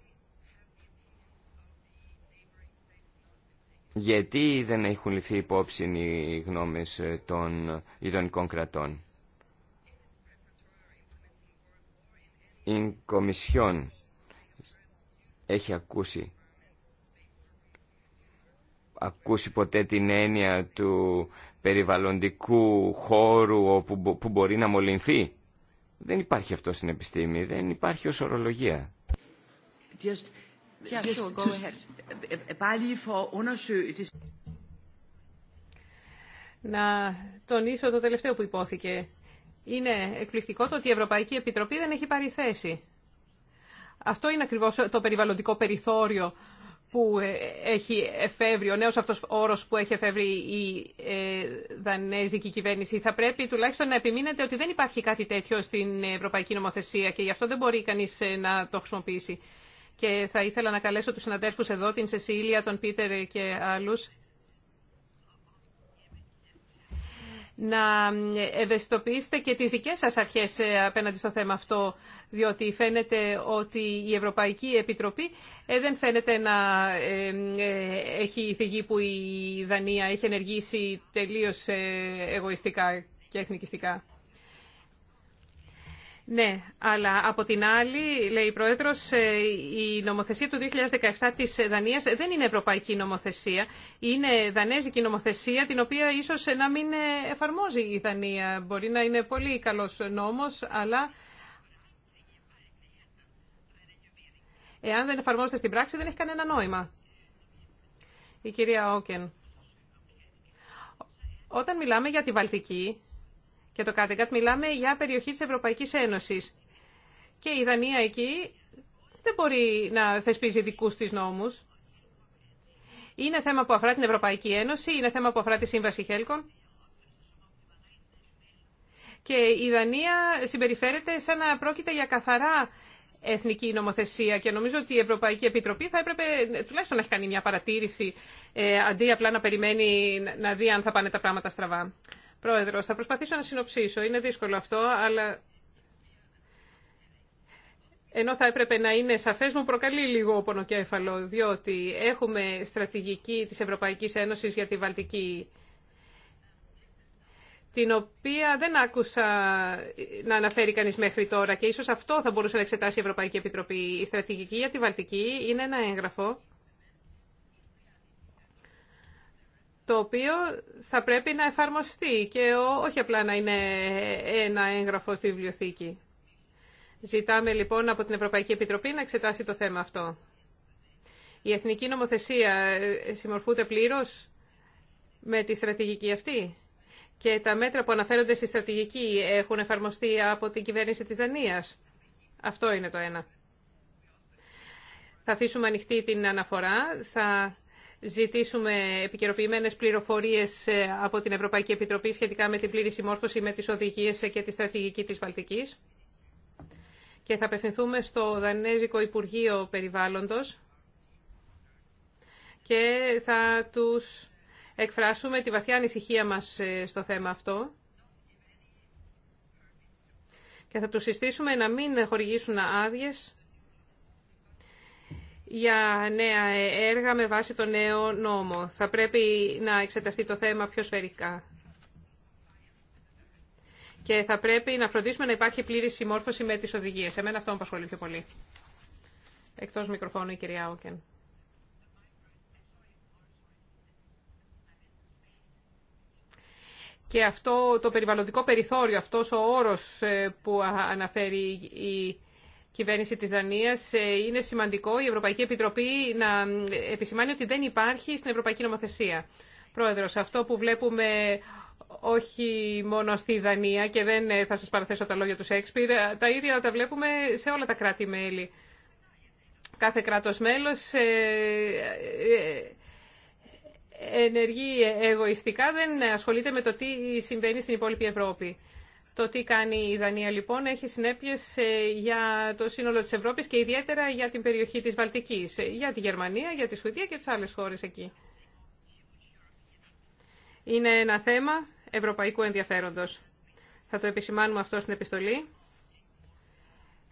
Γιατί δεν έχουν ληφθεί υπόψη οι γνώμες ε, των γειτονικών κρατών. Η Κομισιόν έχει ακούσει ακούσει ποτέ την έννοια του περιβαλλοντικού χώρου που μπορεί να μολυνθεί. Δεν υπάρχει αυτό στην επιστήμη, δεν υπάρχει ως ορολογία. Ε, να τονίσω το τελευταίο που υπόθηκε. Είναι εκπληκτικό το ότι η Ευρωπαϊκή Επιτροπή δεν έχει πάρει θέση. Αυτό είναι ακριβώς το περιβαλλοντικό περιθώριο που ε, έχει εφεύρει, ο νέος αυτός όρος που έχει εφεύρει η ε, δανέζικη κυβέρνηση. Θα πρέπει τουλάχιστον να επιμείνετε ότι δεν υπάρχει κάτι τέτοιο στην ευρωπαϊκή νομοθεσία και γι' αυτό δεν μπορεί κανείς ε, να το χρησιμοποιήσει. Και θα ήθελα να καλέσω τους συναδέλφους εδώ, την Σεσίλια, τον Πίτερ και άλλους, να ευαισθητοποιήσετε και τις δικές σας αρχές ε, απέναντι στο θέμα αυτό, διότι φαίνεται ότι η Ευρωπαϊκή Επιτροπή ε, δεν φαίνεται να ε, έχει θυγεί που η Δανία έχει ενεργήσει τελείως εγωιστικά και εθνικιστικά. Ναι, αλλά από την άλλη, λέει η Πρόεδρος, ε, η νομοθεσία του 2017 της Δανίας δεν είναι ευρωπαϊκή νομοθεσία. Είναι δανέζικη νομοθεσία, την οποία ίσως να μην ε, εφαρμόζει η Δανία. Μπορεί να είναι πολύ καλός νόμος, αλλά εάν δεν εφαρμόζεται στην πράξη δεν έχει κανένα νόημα. Η κυρία Όκεν. Όταν μιλάμε για τη Βαλτική, για το Κάτεγκατ μιλάμε για περιοχή της Ευρωπαϊκής Ένωσης. Και η Δανία εκεί δεν μπορεί να θεσπίζει δικούς της νόμους. Είναι θέμα που αφορά την Ευρωπαϊκή Ένωση, είναι θέμα που αφορά τη Σύμβαση Χέλκον Και η Δανία συμπεριφέρεται σαν να πρόκειται για καθαρά εθνική νομοθεσία και νομίζω ότι η Ευρωπαϊκή Επιτροπή θα έπρεπε τουλάχιστον να έχει κάνει μια παρατήρηση ε, αντί απλά να περιμένει να δει αν θα πάνε τα πράγματα στραβά. Πρόεδρος, θα προσπαθήσω να συνοψίσω. Είναι δύσκολο αυτό, αλλά ενώ θα έπρεπε να είναι σαφές, μου προκαλεί λίγο πονοκέφαλο, διότι έχουμε στρατηγική της Ευρωπαϊκής Ένωσης για τη Βαλτική, την οποία δεν άκουσα να αναφέρει κανείς μέχρι τώρα και ίσως αυτό θα μπορούσε να εξετάσει η Ευρωπαϊκή Επιτροπή. Η στρατηγική για τη Βαλτική είναι ένα έγγραφο το οποίο θα πρέπει να εφαρμοστεί και όχι απλά να είναι ένα έγγραφο στη βιβλιοθήκη. Ζητάμε λοιπόν από την Ευρωπαϊκή Επιτροπή να εξετάσει το θέμα αυτό. Η εθνική νομοθεσία ε, συμμορφούνται πλήρως με τη στρατηγική αυτή και τα μέτρα που αναφέρονται στη στρατηγική έχουν εφαρμοστεί από την κυβέρνηση της Δανίας. Αυτό είναι το ένα. Θα αφήσουμε ανοιχτή την αναφορά, θα ζητήσουμε επικαιροποιημένες πληροφορίες ε, από την Ευρωπαϊκή Επιτροπή σχετικά με την πλήρη συμμόρφωση με τις οδηγίες ε, και τη στρατηγική της Βαλτικής. Και θα απευθυνθούμε στο Δανέζικο Υπουργείο Περιβάλλοντος και θα τους εκφράσουμε τη βαθιά ανησυχία μας ε, στο θέμα αυτό και θα τους συστήσουμε να μην χορηγήσουν άδειες για νέα έργα με βάση το νέο νόμο. Θα πρέπει να εξεταστεί το θέμα πιο σφαιρικά. Και θα πρέπει να φροντίσουμε να υπάρχει πλήρη συμμόρφωση με τις οδηγίες. Εμένα αυτό με απασχολεί πιο πολύ. Εκτός μικροφώνου η κυρία Όκεν. Και αυτό το περιβαλλοντικό περιθώριο, αυτός ο όρος ε, που αναφέρει η κυβέρνηση της Δανίας. Ε, είναι σημαντικό η Ευρωπαϊκή Επιτροπή να επισημάνει ότι δεν υπάρχει στην Ευρωπαϊκή Νομοθεσία. Πρόεδρος, αυτό που βλέπουμε όχι μόνο στη Δανία και δεν ε, θα σας παραθέσω τα λόγια του Σέξπιρ, ε, τα ίδια τα βλέπουμε σε όλα τα κράτη-μέλη. Κάθε κράτος μέλος ενεργεί εγωιστικά, δεν ασχολείται με το τι συμβαίνει στην υπόλοιπη Ευρώπη. Το τι κάνει η Δανία λοιπόν έχει συνέπειε ε, για το σύνολο της Ευρώπης και ιδιαίτερα για την περιοχή της Βαλτικής, ε, για τη Γερμανία, για τη Σουηδία και τι άλλες χώρες εκεί. Είναι ένα θέμα ευρωπαϊκού ενδιαφέροντος. Θα το επισημάνουμε αυτό στην επιστολή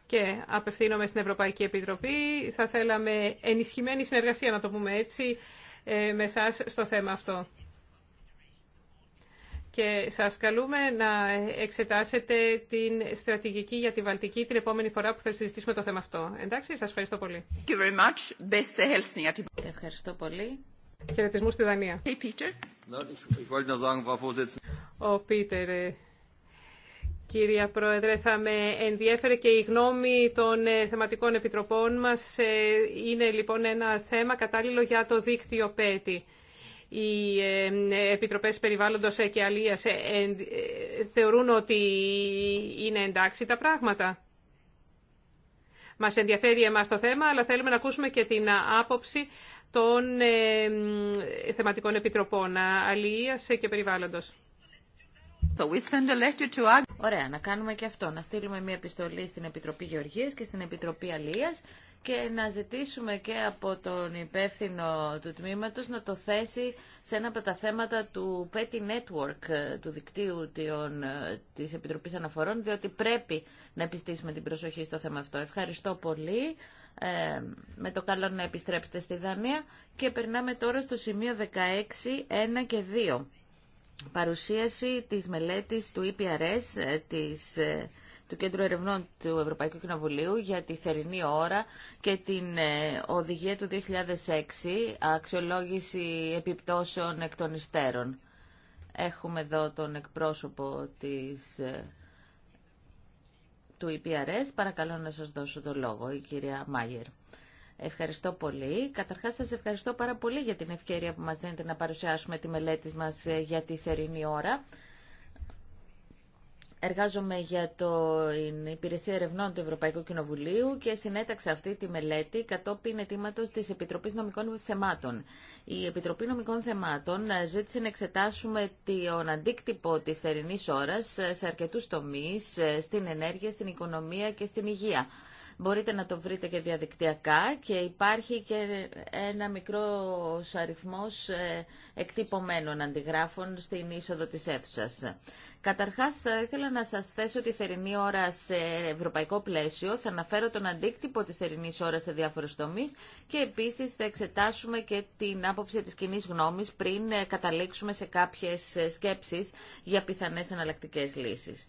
και απευθύνομαι στην Ευρωπαϊκή Επιτροπή. Θα θέλαμε ενισχυμένη συνεργασία, να το πούμε έτσι, ε, με εσά στο θέμα αυτό και σας καλούμε να εξετάσετε την στρατηγική για τη Βαλτική την επόμενη φορά που θα συζητήσουμε το θέμα αυτό. Εντάξει, σας ευχαριστώ πολύ. Ευχαριστώ πολύ. Χαιρετισμού στη Δανία. Hey, Peter. Ο Πίτερ, ε, κυρία Πρόεδρε, θα με ενδιέφερε και η γνώμη των ε, θεματικών επιτροπών μας. Ε, είναι λοιπόν ένα θέμα κατάλληλο για το δίκτυο ΠΕΤΗ οι ε, Επιτροπές Περιβάλλοντος και Αλίας ε, ε, θεωρούν ότι είναι εντάξει τα πράγματα. Μας ενδιαφέρει εμάς το θέμα, αλλά θέλουμε να ακούσουμε και την άποψη των θεματικών επιτροπών Αλίας και Περιβάλλοντος. So we send a letter to... Ωραία, να κάνουμε και αυτό. Να στείλουμε μια επιστολή στην Επιτροπή Γεωργίας και στην Επιτροπή Αλίας και να ζητήσουμε και από τον υπεύθυνο του τμήματος να το θέσει σε ένα από τα θέματα του Petty Network, του δικτύου της Επιτροπής Αναφορών, διότι πρέπει να επιστήσουμε την προσοχή στο θέμα αυτό. Ευχαριστώ πολύ. Ε, με το καλό να επιστρέψετε στη Δανία και περνάμε τώρα στο σημείο 16, 1 και 2. Παρουσίαση της μελέτης του EPRS, ε, της ε, του Κέντρου Ερευνών του Ευρωπαϊκού Κοινοβουλίου για τη θερινή ώρα και την ε, οδηγία του 2006 αξιολόγηση επιπτώσεων εκ των Έχουμε εδώ τον εκπρόσωπο της, ε, του EPRS. Παρακαλώ να σας δώσω το λόγο, η κυρία Μάγερ. Ευχαριστώ πολύ. Καταρχάς σας ευχαριστώ πάρα πολύ για την ευκαιρία που μας δίνετε να παρουσιάσουμε τη μελέτη μας ε, για τη θερινή ώρα. Εργάζομαι για το Υπηρεσία Ερευνών του Ευρωπαϊκού Κοινοβουλίου και συνέταξα αυτή τη μελέτη κατόπιν αιτήματο τη Επιτροπή Νομικών Θεμάτων. Η Επιτροπή Νομικών Θεμάτων ε, ζήτησε να εξετάσουμε τον αντίκτυπο τη θερινή ώρα ε, σε αρκετού τομεί, ε, στην ενέργεια, στην οικονομία και στην υγεία. Μπορείτε να το βρείτε και διαδικτυακά και υπάρχει και ένα μικρό αριθμό ε, εκτυπωμένων αντιγράφων στην είσοδο της αίθουσα. Καταρχάς, θα ήθελα να σας θέσω τη θερινή ώρα σε ευρωπαϊκό πλαίσιο. Θα αναφέρω τον αντίκτυπο της θερινής ώρας σε διάφορους τομείς και επίσης θα εξετάσουμε και την άποψη της κοινή γνώμης πριν ε, καταλήξουμε σε κάποιες ε, σκέψεις για πιθανές εναλλακτικέ λύσεις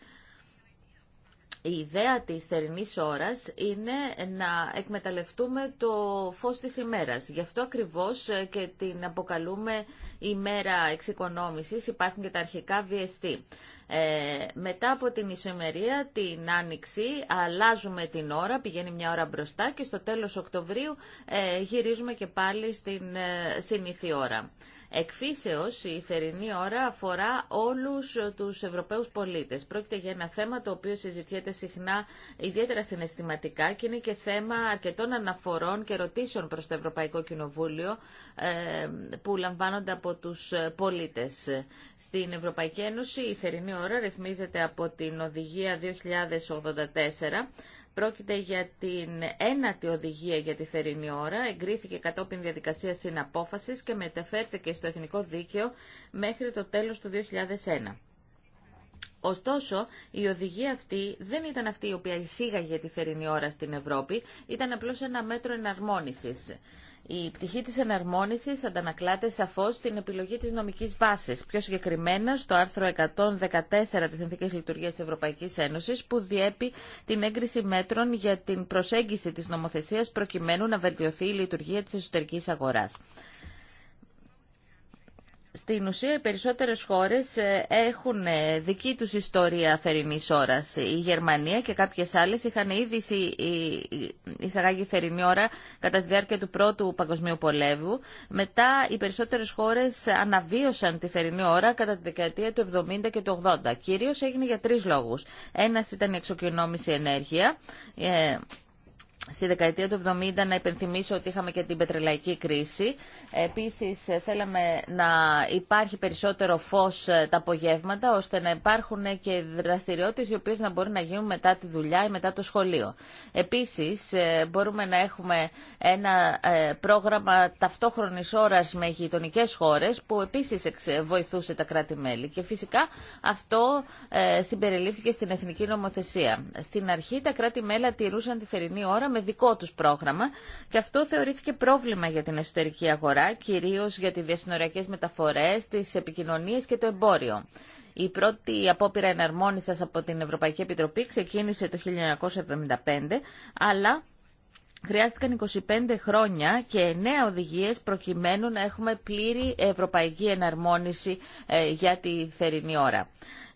η ιδέα της θερινής ώρας είναι να εκμεταλλευτούμε το φως της ημέρας. Γι' αυτό ακριβώς ε, και την αποκαλούμε ημέρα εξοικονόμησης, υπάρχουν και τα αρχικά VST. Ε, μετά από την ισομερία, την άνοιξη, αλλάζουμε την ώρα, πηγαίνει μια ώρα μπροστά και στο τέλος Οκτωβρίου ε, γυρίζουμε και πάλι στην ε, ώρα. Εκφύσεως η θερινή ώρα αφορά όλους τους Ευρωπαίους πολίτες. Πρόκειται για ένα θέμα το οποίο συζητιέται συχνά ιδιαίτερα συναισθηματικά και είναι και θέμα αρκετών αναφορών και ερωτήσεων προς το Ευρωπαϊκό Κοινοβούλιο ε, που λαμβάνονται από τους πολίτες. Στην Ευρωπαϊκή Ένωση η θερινή ώρα ρυθμίζεται από την Οδηγία 2084 Πρόκειται για την ένατη οδηγία για τη θερινή ώρα, εγκρίθηκε κατόπιν διαδικασία συναπόφασης και μεταφέρθηκε στο Εθνικό Δίκαιο μέχρι το τέλος του 2001. Ωστόσο, η οδηγία αυτή δεν ήταν αυτή η οποία εισήγαγε τη θερινή ώρα στην Ευρώπη, ήταν απλώς ένα μέτρο εναρμόνισης. Η πτυχή της εναρμόνισης αντανακλάται σαφώς στην επιλογή της νομικής βάσης, πιο συγκεκριμένα στο άρθρο 114 της Ενθικής Λειτουργίας Ευρωπαϊκής Ένωσης, που διέπει την έγκριση μέτρων για την προσέγγιση της νομοθεσίας προκειμένου να βελτιωθεί η λειτουργία της εσωτερικής αγοράς στην ουσία οι περισσότερες χώρες ε, έχουν ε, δική τους ιστορία θερινής ώρας. Η Γερμανία και κάποιες άλλες είχαν ήδη εισαγάγει θερινή ώρα κατά τη διάρκεια του Πρώτου Παγκοσμίου Πολέμου. Μετά οι περισσότερες χώρες αναβίωσαν τη θερινή ώρα κατά τη δεκαετία του 70 και του 80. Κυρίως έγινε για τρεις λόγους. Ένας ήταν η εξοκοινόμηση ενέργεια ε, στη δεκαετία του 70 να υπενθυμίσω ότι είχαμε και την πετρελαϊκή κρίση. Επίσης θέλαμε να υπάρχει περισσότερο φως ε, τα απογεύματα ώστε να υπάρχουν και δραστηριότητες οι οποίες να μπορεί να γίνουν μετά τη δουλειά ή μετά το σχολείο. Επίσης ε, μπορούμε να έχουμε ένα ε, πρόγραμμα ταυτόχρονης ώρας με γειτονικέ χώρες που επίσης βοηθούσε τα κράτη-μέλη. Και φυσικά αυτό συμπεριλήφθηκε στην Εθνική Νομοθεσία. Στην αρχή τα κρατη μελη τηρούσαν τη θερινή ώρα με δικό τους πρόγραμμα και αυτό θεωρήθηκε πρόβλημα για την εσωτερική αγορά, κυρίως για τις διασυνοριακές μεταφορές, τις επικοινωνίες και το εμπόριο. Η πρώτη απόπειρα εναρμόνισας από την Ευρωπαϊκή Επιτροπή ξεκίνησε το 1975, αλλά χρειάστηκαν 25 χρόνια και 9 οδηγίες προκειμένου να έχουμε πλήρη ευρωπαϊκή εναρμόνιση ε, για τη θερινή ώρα.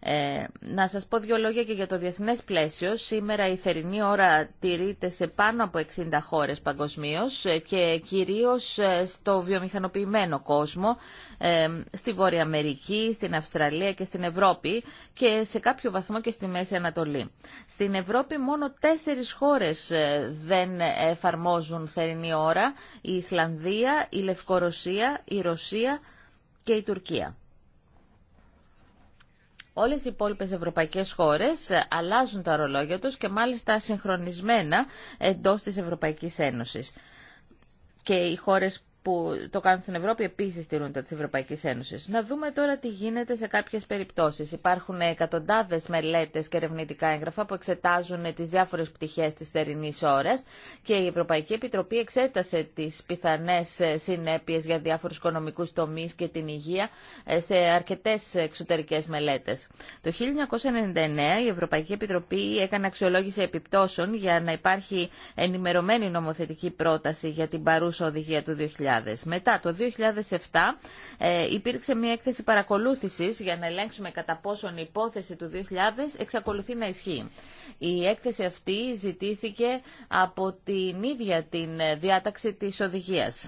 Ε, να σας πω δύο λόγια και για το διεθνές πλαίσιο. Σήμερα η θερινή ώρα τηρείται σε πάνω από 60 χώρες παγκοσμίω ε, και κυρίως ε, στο βιομηχανοποιημένο κόσμο, στη Βόρεια Αμερική, στην Αυστραλία και στην Ευρώπη και σε κάποιο βαθμό και στη Μέση Ανατολή. Στην Ευρώπη μόνο τέσσερις χώρες δεν εφαρμόζουν θερινή ώρα. Η Ισλανδία, η Λευκορωσία, η Ρωσία και η Τουρκία. Όλες οι υπόλοιπες ευρωπαϊκές χώρες αλλάζουν τα ρολόγια τους και μάλιστα συγχρονισμένα εντός της Ευρωπαϊκής Ένωσης. Και οι χώρες που το κάνουν στην Ευρώπη επίσης τηρούν τα της Ευρωπαϊκής Ένωσης. Να δούμε τώρα τι γίνεται σε κάποιες περιπτώσεις. Υπάρχουν εκατοντάδες μελέτες και ερευνητικά έγγραφα που εξετάζουν τις διάφορες πτυχές της θερινής ώρας και η Ευρωπαϊκή Επιτροπή εξέτασε τις πιθανές συνέπειες για διάφορους οικονομικούς τομείς και την υγεία ε, σε αρκετές εξωτερικές μελέτες. Το 1999 η Ευρωπαϊκή Επιτροπή έκανε αξιολόγηση επιπτώσεων για να υπάρχει ενημερωμένη νομοθετική πρόταση για την παρούσα οδηγία του 2000 μετά το 2007 ε, υπήρξε μια έκθεση παρακολούθησης για να ελέγξουμε κατά πόσον η υπόθεση του 2000 εξακολουθεί να ισχύει. Η έκθεση αυτή ζητήθηκε από την ίδια την διάταξη της οδηγίας.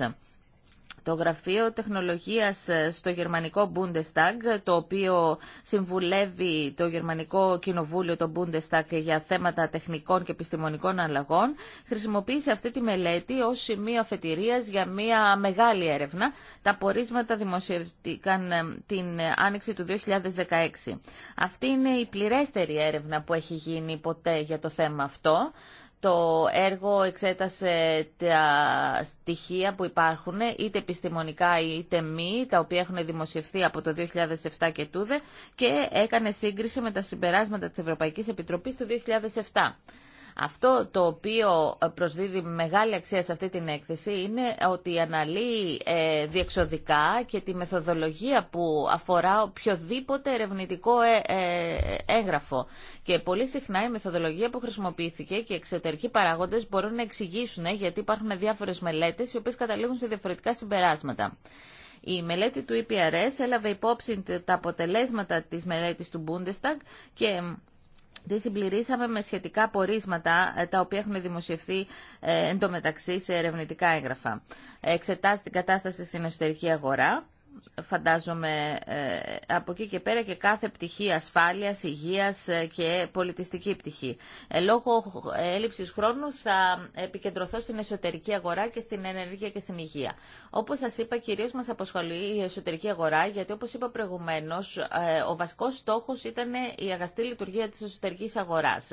Το Γραφείο Τεχνολογίας στο γερμανικό Bundestag, το οποίο συμβουλεύει το γερμανικό κοινοβούλιο, το Bundestag, για θέματα τεχνικών και επιστημονικών αλλαγών, χρησιμοποίησε αυτή τη μελέτη ως σημείο αφετηρίας για μια μεγάλη έρευνα. Τα πορίσματα δημοσιεύτηκαν ε, την άνοιξη του 2016. Αυτή είναι η πληρέστερη έρευνα που έχει γίνει ποτέ για το θέμα αυτό. Το έργο εξέτασε τα στοιχεία που υπάρχουν, είτε επιστημονικά είτε μη, τα οποία έχουν δημοσιευθεί από το 2007 και τούδε, και έκανε σύγκριση με τα συμπεράσματα της Ευρωπαϊκής Επιτροπής του 2007. Αυτό το οποίο ε, προσδίδει μεγάλη αξία σε αυτή την έκθεση είναι ότι αναλύει ε, διεξοδικά και τη μεθοδολογία που αφορά οποιοδήποτε ερευνητικό ε, έγγραφο. Και πολύ συχνά η μεθοδολογία που χρησιμοποιήθηκε και οι εξωτερικοί παράγοντε μπορούν να εξηγήσουν γιατί υπάρχουν διάφορε μελέτε οι οποίε καταλήγουν σε διαφορετικά συμπεράσματα. Η μελέτη του EPRS έλαβε υπόψη τα αποτελέσματα της μελέτης του Bundestag και Τη συμπληρήσαμε με σχετικά πορίσματα, ε, τα οποία έχουν δημοσιευθεί ε, εντωμεταξύ σε ερευνητικά έγγραφα. Εξετάζει την κατάσταση στην εσωτερική αγορά φαντάζομαι ε, από εκεί και πέρα και κάθε πτυχή ασφάλειας, υγείας ε, και πολιτιστική πτυχή. Ε, λόγω έλλειψης χρόνου θα επικεντρωθώ στην εσωτερική αγορά και στην ενέργεια και στην υγεία. Όπως σας είπα, κυρίως μας απασχολεί η εσωτερική αγορά, γιατί όπως είπα προηγουμένως, ο βασικός στόχος ήταν η αγαστή λειτουργία της εσωτερικής αγοράς.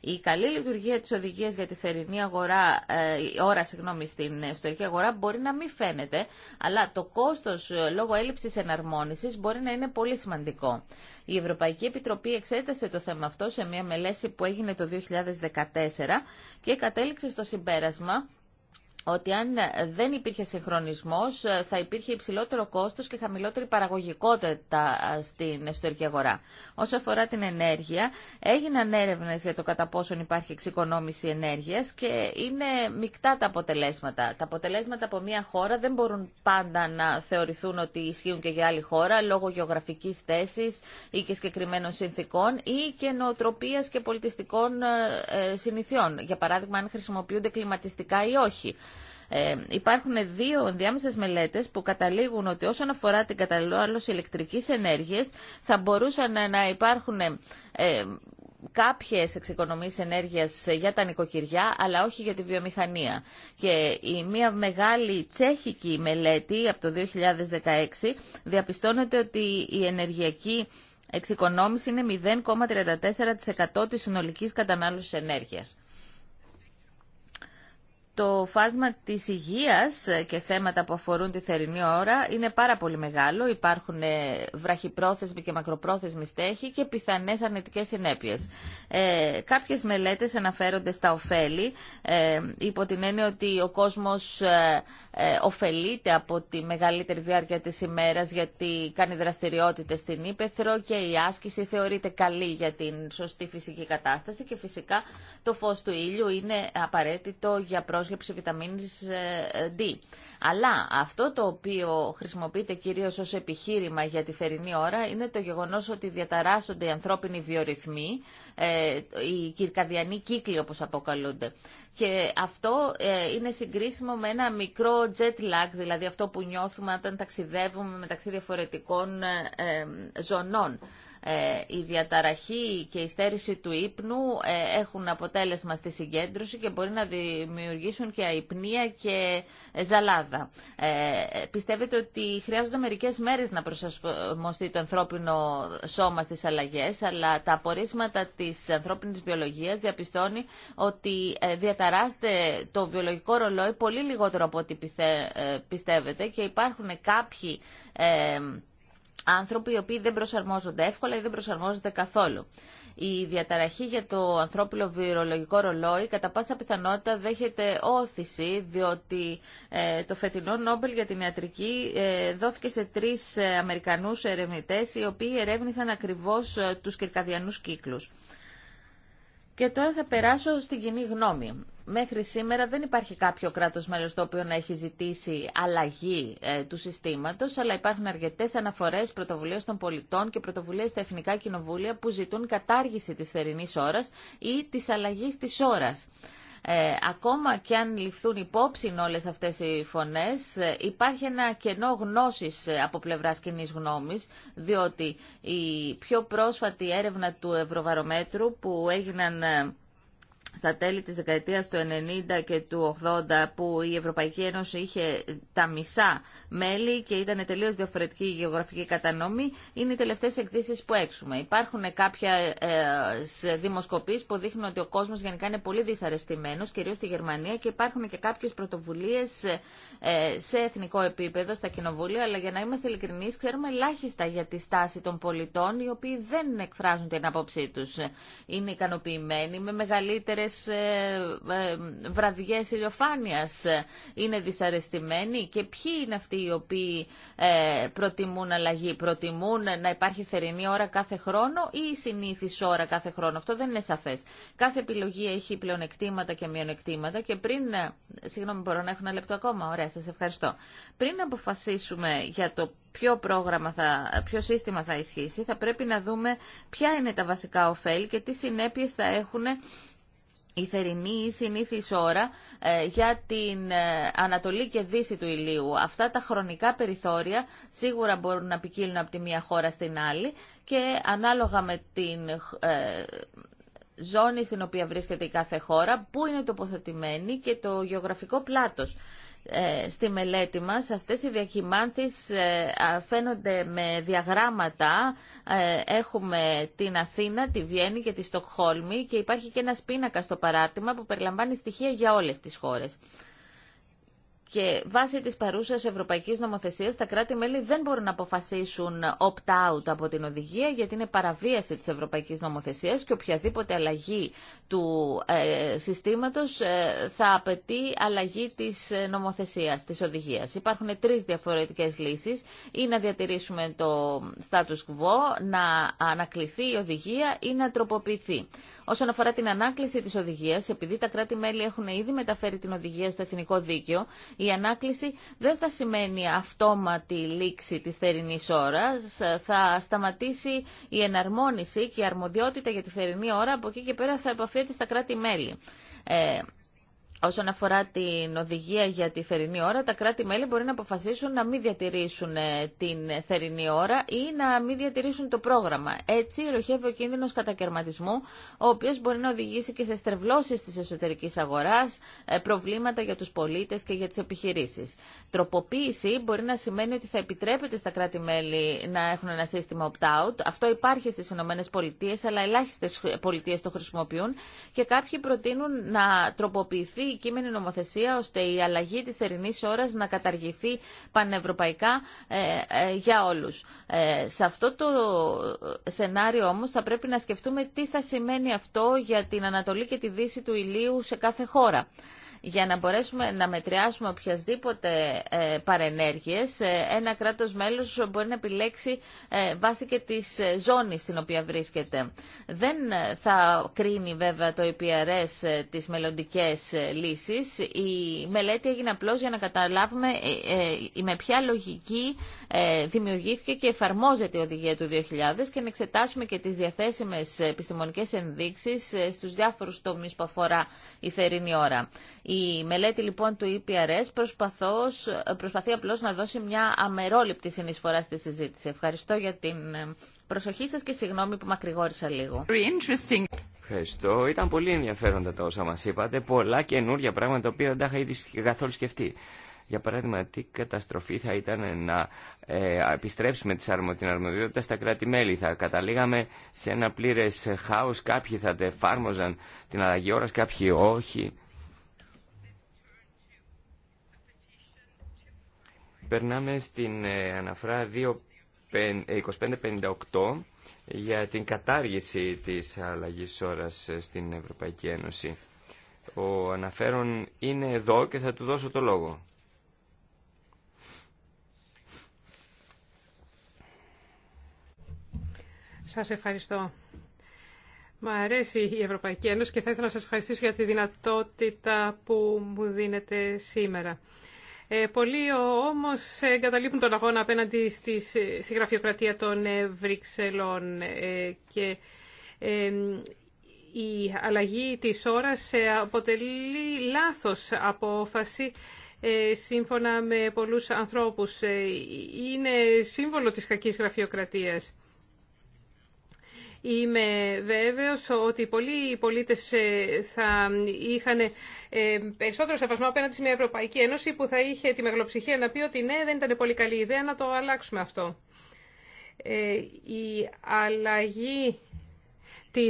Η καλή λειτουργία της οδηγίας για τη θερινή αγορά, η ώρα συγγνώμη, στην εσωτερική αγορά μπορεί να μην φαίνεται, αλλά το κόστος λόγω έλλειψη εναρμόνιση μπορεί να είναι πολύ σημαντικό. Η Ευρωπαϊκή Επιτροπή εξέτασε το θέμα αυτό σε μια μελέση που έγινε το 2014 και κατέληξε στο συμπέρασμα ότι αν δεν υπήρχε συγχρονισμός θα υπήρχε υψηλότερο κόστος και χαμηλότερη παραγωγικότητα στην εσωτερική αγορά. Όσο αφορά την ενέργεια, έγιναν έρευνες για το κατά πόσον υπάρχει εξοικονόμηση ενέργειας και είναι μεικτά τα αποτελέσματα. Τα αποτελέσματα από μια χώρα δεν μπορούν πάντα να θεωρηθούν ότι ισχύουν και για άλλη χώρα λόγω γεωγραφικής θέσης ή και συγκεκριμένων συνθήκων ή και νοοτροπίας και πολιτιστικών ε, συνηθιών. Για παράδειγμα, αν χρησιμοποιούνται κλιματιστικά ή όχι. Ε, υπάρχουν δύο ενδιάμεσε μελέτες που καταλήγουν ότι όσον αφορά την κατανάλωση ηλεκτρικής ενέργειας θα μπορούσαν να υπάρχουν ε, κάποιες εξοικονομίες ενέργειας για τα νοικοκυριά, αλλά όχι για τη βιομηχανία. Και η μία μεγάλη τσέχικη μελέτη από το 2016 διαπιστώνεται ότι η ενεργειακή εξοικονόμηση είναι 0,34% της συνολικής κατανάλωσης ενέργειας το φάσμα της υγείας ε, και θέματα που αφορούν τη θερινή ώρα είναι πάρα πολύ μεγάλο. Υπάρχουν ε, βραχυπρόθεσμοι και μακροπρόθεσμοι στέχοι και πιθανές αρνητικές συνέπειες. Ε, κάποιες μελέτες αναφέρονται στα ωφέλη ε, υπό την έννοια ότι ο κόσμος ε, ε ωφελείται από τη μεγαλύτερη διάρκεια της ημέρας γιατί κάνει δραστηριότητες στην Ήπεθρο και η άσκηση θεωρείται καλή για την σωστή φυσική κατάσταση και φυσικά το φως του ήλιου είναι απαραίτητο για πρόσληψη βιταμίνης ε, D. Αλλά αυτό το οποίο χρησιμοποιείται κυρίως ως επιχείρημα για τη θερινή ώρα είναι το γεγονός ότι διαταράσσονται οι ανθρώπινοι βιορυθμοί, ε, οι κυρκαδιανοί κύκλοι όπως αποκαλούνται. Και αυτό ε, είναι συγκρίσιμο με ένα μικρό jet lag, δηλαδή αυτό που νιώθουμε όταν ταξιδεύουμε μεταξύ διαφορετικών ζωνών. Ε, η διαταραχή και η στέρηση του ύπνου ε, έχουν αποτέλεσμα στη συγκέντρωση και μπορεί να δημιουργήσουν και αϊπνία και ζαλάδα. Ε, πιστεύετε ότι χρειάζονται μερικές μέρες να προσαρμοστεί το ανθρώπινο σώμα στις αλλαγές, αλλά τα απορίσματα της ανθρώπινης βιολογίας διαπιστώνει ότι διαταράσσεται το βιολογικό ρολόι πολύ λιγότερο από ό,τι πιστεύετε και υπάρχουν κάποιοι άνθρωποι οι οποίοι δεν προσαρμόζονται εύκολα ή δεν προσαρμόζονται καθόλου. Η διαταραχή για το ανθρώπινο βιολογικό ρολόι κατά πάσα πιθανότητα δέχεται όθηση διότι ε, το φετινό Νόμπελ για την ιατρική ε, δόθηκε σε τρεις ε, Αμερικανούς ερευνητές οι οποίοι ερεύνησαν ακριβώς τους κυρκαδιανούς κύκλους. Και τώρα θα περάσω στην κοινή γνώμη. Μέχρι σήμερα δεν υπάρχει κάποιο κράτος μέλος το οποίο να έχει ζητήσει αλλαγή ε, του συστήματος, αλλά υπάρχουν αρκετές αναφορές πρωτοβουλίες των πολιτών και πρωτοβουλίες στα εθνικά κοινοβούλια που ζητούν κατάργηση της θερινής ώρας ή της αλλαγής της ώρας. Ε, ακόμα και αν ληφθούν υπόψη όλες αυτές οι φωνές, ε, υπάρχει ένα κενό γνώσης ε, από πλευράς κοινή γνώμης, διότι η πιο πρόσφατη έρευνα του Ευρωβαρομέτρου που έγιναν στα τέλη της δεκαετίας του 90 και του 80 που η Ευρωπαϊκή Ένωση είχε τα μισά μέλη και ήταν τελείως διαφορετική η γεωγραφική κατανομή, είναι οι τελευταίες εκδήσεις που έξουμε. Υπάρχουν κάποια ε, που δείχνουν ότι ο κόσμος γενικά είναι πολύ δυσαρεστημένος, κυρίως στη Γερμανία και υπάρχουν και κάποιες πρωτοβουλίες ε, σε εθνικό επίπεδο, στα κοινοβούλια, αλλά για να είμαστε ειλικρινείς ξέρουμε ελάχιστα για τη στάση των πολιτών οι οποίοι δεν εκφράζουν την άποψή τους. Είναι ικανοποιημένοι με μεγαλύτερε ε, ε, βραδιές ηλιοφάνειας είναι δυσαρεστημένοι και ποιοι είναι αυτοί οι οποίοι ε, προτιμούν αλλαγή, προτιμούν να υπάρχει θερινή ώρα κάθε χρόνο ή η συνήθις ώρα κάθε χρόνο. Αυτό δεν είναι σαφές. Κάθε επιλογή έχει πλεονεκτήματα και μειονεκτήματα και πριν, ε, συγγνώμη μπορώ να έχω ένα λεπτό ακόμα, ωραία σας ευχαριστώ. Πριν αποφασίσουμε για το ποιο, πρόγραμμα θα, ποιο σύστημα θα ισχύσει, θα πρέπει να δούμε ποια είναι τα βασικά ωφέλη και τι συνέπειες θα έχουν η θερινή ή συνήθις ώρα ε, για την ε, Ανατολή και Δύση του ηλίου. Αυτά τα χρονικά περιθώρια σίγουρα μπορούν να ποικίλουν από τη μία χώρα στην άλλη και ανάλογα με την ε, ζώνη στην οποία βρίσκεται η κάθε χώρα, πού είναι τοποθετημένη και το γεωγραφικό πλάτος. Ε, στη μελέτη μας αυτές οι διακυμάνθεις ε, φαίνονται με διαγράμματα. Ε, έχουμε την Αθήνα, τη Βιέννη και τη Στοκχόλμη και υπάρχει και ένα πίνακα στο παράρτημα που περιλαμβάνει στοιχεία για όλες τις χώρες. Και βάσει της παρούσας ευρωπαϊκής νομοθεσίας, τα κράτη-μέλη δεν μπορούν να αποφασίσουν opt-out από την οδηγία, γιατί είναι παραβίαση της ευρωπαϊκής νομοθεσίας και οποιαδήποτε αλλαγή του ε, συστήματος ε, θα απαιτεί αλλαγή της ε, νομοθεσίας, της οδηγίας. Υπάρχουν τρεις διαφορετικές λύσεις. Ή να διατηρήσουμε το status quo, να ανακληθεί η οδηγία ή να τροποποιηθεί. Όσον αφορά την ανάκληση της οδηγίας, επειδή τα κράτη-μέλη έχουν ήδη μεταφέρει την οδηγία στο εθνικό δίκαιο, η ανάκληση δεν θα σημαίνει αυτόματη λήξη της θερινής ώρας, θα σταματήσει η εναρμόνιση και η αρμοδιότητα για τη θερινή ώρα, από εκεί και πέρα θα επαφείται στα κράτη-μέλη. Ε, Όσον αφορά την οδηγία για τη θερινή ώρα, τα κράτη-μέλη μπορεί να αποφασίσουν να μην διατηρήσουν ε, την θερινή ώρα ή να μην διατηρήσουν το πρόγραμμα. Έτσι, ροχεύει ο κίνδυνο κατακαιρματισμού, ο οποίο μπορεί να οδηγήσει και σε στρεβλώσει τη εσωτερική αγορά, ε, προβλήματα για του πολίτε και για τι επιχειρήσει. Τροποποίηση μπορεί να σημαίνει ότι θα επιτρέπεται στα κράτη-μέλη να έχουν ένα σύστημα opt-out. Αυτό υπάρχει στι ΗΠΑ, αλλά ελάχιστε πολιτείε το χρησιμοποιούν και κάποιοι προτείνουν να τροποποιηθεί η κείμενη νομοθεσία ώστε η αλλαγή της θερινής ώρας να καταργηθεί πανευρωπαϊκά ε, ε, για όλους. Ε, σε αυτό το σενάριο όμως θα πρέπει να σκεφτούμε τι θα σημαίνει αυτό για την Ανατολή και τη Δύση του ηλίου σε κάθε χώρα για να μπορέσουμε να μετριάσουμε οποιασδήποτε ε, παρενέργειες, ε, ένα κράτος μέλος μπορεί να επιλέξει ε, βάσει και της ζώνης στην οποία βρίσκεται. Δεν θα κρίνει βέβαια το EPRS τις μελλοντικέ λύσεις. Η μελέτη έγινε απλώς για να καταλάβουμε με ποια λογική δημιουργήθηκε και εφαρμόζεται η οδηγία του 2000 και να εξετάσουμε και τις διαθέσιμες επιστημονικές ενδείξεις στους διάφορους τομείς που αφορά η θερινή ώρα. Η μελέτη λοιπόν του EPRS προσπαθεί απλώς να δώσει μια αμερόληπτη συνεισφορά στη συζήτηση. Ευχαριστώ για την ε, προσοχή σας και συγγνώμη που μακρηγόρησα λίγο. Ευχαριστώ. Ήταν πολύ ενδιαφέροντα τα όσα μας είπατε. Πολλά καινούργια πράγματα τα οποία δεν τα είχα ήδη καθόλου σκεφτεί. Για παράδειγμα, τι καταστροφή θα ήταν να ε, επιστρέψουμε τις αρμο, την αρμοδιότητα στα κράτη-μέλη. Θα καταλήγαμε σε ένα πλήρες χάος. Κάποιοι θα τεφάρμοζαν την αλλαγή ώρας, κάποιοι όχι. Περνάμε στην ε, αναφρά 2558 ε, για την κατάργηση της αλλαγής ώρας ε, στην Ευρωπαϊκή Ένωση. Ο αναφέρον είναι εδώ και θα του δώσω το λόγο. Σας ευχαριστώ. Μ' αρέσει η Ευρωπαϊκή Ένωση και θα ήθελα να σας ευχαριστήσω για τη δυνατότητα που μου δίνετε σήμερα. Ε, πολλοί όμως εγκαταλείπουν τον αγώνα απέναντι στις, στη γραφειοκρατία των ε, Βρυξελών ε, και η αλλαγή της ώρας αποτελεί λάθος απόφαση σύμφωνα με πολλούς ανθρώπους. Είναι σύμβολο της κακής γραφειοκρατίας. Είμαι βέβαιος ότι πολλοί πολίτες ε, θα είχαν ε, περισσότερο σεβασμό απέναντι σε μια Ευρωπαϊκή Ένωση που θα είχε τη μεγαλοψυχία να πει ότι ναι, δεν ήταν πολύ καλή ιδέα να το αλλάξουμε αυτό. Ε, η αλλαγή Τη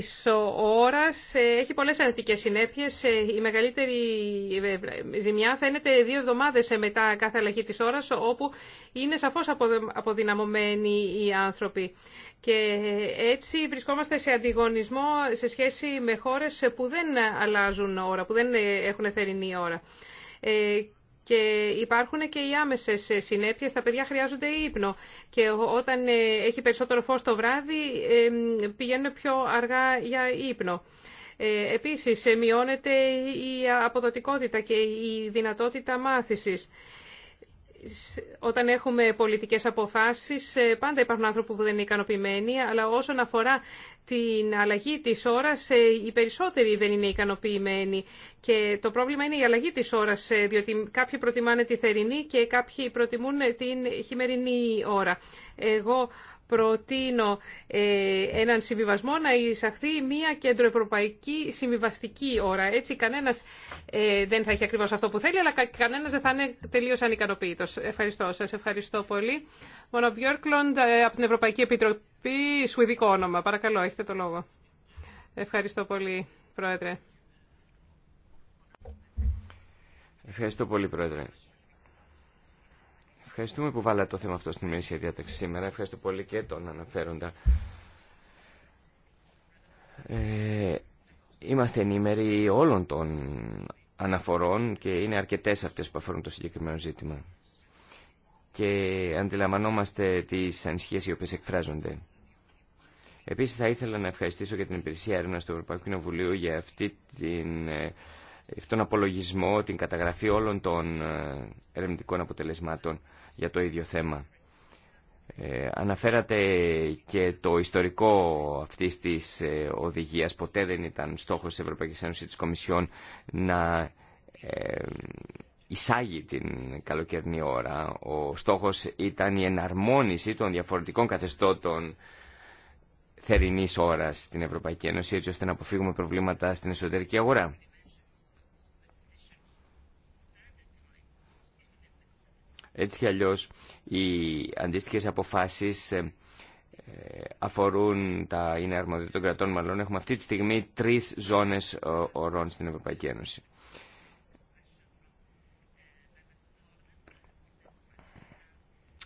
ώρα έχει πολλές αρνητικέ συνέπειε. Ε, η μεγαλύτερη ε, ε, ζημιά φαίνεται δύο εβδομάδες μετά κάθε αλλαγή της ώρας, όπου είναι σαφώ αποδυναμωμένοι οι άνθρωποι. Και έτσι βρισκόμαστε σε αντιγωνισμό σε σχέση με χώρες που δεν αλλάζουν ώρα, που δεν έχουν θερινή ώρα και υπάρχουν και οι άμεσες συνέπειες. Τα παιδιά χρειάζονται ύπνο και όταν ε, έχει περισσότερο φως το βράδυ ε, πηγαίνουν πιο αργά για ύπνο. Ε, επίσης, μειώνεται η αποδοτικότητα και η δυνατότητα μάθησης. Όταν έχουμε πολιτικές αποφάσεις, πάντα υπάρχουν άνθρωποι που δεν είναι ικανοποιημένοι, αλλά όσον αφορά την αλλαγή της ώρας ε, οι περισσότεροι δεν είναι ικανοποιημένοι και το πρόβλημα είναι η αλλαγή της ώρας ε, διότι κάποιοι προτιμάνε τη θερινή και κάποιοι προτιμούν ε, την χειμερινή ώρα. Εγώ προτείνω έναν συμβιβασμό να εισαχθεί μια κεντροευρωπαϊκή συμβιβαστική ώρα. Έτσι κανένας δεν θα έχει ακριβώς αυτό που θέλει αλλά κανένας δεν θα είναι τελείως ανικανοποιητός. Ευχαριστώ σας. Ευχαριστώ πολύ. Μόνο Björklund από την Ευρωπαϊκή Επιτροπή πει σουηδικό όνομα. Παρακαλώ, έχετε το λόγο. Ευχαριστώ πολύ, Πρόεδρε. Ευχαριστώ πολύ, Πρόεδρε. Ευχαριστούμε που βάλατε το θέμα αυτό στην ημερήσια διάταξη σήμερα. Ευχαριστώ πολύ και τον αναφέροντα. Ε, είμαστε ενήμεροι όλων των αναφορών και είναι αρκετές αυτές που αφορούν το συγκεκριμένο ζήτημα. Και αντιλαμβανόμαστε τις ανησυχίες οι οποίες εκφράζονται. Επίσης θα ήθελα να ευχαριστήσω για την υπηρεσία έρευνα του Ευρωπαϊκού Κοινοβουλίου για αυτή την, ε, αυτόν απολογισμό, την καταγραφή όλων των ε, ερευνητικών αποτελεσμάτων για το ίδιο θέμα. Ε, αναφέρατε και το ιστορικό αυτής της οδηγίας. Ποτέ δεν ήταν στόχος της Ευρωπαϊκής Ένωσης της Κομισιόν να ε, εισάγει την καλοκαιρινή ώρα. Ο στόχος ήταν η εναρμόνιση των διαφορετικών καθεστώτων θερινή ώρα στην Ευρωπαϊκή Ένωση έτσι ώστε να αποφύγουμε προβλήματα στην εσωτερική αγορά. Έτσι κι αλλιώς οι αντίστοιχες αποφάσεις ε, ε, αφορούν τα είναι αρμοδιότητα των κρατών μαλλών. Έχουμε αυτή τη στιγμή τρεις ζώνες ε, ορών στην Ευρωπαϊκή Ένωση.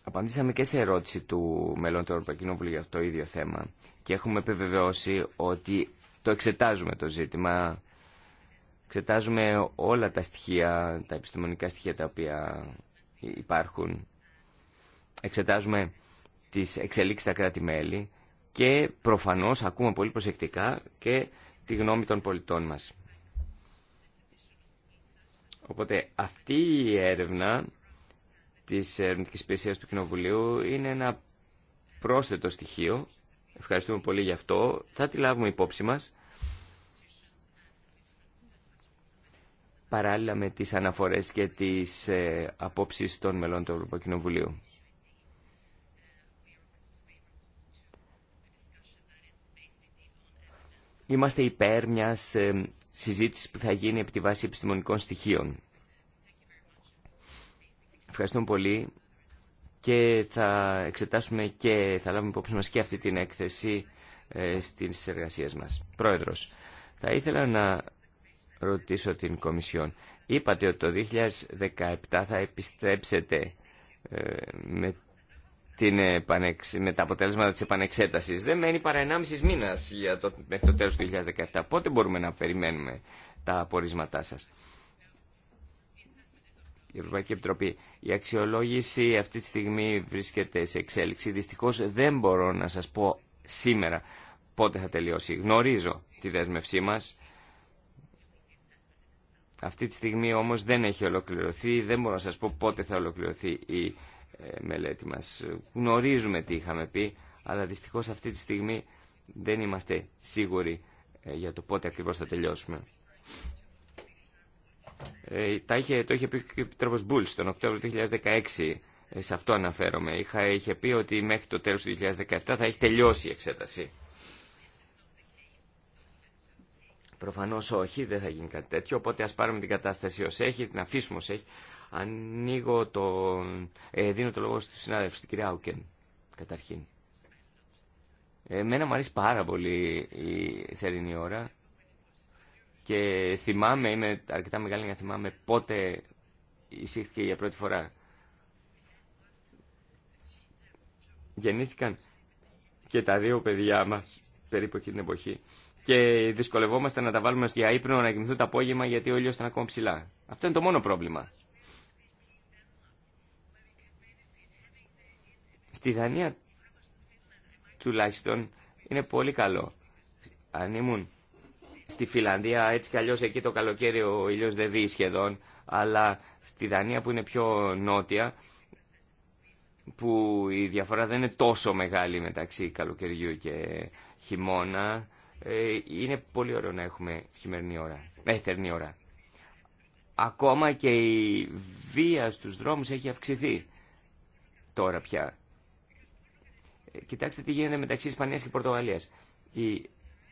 Απαντήσαμε και σε ερώτηση του μελών του Ευρωπαϊκού Κοινοβουλίου για αυτό το ίδιο θέμα και έχουμε επιβεβαιώσει ότι το εξετάζουμε το ζήτημα. Εξετάζουμε όλα τα στοιχεία, τα επιστημονικά στοιχεία τα οποία υπάρχουν. Εξετάζουμε τις εξελίξεις στα κράτη-μέλη και προφανώς ακούμε πολύ προσεκτικά και τη γνώμη των πολιτών μας. Οπότε αυτή η έρευνα της Ερευνητικής Υπηρεσίας του Κοινοβουλίου είναι ένα πρόσθετο στοιχείο Ευχαριστούμε πολύ γι' αυτό. Θα τη λάβουμε υπόψη μας. παράλληλα με τις αναφορές και τις ε, απόψεις των μελών του Ευρωπαϊκού Κοινοβουλίου. Είμαστε υπέρ μιας ε, συζήτησης που θα γίνει επί τη βάση επιστημονικών στοιχείων. Ευχαριστούμε πολύ και θα εξετάσουμε και θα λάβουμε υπόψη μας και αυτή την έκθεση ε, στις εργασίες μας. Πρόεδρος, θα ήθελα να ρωτήσω την Κομισιόν. Είπατε ότι το 2017 θα επιστρέψετε ε, με, την με τα αποτέλεσματα της επανεξέτασης. Δεν μένει παρά 1,5 μήνας για το... μέχρι το τέλος του 2017. Πότε μπορούμε να περιμένουμε τα απορίσματά σας η Ευρωπαϊκή Επιτροπή. Η αξιολόγηση αυτή τη στιγμή βρίσκεται σε εξέλιξη. Δυστυχώς δεν μπορώ να σας πω σήμερα πότε θα τελειώσει. Γνωρίζω τη δέσμευσή μας. Αυτή τη στιγμή όμως δεν έχει ολοκληρωθεί. Δεν μπορώ να σας πω πότε θα ολοκληρωθεί η ε, μελέτη μας. Γνωρίζουμε τι είχαμε πει, αλλά δυστυχώς αυτή τη στιγμή δεν είμαστε σίγουροι ε, για το πότε ακριβώς θα τελειώσουμε. Ε, τα είχε, το είχε πει και ο Επιτρόπος Μπούλς τον Οκτώβριο του 2016. Ε, σε αυτό αναφέρομαι. Είχα, είχε πει ότι μέχρι το τέλος του 2017 θα έχει τελειώσει η εξέταση. Προφανώς όχι, δεν θα γίνει κάτι τέτοιο, οπότε ας πάρουμε την κατάσταση ως έχει, την αφήσουμε ως έχει. Ανοίγω το... Ε, δίνω το λόγο στη συνάδελφη, στην κυρία Άουκεν, καταρχήν. Εμένα μου αρέσει πάρα πολύ η θερινή ώρα. Και θυμάμαι, είμαι αρκετά μεγάλη να θυμάμαι πότε εισήχθηκε για πρώτη φορά. Γεννήθηκαν και τα δύο παιδιά μας περίπου εκείνη την εποχή. Και δυσκολευόμαστε να τα βάλουμε για ύπνο να κοιμηθούν το απόγευμα γιατί ο ήλιος ήταν ακόμα ψηλά. Αυτό είναι το μόνο πρόβλημα. Στη Δανία τουλάχιστον είναι πολύ καλό. Αν ήμουν Στη Φιλανδία έτσι κι αλλιώς εκεί το καλοκαίρι ο ήλιος δεν δει σχεδόν, αλλά στη Δανία που είναι πιο νότια, που η διαφορά δεν είναι τόσο μεγάλη μεταξύ καλοκαιριού και χειμώνα, ε, είναι πολύ ωραίο να έχουμε χειμερινή ώρα, έθερνη ώρα. Ακόμα και η βία στους δρόμους έχει αυξηθεί τώρα πια. Ε, κοιτάξτε τι γίνεται μεταξύ Ισπανίας και Πορτογαλίας. Η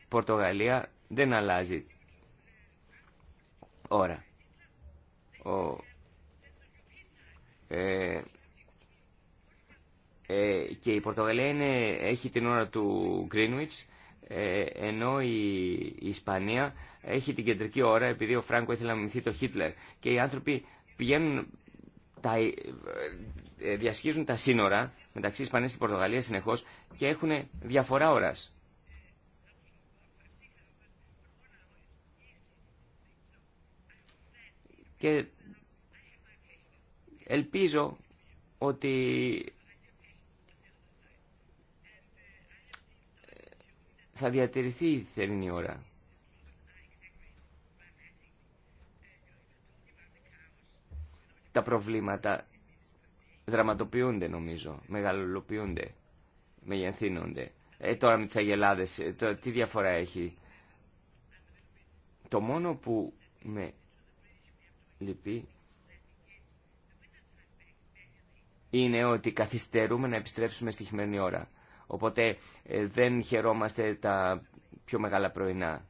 Πορτογαλία δεν αλλάζει. Ώρα. Ο, ε, ε, και η Πορτογαλία έχει την ώρα του Greenwich ε, ενώ η, Ισπανία έχει την κεντρική ώρα επειδή ο Φράγκο ήθελε να μιμηθεί το Χίτλερ και οι άνθρωποι πηγαίνουν τα, διασχίζουν τα σύνορα μεταξύ Ισπανίας και Πορτογαλίας συνεχώς και έχουν διαφορά ώρας. Και ελπίζω ότι θα διατηρηθεί η θερινή ώρα. Τα προβλήματα δραματοποιούνται νομίζω, μεγαλοποιούνται, μεγενθύνονται. Ε, τώρα με τις αγελάδες, ε, τι διαφορά έχει. Το μόνο που με λυπή είναι ότι καθυστερούμε να επιστρέψουμε στη χειμερινή ώρα. Οπότε ε, δεν χαιρόμαστε τα πιο μεγάλα πρωινά.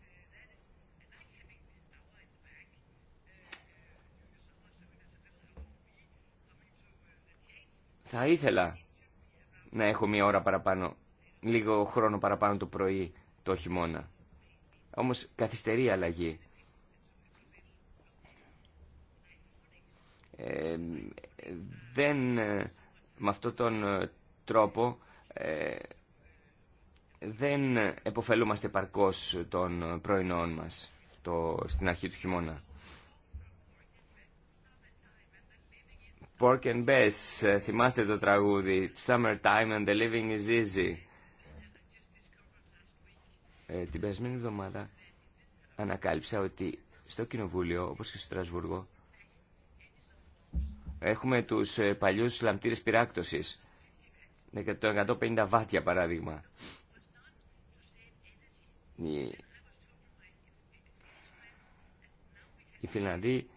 Θα ήθελα να έχω μία ώρα παραπάνω, λίγο χρόνο παραπάνω το πρωί το χειμώνα. Όμως καθυστερεί η αλλαγή. Ε, δεν, με αυτόν τον ε, τρόπο ε, δεν εποφελούμαστε παρκώς των πρωινών μας το, στην αρχή του χειμώνα. Pork and Bess, ε, θυμάστε το τραγούδι Summer time and the living is easy. Ε, την περασμένη εβδομάδα ανακάλυψα ότι στο Κοινοβούλιο, όπως και στο Τρασβούργο. Έχουμε τους ε, παλιούς λαμπτήρες πυράκτωσης, ναι, το 150 βάτια παράδειγμα. Οι Φιλανδοί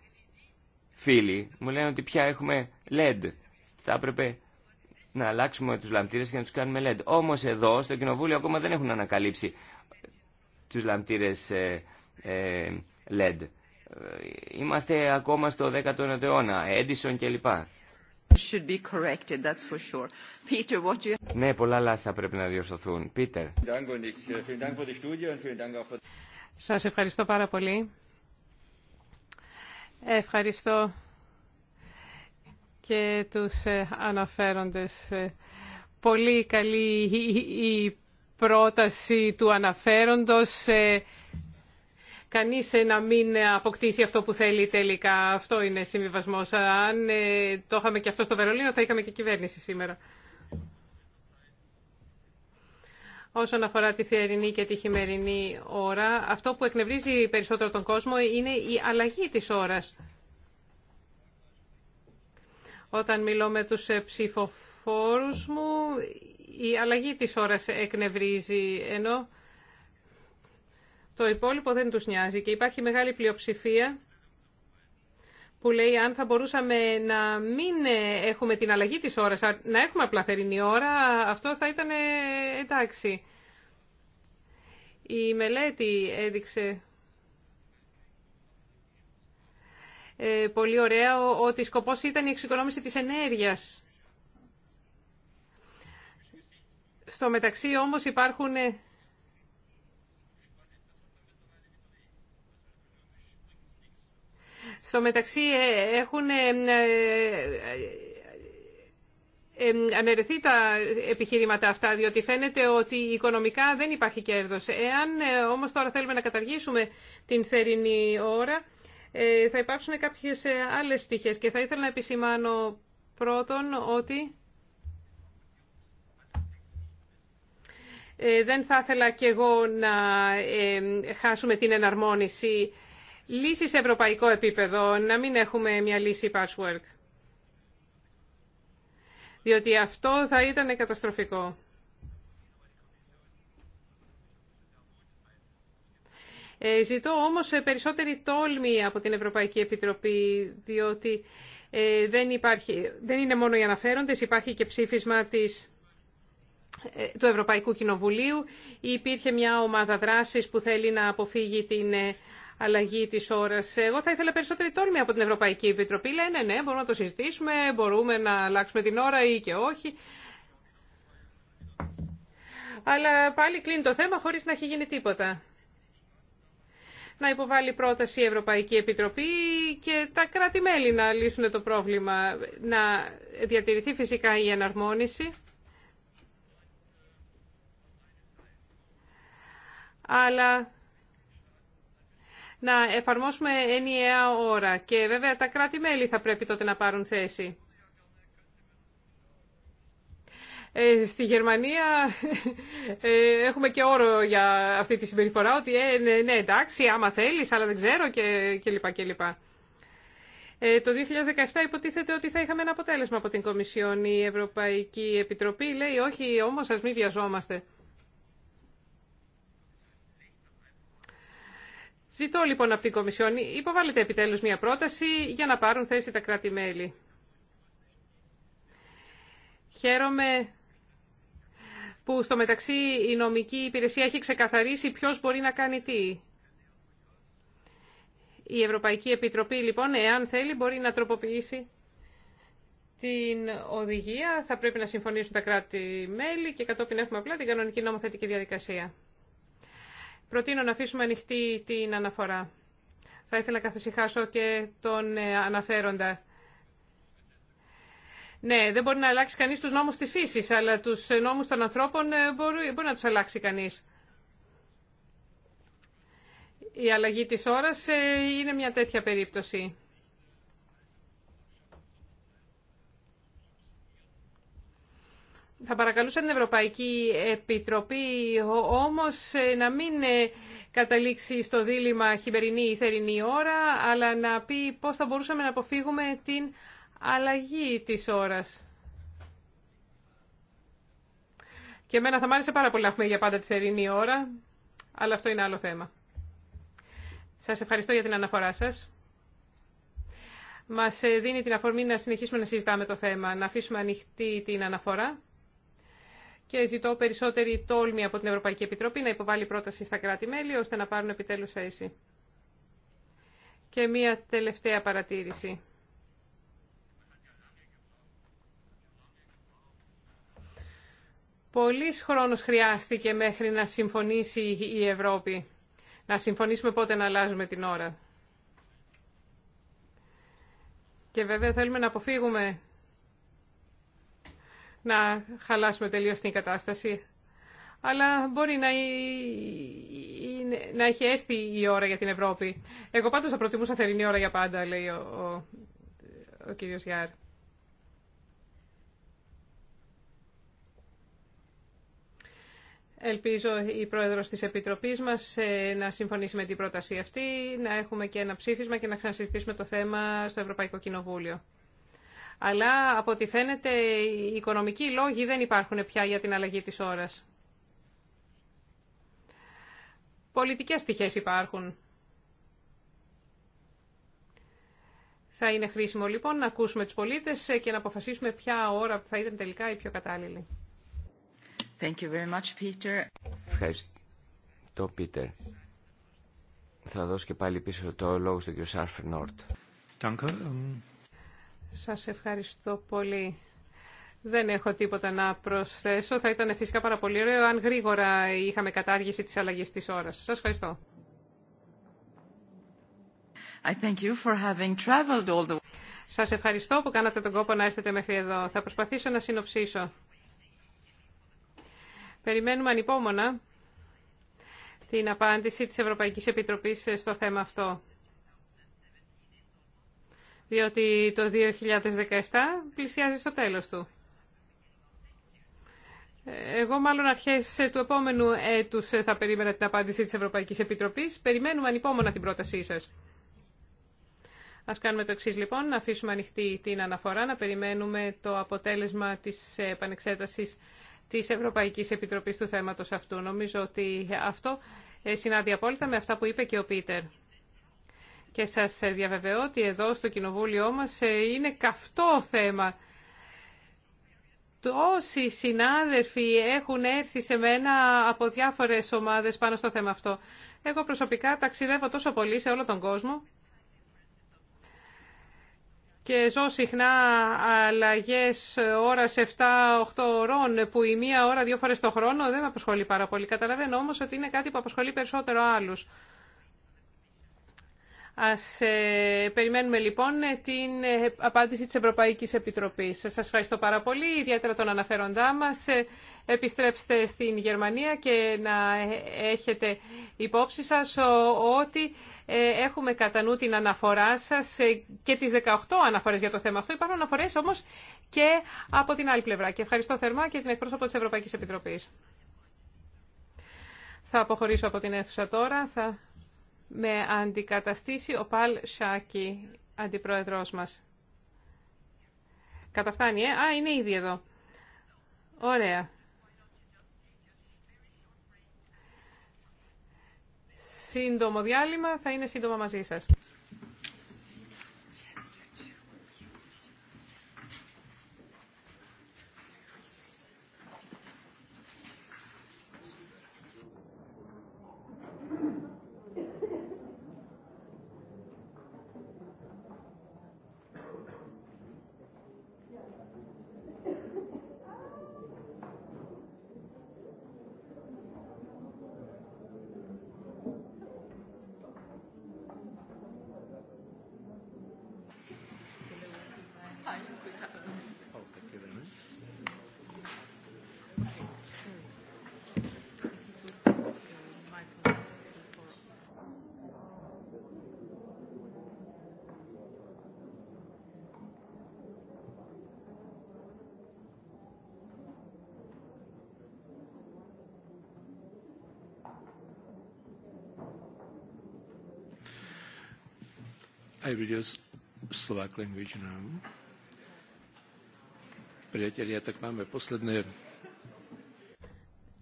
φίλοι μου λένε ότι πια έχουμε LED. Θα έπρεπε να αλλάξουμε τους λαμπτήρες και να τους κάνουμε LED. Όμως εδώ στο Κοινοβούλιο ακόμα δεν έχουν ανακαλύψει τους λαμπτήρες ε, ε, LED. Είμαστε ακόμα στο 19ο αιώνα, Έντισον κλπ. Should Ναι, πολλά λάθη θα πρέπει να διορθωθούν. Πίτερ. Σας ευχαριστώ πάρα πολύ. Ευχαριστώ και τους ε, αναφέροντες. Ε, πολύ καλή η πρόταση του αναφέροντος ε, Κανεί ε, να μην αποκτήσει αυτό που θέλει τελικά. Αυτό είναι συμβιβασμό. Αν ε, το είχαμε και αυτό στο Βερολίνο θα είχαμε και κυβέρνηση σήμερα. Όσον αφορά τη θερινή και τη χειμερινή ώρα, αυτό που εκνευρίζει περισσότερο τον κόσμο είναι η αλλαγή της ώρας. Όταν μιλώ με τους ε, ψηφοφόρους μου, η αλλαγή της ώρας εκνευρίζει, ενώ το υπόλοιπο δεν τους νοιάζει και υπάρχει μεγάλη πλειοψηφία που λέει αν θα μπορούσαμε να μην έχουμε την αλλαγή της ώρας, να έχουμε απλά θερινή ώρα, αυτό θα ήταν ε, εντάξει. Η μελέτη έδειξε ε, πολύ ωραία ότι σκοπός ήταν η εξοικονόμηση της ενέργειας. Στο μεταξύ όμως υπάρχουν ε, Στο μεταξύ ε, έχουν ε, ε, αναιρεθεί τα επιχειρήματα αυτά, διότι φαίνεται ότι οικονομικά δεν υπάρχει κέρδος. Εάν όμως τώρα θέλουμε να καταργήσουμε την θερινή ώρα, θα υπάρξουν κάποιες άλλες πτυχές και θα ήθελα να επισημάνω πρώτον ότι δεν θα ήθελα κι εγώ να χάσουμε την εναρμόνιση λύσει σε ευρωπαϊκό επίπεδο, να μην έχουμε μια λύση password. Διότι αυτό θα ήταν καταστροφικό. Ε, ζητώ όμως περισσότερη τόλμη από την Ευρωπαϊκή Επιτροπή, διότι ε, δεν, υπάρχει, δεν είναι μόνο οι αναφέροντες, υπάρχει και ψήφισμα της ε, του Ευρωπαϊκού Κοινοβουλίου. Υπήρχε μια ομάδα δράσης που θέλει να αποφύγει την αλλαγή τη ώρα. Εγώ θα ήθελα περισσότερη τόλμη από την Ευρωπαϊκή Επιτροπή. Λένε ναι, μπορούμε να το συζητήσουμε, μπορούμε να αλλάξουμε την ώρα ή και όχι. Αλλά πάλι κλείνει το θέμα χωρίς να έχει γίνει τίποτα. Να υποβάλει πρόταση η Ευρωπαϊκή Επιτροπή και τα κράτη-μέλη να λύσουν το πρόβλημα. Να διατηρηθεί φυσικά η εναρμόνιση. Αλλά να εφαρμόσουμε ενιαία ώρα και βέβαια τα κράτη-μέλη θα πρέπει τότε να πάρουν θέση. Ε, στη Γερμανία ε, έχουμε και όρο για αυτή τη συμπεριφορά ότι ε, ναι, ναι εντάξει άμα θέλεις αλλά δεν ξέρω και, και λοιπά ε, το 2017 υποτίθεται ότι θα είχαμε ένα αποτέλεσμα από την Κομισιόν. Η Ευρωπαϊκή Επιτροπή λέει όχι όμως ας μην βιαζόμαστε. Ζητώ λοιπόν από την Κομισιόν, υποβάλλεται επιτέλους μια πρόταση για να πάρουν θέση τα κράτη-μέλη. Χαίρομαι που στο μεταξύ η νομική υπηρεσία έχει ξεκαθαρίσει ποιος μπορεί να κάνει τι. Η Ευρωπαϊκή Επιτροπή λοιπόν, εάν θέλει, μπορεί να τροποποιήσει την οδηγία. Θα πρέπει να συμφωνήσουν τα κράτη-μέλη και κατόπιν έχουμε απλά την κανονική νομοθετική διαδικασία. Προτείνω να αφήσουμε ανοιχτή την αναφορά. Θα ήθελα να καθησυχάσω και τον ε, αναφέροντα. Ναι, δεν μπορεί να αλλάξει κανεί του νόμου τη φύση, αλλά του ε, νόμου των ανθρώπων ε, μπορεί, μπορεί να του αλλάξει κανεί. Η αλλαγή της ώρας είναι μια τέτοια περίπτωση. Θα παρακαλούσα την Ευρωπαϊκή Επιτροπή όμως ε, να μην ε, καταλήξει στο δίλημα χειμερινή ή θερινή ώρα, αλλά να πει πώς θα μπορούσαμε να αποφύγουμε την αλλαγή της ώρας. Και εμένα θα μ' άρεσε πάρα πολύ να έχουμε για πάντα τη θερινή ώρα, αλλά αυτό είναι άλλο θέμα. Σας ευχαριστώ για την αναφορά σας. Μας ε, δίνει την αφορμή να συνεχίσουμε να συζητάμε το θέμα, να αφήσουμε ανοιχτή την αναφορά και ζητώ περισσότερη τόλμη από την Ευρωπαϊκή Επιτροπή να υποβάλει πρόταση στα κράτη-μέλη ώστε να πάρουν επιτέλους θέση. Και μία τελευταία παρατήρηση. Πολύς χρόνος χρειάστηκε μέχρι να συμφωνήσει η Ευρώπη. Να συμφωνήσουμε πότε να αλλάζουμε την ώρα. Και βέβαια θέλουμε να αποφύγουμε να χαλάσουμε τελείως την κατάσταση. Αλλά μπορεί να, να έχει έρθει η ώρα για την Ευρώπη. Εγώ πάντως θα προτιμούσα θερινή ώρα για πάντα, λέει ο, ο, ο κύριος Γιάρ. Ελπίζω η πρόεδρος της Επιτροπής μας ε, να συμφωνήσει με την πρόταση αυτή, να έχουμε και ένα ψήφισμα και να ξανασυζητήσουμε το θέμα στο Ευρωπαϊκό Κοινοβούλιο αλλά από ό,τι φαίνεται οι οικονομικοί λόγοι δεν υπάρχουν πια για την αλλαγή της ώρας. Πολιτικές στοιχές υπάρχουν. Θα είναι χρήσιμο λοιπόν να ακούσουμε τους πολίτες και να αποφασίσουμε ποια ώρα θα ήταν τελικά η πιο κατάλληλη. Thank you very much, Peter. Ευχαριστώ, Πίτερ. Θα δώσω και πάλι πίσω το λόγο στον κύριο Σάρφερ Νόρτ. Danke. Ähm, σας ευχαριστώ πολύ. Δεν έχω τίποτα να προσθέσω. Θα ήταν φυσικά πάρα πολύ ωραίο αν γρήγορα είχαμε κατάργηση της αλλαγής της ώρας. Σας ευχαριστώ. I thank you for having traveled all the... Σας ευχαριστώ που κάνατε τον κόπο να έρθετε μέχρι εδώ. Θα προσπαθήσω να συνοψίσω. Περιμένουμε ανυπόμονα την απάντηση της Ευρωπαϊκής Επιτροπής στο θέμα αυτό διότι το 2017 πλησιάζει στο τέλος του. Εγώ μάλλον αρχές του επόμενου έτους θα περίμενα την απάντηση της Ευρωπαϊκής Επιτροπής. Περιμένουμε ανυπόμονα την πρότασή σας. Ας κάνουμε το εξής λοιπόν, να αφήσουμε ανοιχτή την αναφορά, να περιμένουμε το αποτέλεσμα της επανεξέτασης της Ευρωπαϊκής Επιτροπής του θέματος αυτού. Νομίζω ότι αυτό ε, συνάδει απόλυτα με αυτά που είπε και ο Πίτερ και σας διαβεβαιώ ότι εδώ στο κοινοβούλιο μας ε, είναι καυτό θέμα. Τόσοι συνάδελφοι έχουν έρθει σε μένα από διάφορες ομάδες πάνω στο θέμα αυτό. Εγώ προσωπικά ταξιδεύω τόσο πολύ σε όλο τον κόσμο και ζω συχνά αλλαγέ ώρα 7-8 ώρων που η μία ώρα δύο φορές το χρόνο δεν με απασχολεί πάρα πολύ. Καταλαβαίνω όμως ότι είναι κάτι που απασχολεί περισσότερο άλλους. Ας ε, περιμένουμε λοιπόν ε, την ε, απάντηση της Ευρωπαϊκής Επιτροπής. Σας ευχαριστώ πάρα πολύ, ιδιαίτερα τον αναφέροντά μας. Επιστρέψτε στην Γερμανία και να έχετε υπόψη σας ότι έχουμε κατά νου την αναφορά σας και τις 18 αναφορές για το θέμα αυτό. Υπάρχουν αναφορές όμως και από την άλλη πλευρά. Και ευχαριστώ θερμά και την εκπρόσωπο της Ευρωπαϊκής Επιτροπής. Θα αποχωρήσω από την αίθουσα τώρα. Θα με αντικαταστήσει ο Παλ Σάκη, αντιπρόεδρός μας. Καταφτάνει, ε? Α, είναι ήδη εδώ. Ωραία. Σύντομο διάλειμμα, θα είναι σύντομα μαζί σας.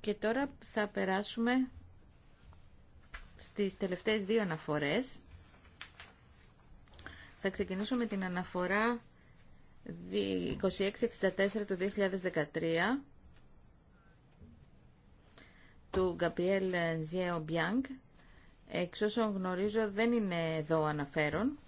Και τώρα θα περάσουμε στις τελευταίες δύο αναφορές. Θα ξεκινήσω με την αναφορά 2664 του 2013 του Γκαπριέλ Ζιέο Μπιάνκ. Εξ όσων γνωρίζω δεν είναι εδώ αναφέρον.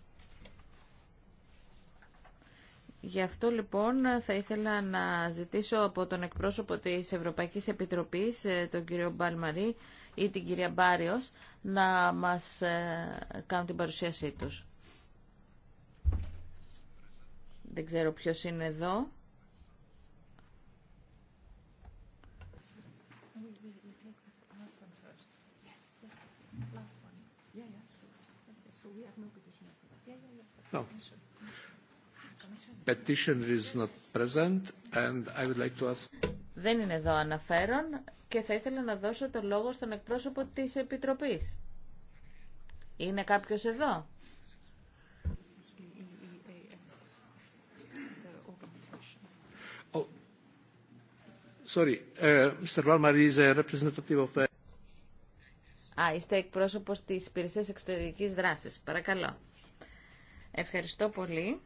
Γι' αυτό λοιπόν θα ήθελα να ζητήσω από τον εκπρόσωπο της Ευρωπαϊκής Επιτροπής, ε, τον κύριο Μπαλμαρί ή την κυρία Μπάριος, να μας ε, κάνουν την παρουσίασή τους. Δεν ξέρω ποιος είναι εδώ. Δεν είναι εδώ αναφέρον και θα ήθελα να δώσω το λόγο στον εκπρόσωπο της Επιτροπής. Είναι κάποιος εδώ. Oh, uh, Α, είστε εκπρόσωπος της Υπηρεσίας Εξωτερικής Δράσης. Παρακαλώ. Ευχαριστώ πολύ.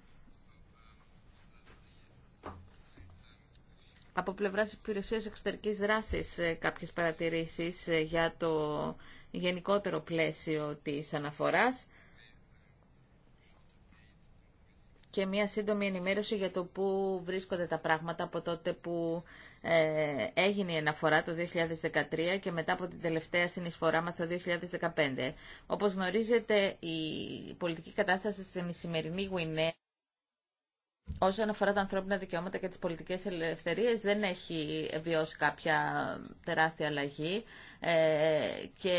από πλευράς υπηρεσία εξωτερική δράσης ε, κάποιες παρατηρήσεις ε, για το γενικότερο πλαίσιο της αναφοράς και μία σύντομη ενημέρωση για το πού βρίσκονται τα πράγματα από τότε που ε, έγινε η αναφορά το 2013 και μετά από την τελευταία συνεισφορά μας το 2015. Όπως γνωρίζετε, η πολιτική κατάσταση στην σημερινή Γουινέα όσον αφορά τα ανθρώπινα δικαιώματα και τις πολιτικές ελευθερίες δεν έχει βιώσει κάποια τεράστια αλλαγή ε, και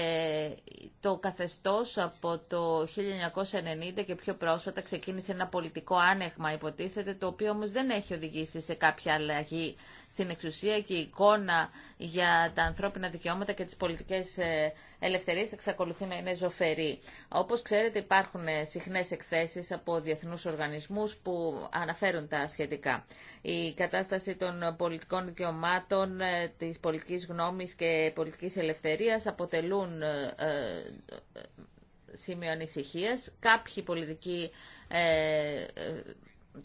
το καθεστώς από το 1990 και πιο πρόσφατα ξεκίνησε ένα πολιτικό άνεγμα υποτίθεται το οποίο όμως δεν έχει οδηγήσει σε κάποια αλλαγή στην εξουσία και η εικόνα για τα ανθρώπινα δικαιώματα και τις πολιτικές ε, ελευθερίες εξακολουθεί να είναι ζωφερή. Όπως ξέρετε υπάρχουν ε, συχνές εκθέσεις από διεθνούς οργανισμούς που αναφέρουν τα σχετικά. Η κατάσταση των πολιτικών δικαιωμάτων, ε, της πολιτικής γνώμης και πολιτικής ελευθερίας αποτελούν σημείο ανησυχία. Κάποιοι πολιτικοί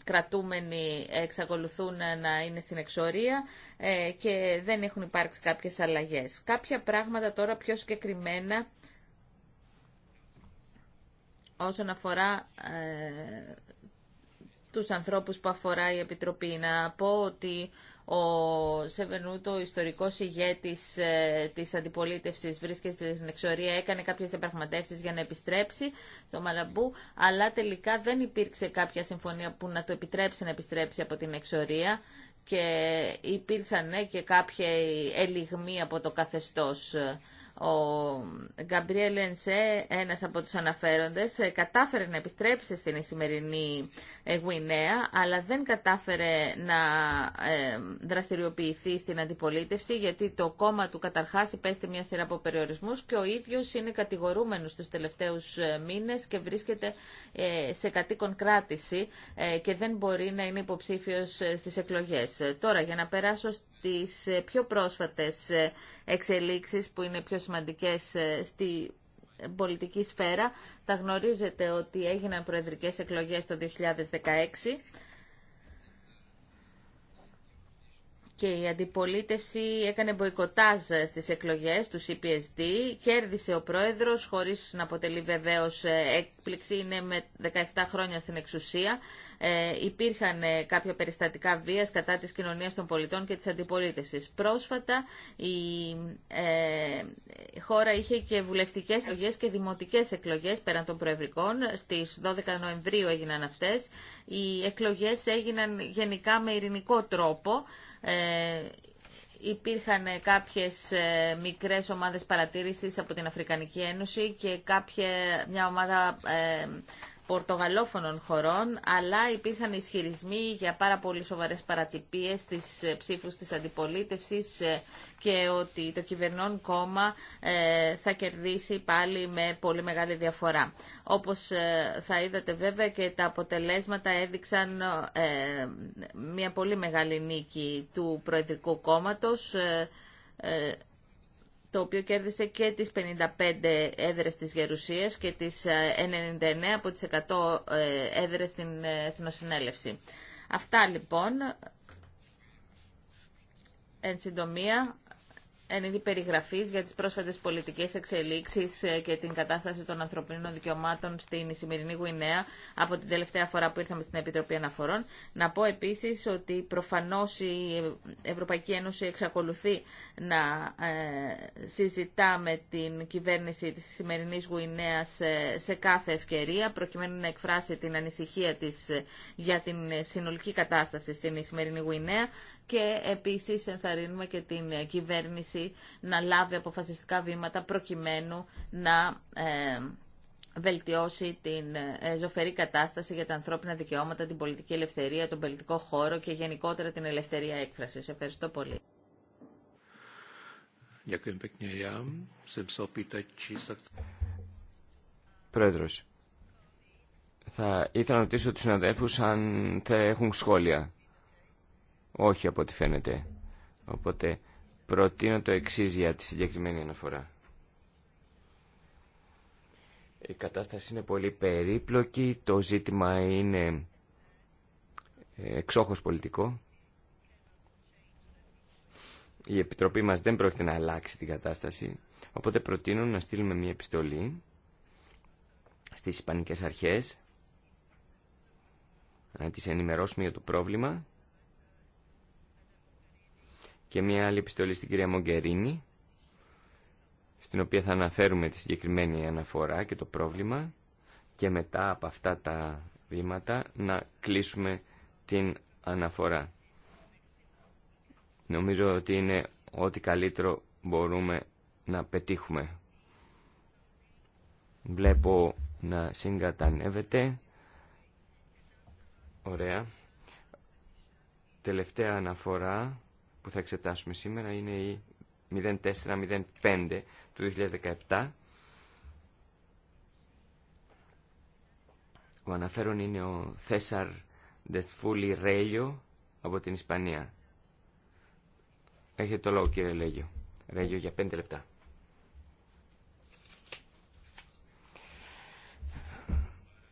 κρατούμενοι εξακολουθούν να είναι στην εξορία ε, και δεν έχουν υπάρξει κάποιες αλλαγές. Κάποια πράγματα τώρα πιο συγκεκριμένα όσον αφορά ε, τους ανθρώπους που αφορά η Επιτροπή. Να πω ότι ο Σεβενούτο, ιστορικό ιστορικό ηγέτης ε, της αντιπολίτευσης, βρίσκεται στην εξορία, έκανε κάποιες διαπραγματεύσει για να επιστρέψει στο Μαλαμπού, αλλά τελικά δεν υπήρξε κάποια συμφωνία που να το επιτρέψει να επιστρέψει από την εξορία και υπήρξαν και κάποια ελιγμοί από το καθεστώς. Ο Γκαμπριέλ Ενσέ, ένας από τους αναφέροντες, ε, κατάφερε να επιστρέψει στην σημερινή ε, Γουινέα, αλλά δεν κατάφερε να ε, δραστηριοποιηθεί στην αντιπολίτευση, γιατί το κόμμα του καταρχάς υπέστη μια σειρά από περιορισμούς και ο ίδιος είναι κατηγορούμενος τους τελευταίους μήνες και βρίσκεται σε κατοίκον κράτηση και δεν μπορεί να είναι υποψήφιος στις εκλογές. Τώρα, για να περάσω στις πιο πρόσφατες εξελίξεις που είναι πιο σημαντικές ε, στη πολιτική σφαίρα. Τα γνωρίζετε ότι έγιναν προεδρικές εκλογές το 2016 και η αντιπολίτευση έκανε μποϊκοτάζ στις εκλογές του CPSD, κέρδισε ο πρόεδρος χωρίς να αποτελεί βεβαίως ε, έκπληξη, είναι με 17 χρόνια στην εξουσία. Ε, υπήρχαν ε, κάποια περιστατικά βίας κατά της κοινωνίας των πολιτών και της αντιπολίτευσης. Πρόσφατα η ε, χώρα είχε και βουλευτικές εκλογές και δημοτικές εκλογές πέραν των προευρικών. Στις 12 Νοεμβρίου έγιναν αυτές. Οι εκλογές έγιναν γενικά με ειρηνικό τρόπο υπήρχαν κάποιες μικρές ομάδες παρατήρησης από την Αφρικανική Ένωση και κάποια, μια ομάδα πορτογαλόφωνων χωρών, αλλά υπήρχαν ισχυρισμοί για πάρα πολύ σοβαρέ παρατυπίε στις ε, ψήφους της αντιπολίτευσης ε, και ότι το κυβερνών κόμμα ε, θα κερδίσει πάλι με πολύ μεγάλη διαφορά. Όπως θα είδατε βέβαια και τα αποτελέσματα έδειξαν μια πολύ μεγάλη νίκη του Προεδρικού Κόμματος το οποίο κέρδισε και τις 55 έδρες της Γερουσίας και τις 99 ε, από τις 100 ε, έδρες στην ε, Εθνοσυνέλευση. Αυτά λοιπόν, εν συντομία, εν περιγραφής για τις πρόσφατες πολιτικές εξελίξεις ε, και την κατάσταση των ανθρωπίνων δικαιωμάτων στην σημερινή Γουινέα από την τελευταία φορά που ήρθαμε στην Επιτροπή Αναφορών. Να πω επίσης ότι προφανώ η Ευρωπαϊκή Ένωση εξακολουθεί να ε, συζητά με την κυβέρνηση της σημερινή Γουινέας ε, σε κάθε ευκαιρία προκειμένου να εκφράσει την ανησυχία τη για την συνολική κατάσταση στην σημερινή Γουινέα και επίσης ενθαρρύνουμε και την ε, κυβέρνηση να λάβει αποφασιστικά βήματα προκειμένου να ε, βελτιώσει την ε, ζωφερή κατάσταση για τα ανθρώπινα δικαιώματα, την πολιτική ελευθερία, τον πολιτικό χώρο και γενικότερα την ελευθερία έκφρασης. Ευχαριστώ πολύ. Πρόεδρος, θα ήθελα να ρωτήσω τους συναδέλφους αν θα έχουν σχόλια. Όχι από ό,τι φαίνεται. Οπότε προτείνω το εξή για τη συγκεκριμένη αναφορά. Η κατάσταση είναι πολύ περίπλοκη, το ζήτημα είναι ε, εξόχως πολιτικό. Η Επιτροπή μας δεν πρόκειται να αλλάξει την κατάσταση, οπότε προτείνω να στείλουμε μια επιστολή στις Ισπανικές Αρχές, να τις ενημερώσουμε για το πρόβλημα και μια άλλη επιστολή στην κυρία Μογκερίνη, στην οποία θα αναφέρουμε τη συγκεκριμένη αναφορά και το πρόβλημα και μετά από αυτά τα βήματα να κλείσουμε την αναφορά. Νομίζω ότι είναι ό,τι καλύτερο μπορούμε να πετύχουμε. Βλέπω να συγκατανεύεται. Ωραία. Τελευταία αναφορά που θα εξετάσουμε σήμερα είναι η 0405 του 2017. Ο αναφέρον είναι ο Θέσαρ Δεθφούλη Ρέλιο από την Ισπανία. Έχετε το λόγο κύριε Ρέλιο. Ρέλιο για 5 λεπτά.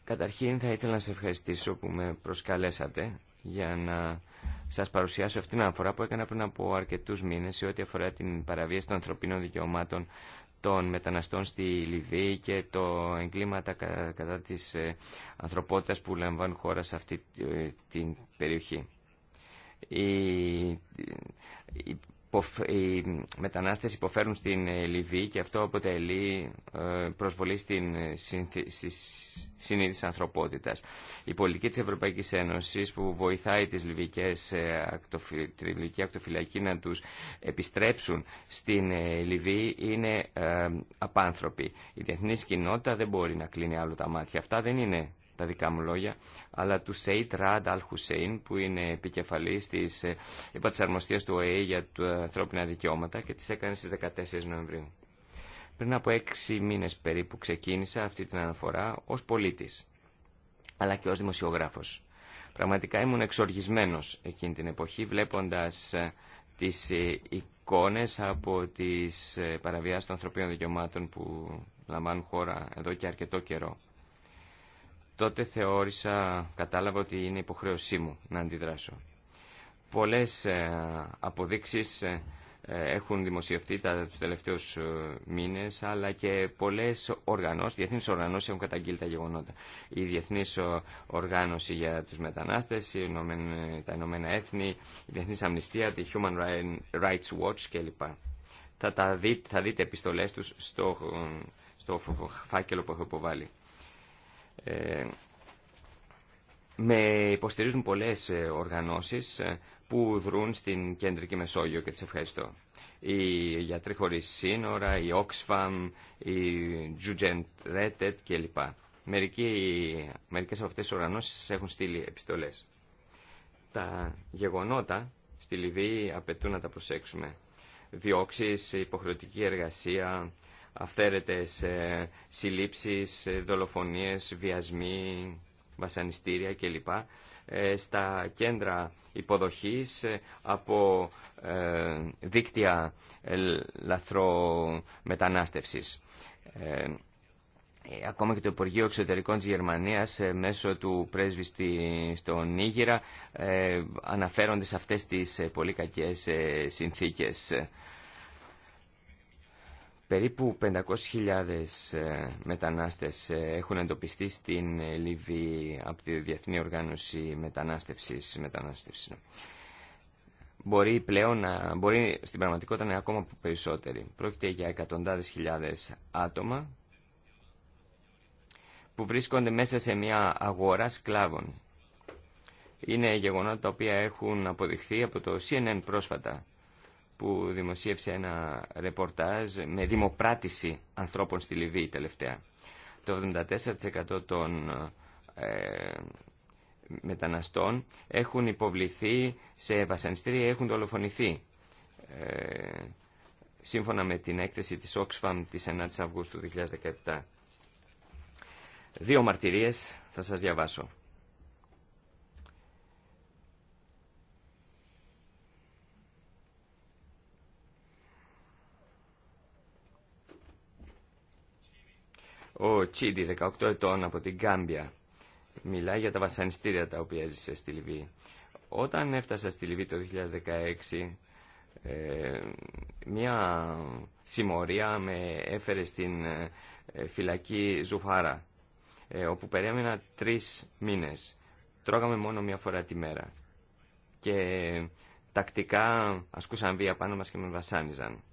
Καταρχήν θα ήθελα να σε ευχαριστήσω που με προσκαλέσατε για να σας παρουσιάσω αυτήν την αναφορά που έκανα πριν από αρκετούς μήνες σε ό,τι αφορά την παραβίαση των ανθρωπίνων δικαιωμάτων των μεταναστών στη Λιβύη και το εγκλήματα κατά της ε, ανθρωπότητας που λαμβάνουν χώρα σε αυτή ε, την περιοχή. Η, οι μετανάστες υποφέρουν στην ε, Λιβύη και αυτό αποτελεί ε, προσβολή στην, στη ε, συνείδηση ανθρωπότητας. Η πολιτική της Ευρωπαϊκής Ένωσης που βοηθάει τις λιβυικές, τη να τους επιστρέψουν στην Λιβύη είναι απάνθρωποι. Η διεθνής κοινότητα δεν μπορεί να κλείνει άλλο τα μάτια. Αυτά δεν είναι τα δικά μου λόγια, αλλά του Σέιτ Ραντ Αλ Χουσέιν, που είναι επικεφαλή τη ε, υπατσαρμοστία του ΟΕΕ για τα ανθρώπινα δικαιώματα και τι έκανε στι 14 Νοεμβρίου. Πριν από έξι μήνε περίπου ξεκίνησα αυτή την αναφορά ω πολίτη, αλλά και ω δημοσιογράφο. Πραγματικά ήμουν εξοργισμένο εκείνη την εποχή βλέποντα ε, τι ε, εικόνε από τι παραβιάσεις των ανθρωπίνων δικαιωμάτων που λαμβάνουν χώρα εδώ και αρκετό καιρό τότε θεώρησα, κατάλαβα ότι είναι υποχρέωσή μου να αντιδράσω. Πολλές ε, αποδείξεις ε, ε, έχουν δημοσιευτεί τα, τους τελευταίους μήνες, αλλά και πολλές οργανώσεις, διεθνείς οργανώσεις έχουν καταγγείλει τα γεγονότα. Η Διεθνής Οργάνωση για τους Μετανάστες, τα Ηνωμένα Έθνη, η Διεθνής Αμνηστία, τη Human Rights Watch κλπ. Θα, τα δείτε, θα δείτε επιστολές τους στο, στο φάκελο που έχω υποβάλει. Ε, με υποστηρίζουν πολλές ε, οργανώσεις ε, που δρούν στην Κεντρική Μεσόγειο και τις ευχαριστώ. Οι Γιατροί Χωρίς Σύνορα, η Oxfam, η Jugend κλπ. Μερικοί, μερικές από αυτές τις οργανώσεις έχουν στείλει επιστολές. Τα γεγονότα στη Λιβύη απαιτούν να τα προσέξουμε. Διώξεις, υποχρεωτική εργασία, αυθαίρετες ε, συλλήψεις, ε, δολοφονίες, βιασμοί, βασανιστήρια κλπ. Ε, στα κέντρα υποδοχής από δίκτυα λαθρομετανάστευσης. Ακόμα και το Υπουργείο Εξωτερικών της Γερμανίας μέσω του πρέσβη στο Νίγηρα αναφέρονται σε αυτές τις πολύ κακές συνθήκες. Περίπου 500.000 ε, μετανάστες ε, έχουν εντοπιστεί στην ε, Λιβύη από τη Διεθνή Οργάνωση Μετανάστευσης. Μετανάστευση. Ναι. Μπορεί πλέον να, μπορεί στην πραγματικότητα να είναι ακόμα περισσότεροι. Πρόκειται για εκατοντάδες χιλιάδες άτομα που βρίσκονται μέσα σε μια αγορά σκλάβων. Είναι γεγονότα τα οποία έχουν αποδειχθεί από το CNN πρόσφατα που δημοσίευσε ένα ρεπορτάζ με δημοπράτηση ανθρώπων στη Λιβύη τελευταία. Το 74% των ε, μεταναστών έχουν υποβληθεί σε βασανιστήρια ή έχουν δολοφονηθεί. Ε, σύμφωνα με την έκθεση της Oxfam της 9 Αυγούστου 2017. Δύο μαρτυρίες θα σας διαβάσω. Ο Τσίντι, 18 ετών από την Γκάμπια, μιλάει για τα βασανιστήρια τα οποία ζησε στη Λιβύη. Όταν έφτασα στη Λιβύη το 2016, ε, μια συμμορία με έφερε στην ε, φυλακή Ζουφάρα, ε, όπου περίμενα τρεις μήνες. Τρώγαμε μόνο μια φορά τη μέρα. Και τακτικά ασκούσαν βία πάνω μας και με βασάνιζαν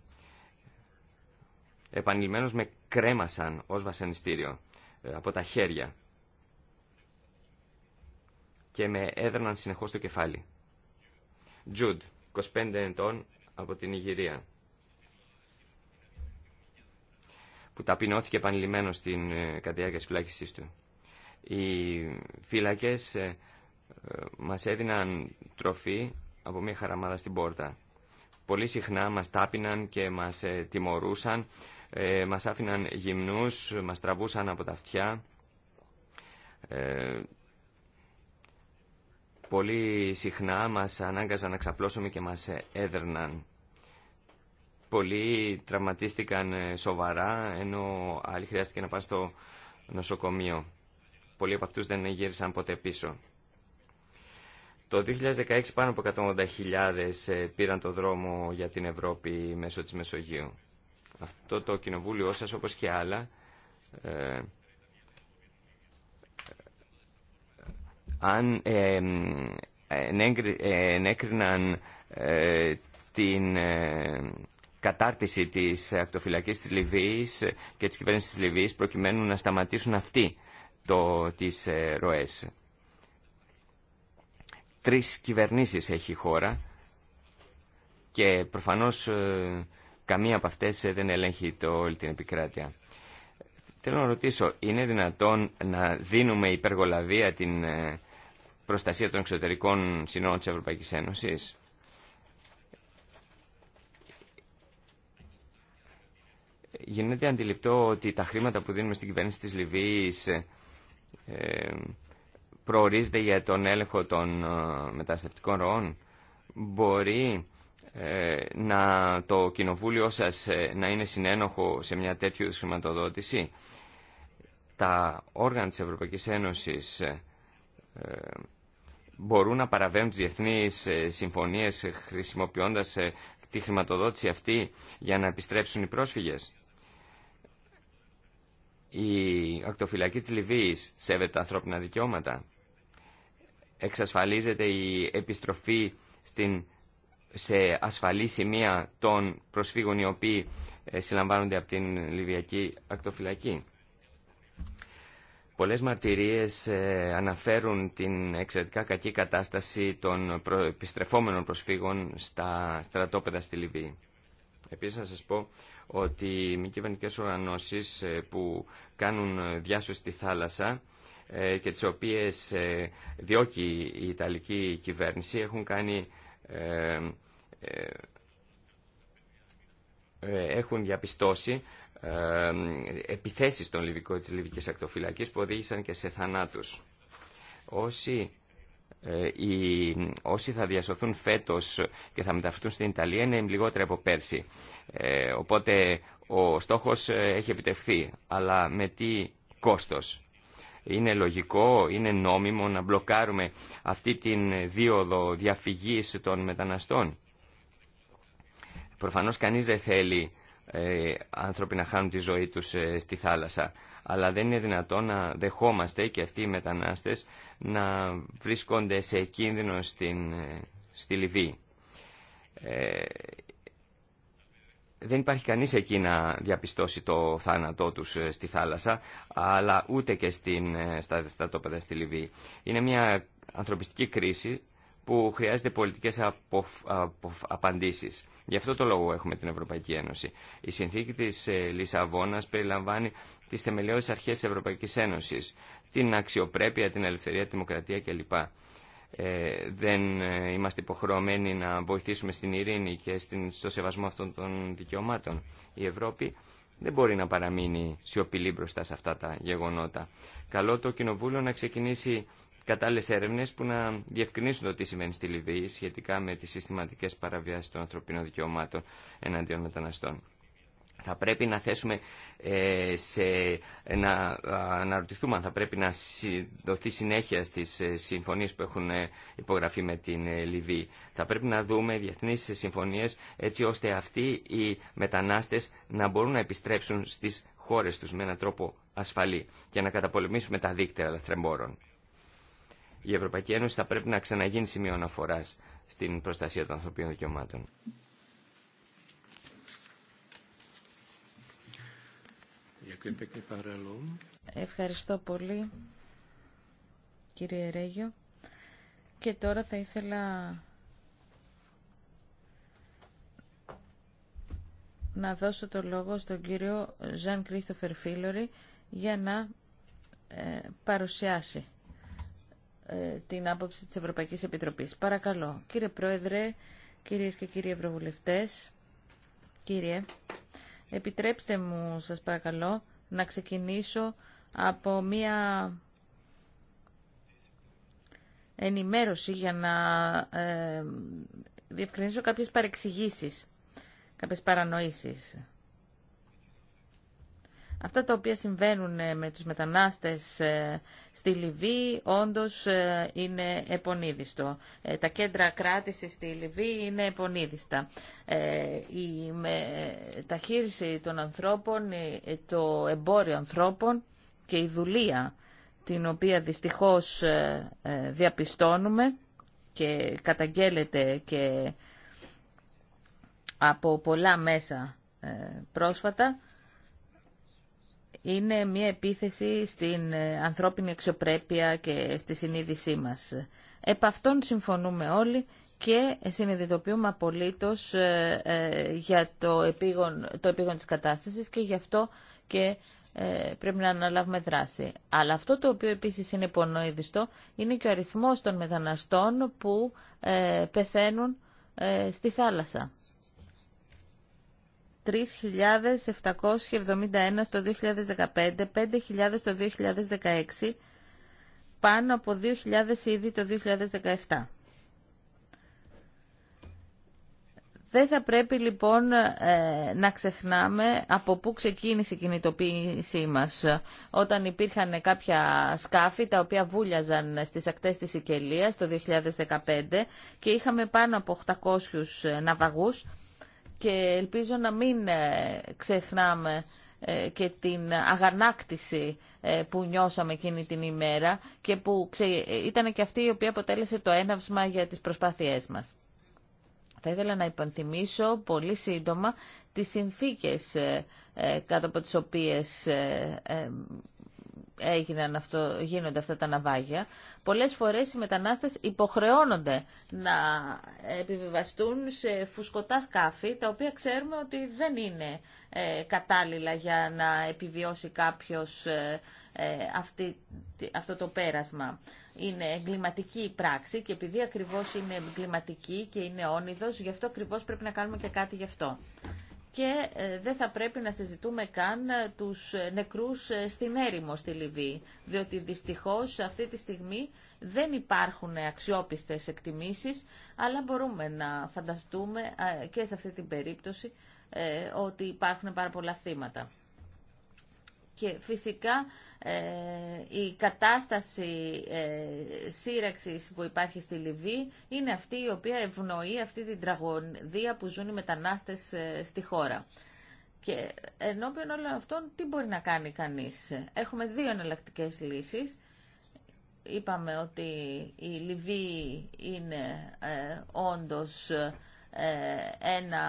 επανειλημμένως με κρέμασαν ως βασανιστήριο ε, από τα χέρια και με έδραναν συνεχώς το κεφάλι. Τζουντ, 25 ετών από την Ιγυρία, που ταπεινώθηκε επανειλημμένο στην ε, τη του. Οι φύλακες ε, ε, μας έδιναν τροφή από μια χαραμάδα στην πόρτα. Πολύ συχνά μας τάπιναν και μας τιμωρούσαν ε, μας άφηναν γυμνούς, μας τραβούσαν από τα αυτιά. Ε, πολύ συχνά μας ανάγκαζαν να ξαπλώσουμε και μας έδερναν. Πολλοί τραυματίστηκαν ε, σοβαρά, ενώ άλλοι χρειάστηκε να πάνε στο νοσοκομείο. Πολλοί από αυτούς δεν γύρισαν ποτέ πίσω. Το 2016 πάνω από 180.000 ε, πήραν το δρόμο για την Ευρώπη μέσω της Μεσογείου αυτό το κοινοβούλιο σας όπως και άλλα ε, αν ε, ε, ε ενέκριναν την κατάρτιση της ακτοφυλακής της Λιβύης και της κυβέρνησης της Λιβύης προκειμένου να σταματήσουν αυτοί το, τις ροές. Τρεις κυβερνήσεις έχει η χώρα και προφανώς καμία από αυτέ ε, δεν ελέγχει το, όλη την επικράτεια. Θέλω να ρωτήσω, είναι δυνατόν να δίνουμε υπεργολαβία την ε, προστασία των εξωτερικών συνόρων της Ευρωπαϊκής Ένωσης. Γίνεται αντιληπτό ότι τα χρήματα που δίνουμε στην κυβέρνηση της Λιβύης ε, προορίζεται για τον έλεγχο των μεταναστευτικών ροών. Μπορεί ε, να το κοινοβούλιο σας ε, να είναι συνένοχο σε μια τέτοιου χρηματοδότηση. Τα όργανα της Ευρωπαϊκής Ένωσης ε, μπορούν να παραβαίνουν τις διεθνείς συμφωνίες χρησιμοποιώντας τη χρηματοδότηση αυτή για να επιστρέψουν οι πρόσφυγες. Η ακτοφυλακή της Λιβύης σέβεται τα ανθρώπινα δικαιώματα. Εξασφαλίζεται η επιστροφή στην σε ασφαλή σημεία των προσφύγων οι οποίοι ε, συλλαμβάνονται από την Λιβιακή ακτοφυλακή. Πολλές μαρτυρίες ε, αναφέρουν την εξαιρετικά κακή κατάσταση των επιστρεφόμενων προσφύγων στα στρατόπεδα στη Λιβύη. Επίσης να σας πω ότι οι μη κυβερνητικέ οργανώσεις ε, που κάνουν διάσωση στη θάλασσα και τις οποίες διώκει η Ιταλική κυβέρνηση έχουν κάνει ε, ε, έχουν διαπιστώσει ε, επιθέσεις τον Λιβικό της Λιβικής Ακτοφυλακής που οδήγησαν και σε θανάτους. Όσοι, ε, όσοι θα διασωθούν φέτος και θα μεταφερθούν στην Ιταλία είναι λιγότερα από πέρσι. Ε, οπότε ο στόχος έχει επιτευχθεί, αλλά με τι κόστος. Είναι λογικό, είναι νόμιμο να μπλοκάρουμε αυτή την δίωδο διαφυγής των μεταναστών. Προφανώς κανείς δεν θέλει ε, άνθρωποι να χάνουν τη ζωή του ε, στη θάλασσα. Αλλά δεν είναι δυνατόν να δεχόμαστε και αυτοί οι μετανάστες να βρίσκονται σε κίνδυνο στην, ε, στη Λιβύη. δεν υπάρχει κανείς εκεί να διαπιστώσει το θάνατό τους στη θάλασσα, αλλά ούτε και στην, στα τόπεδα στη Λιβύη. Είναι μια ανθρωπιστική κρίση που χρειάζεται πολιτικέ απαντήσει. Γι' αυτό το λόγο έχουμε την Ευρωπαϊκή Ένωση. Η συνθήκη τη ε, Λισαβόνα περιλαμβάνει τι θεμελιώδει αρχέ της Ευρωπαϊκής Ένωσης, την αξιοπρέπεια, την ελευθερία, τη δημοκρατία κλπ. Ε, δεν ε, είμαστε υποχρεωμένοι να βοηθήσουμε στην ειρήνη και στην, στο σεβασμό αυτών των δικαιωμάτων. Η Ευρώπη δεν μπορεί να παραμείνει σιωπηλή μπροστά σε αυτά τα γεγονότα. Καλό το Κοινοβούλιο να ξεκινήσει κατάλληλε έρευνε που να διευκρινίσουν το τι σημαίνει στη Λιβύη σχετικά με τι συστηματικέ παραβιάσει των ανθρωπίνων δικαιωμάτων εναντίον μεταναστών. Θα πρέπει να θέσουμε ε, σε, να αναρωτηθούμε αν θα πρέπει να δοθεί συνέχεια στις ε, συμφωνίες που έχουν ε, υπογραφεί με την Λιβύη. Θα πρέπει να δούμε διεθνείς συμφωνίες έτσι ώστε αυτοί οι μετανάστες να μπορούν να επιστρέψουν στις χώρες τους με έναν τρόπο ασφαλή και να καταπολεμήσουμε τα δίκτυα λαθρεμπόρων η Ευρωπαϊκή Ένωση θα πρέπει να ξαναγίνει σημείο αναφορά στην προστασία των ανθρωπίνων δικαιωμάτων. Ευχαριστώ πολύ, κύριε Ρέγιο. Και τώρα θα ήθελα να δώσω το λόγο στον κύριο Ζαν Κρίστοφερ Φίλωρη για να ε, παρουσιάσει ε, την άποψη της Ευρωπαϊκής Επιτροπής. Παρακαλώ. Κύριε Πρόεδρε, κυρίες και κύριοι Ευρωβουλευτές, κύριε, επιτρέψτε μου, σας παρακαλώ, να ξεκινήσω από μία ενημέρωση για να ε, διευκρινίσω κάποιες παρεξηγήσεις, κάποιες παρανοήσεις. Αυτά τα οποία συμβαίνουν ε, με τους μετανάστες ε, στη Λιβύη όντως ε, είναι επονίδιστο. Τα κέντρα κράτησης στη Λιβύη είναι επονίδιστα. Η ταχύριση των ανθρώπων, το εμπόριο ανθρώπων και η δουλεία την οποία δυστυχώς διαπιστώνουμε και καταγγέλλεται και από πολλά μέσα πρόσφατα είναι μια επίθεση στην ε, ανθρώπινη εξωπρέπεια και στη συνείδησή μας. Επ' αυτόν συμφωνούμε όλοι και συνειδητοποιούμε απολύτως ε, ε, για το επίγον, το επίγον της κατάστασης και γι' αυτό και πρέπει να αναλάβουμε δράση. Αλλά αυτό το οποίο επίσης είναι υπονοείδιστο είναι και ο αριθμός των μεταναστών που πεθαίνουν στη θάλασσα. 3.771 το 2015, 5.000 το 2016, πάνω από 2.000 ήδη το 2017. Δεν θα πρέπει λοιπόν ε, να ξεχνάμε από πού ξεκίνησε η κινητοποίησή μας. Όταν υπήρχαν κάποια σκάφη τα οποία βούλιαζαν στις ακτές της Σικελίας το 2015 και είχαμε πάνω από 800 ναυαγούς και ελπίζω να μην ε, ξεχνάμε ε, και την αγανάκτηση ε, που νιώσαμε εκείνη την ημέρα και που ήταν και αυτή η οποία αποτέλεσε το έναυσμα για τις προσπάθειές μας. Θα ήθελα να υπενθυμίσω πολύ σύντομα τις συνθήκες κάτω από τις οποίες έγιναν αυτό, γίνονται αυτά τα ναυάγια. Πολλές φορές οι μετανάστες υποχρεώνονται να επιβιβαστούν σε φουσκωτά σκάφη, τα οποία ξέρουμε ότι δεν είναι ε, κατάλληλα για να επιβιώσει κάποιος ε, ε, αυτό το πέρασμα. Είναι εγκληματική η πράξη και επειδή ακριβώς είναι εγκληματική και είναι όνειδος, γι' αυτό ακριβώς πρέπει να κάνουμε και κάτι γι' αυτό και ε, δεν θα πρέπει να συζητούμε καν ε, τους ε, νεκρούς στην έρημο στη Λιβύη, διότι δυστυχώς αυτή τη στιγμή δεν υπάρχουν αξιόπιστες εκτιμήσεις, αλλά μπορούμε να φανταστούμε και σε αυτή την περίπτωση ότι υπάρχουν πάρα πολλά θύματα. Και φυσικά ε, η κατάσταση ε, σύραξης που υπάρχει στη Λιβύη είναι αυτή η οποία ευνοεί αυτή την τραγωδία που ζουν οι μετανάστες ε, στη χώρα. Και ενώπιον όλων αυτών τι μπορεί να κάνει κανείς. Έχουμε δύο εναλλακτικέ λύσεις. Είπαμε ότι η Λιβύη είναι ε, όντως ένα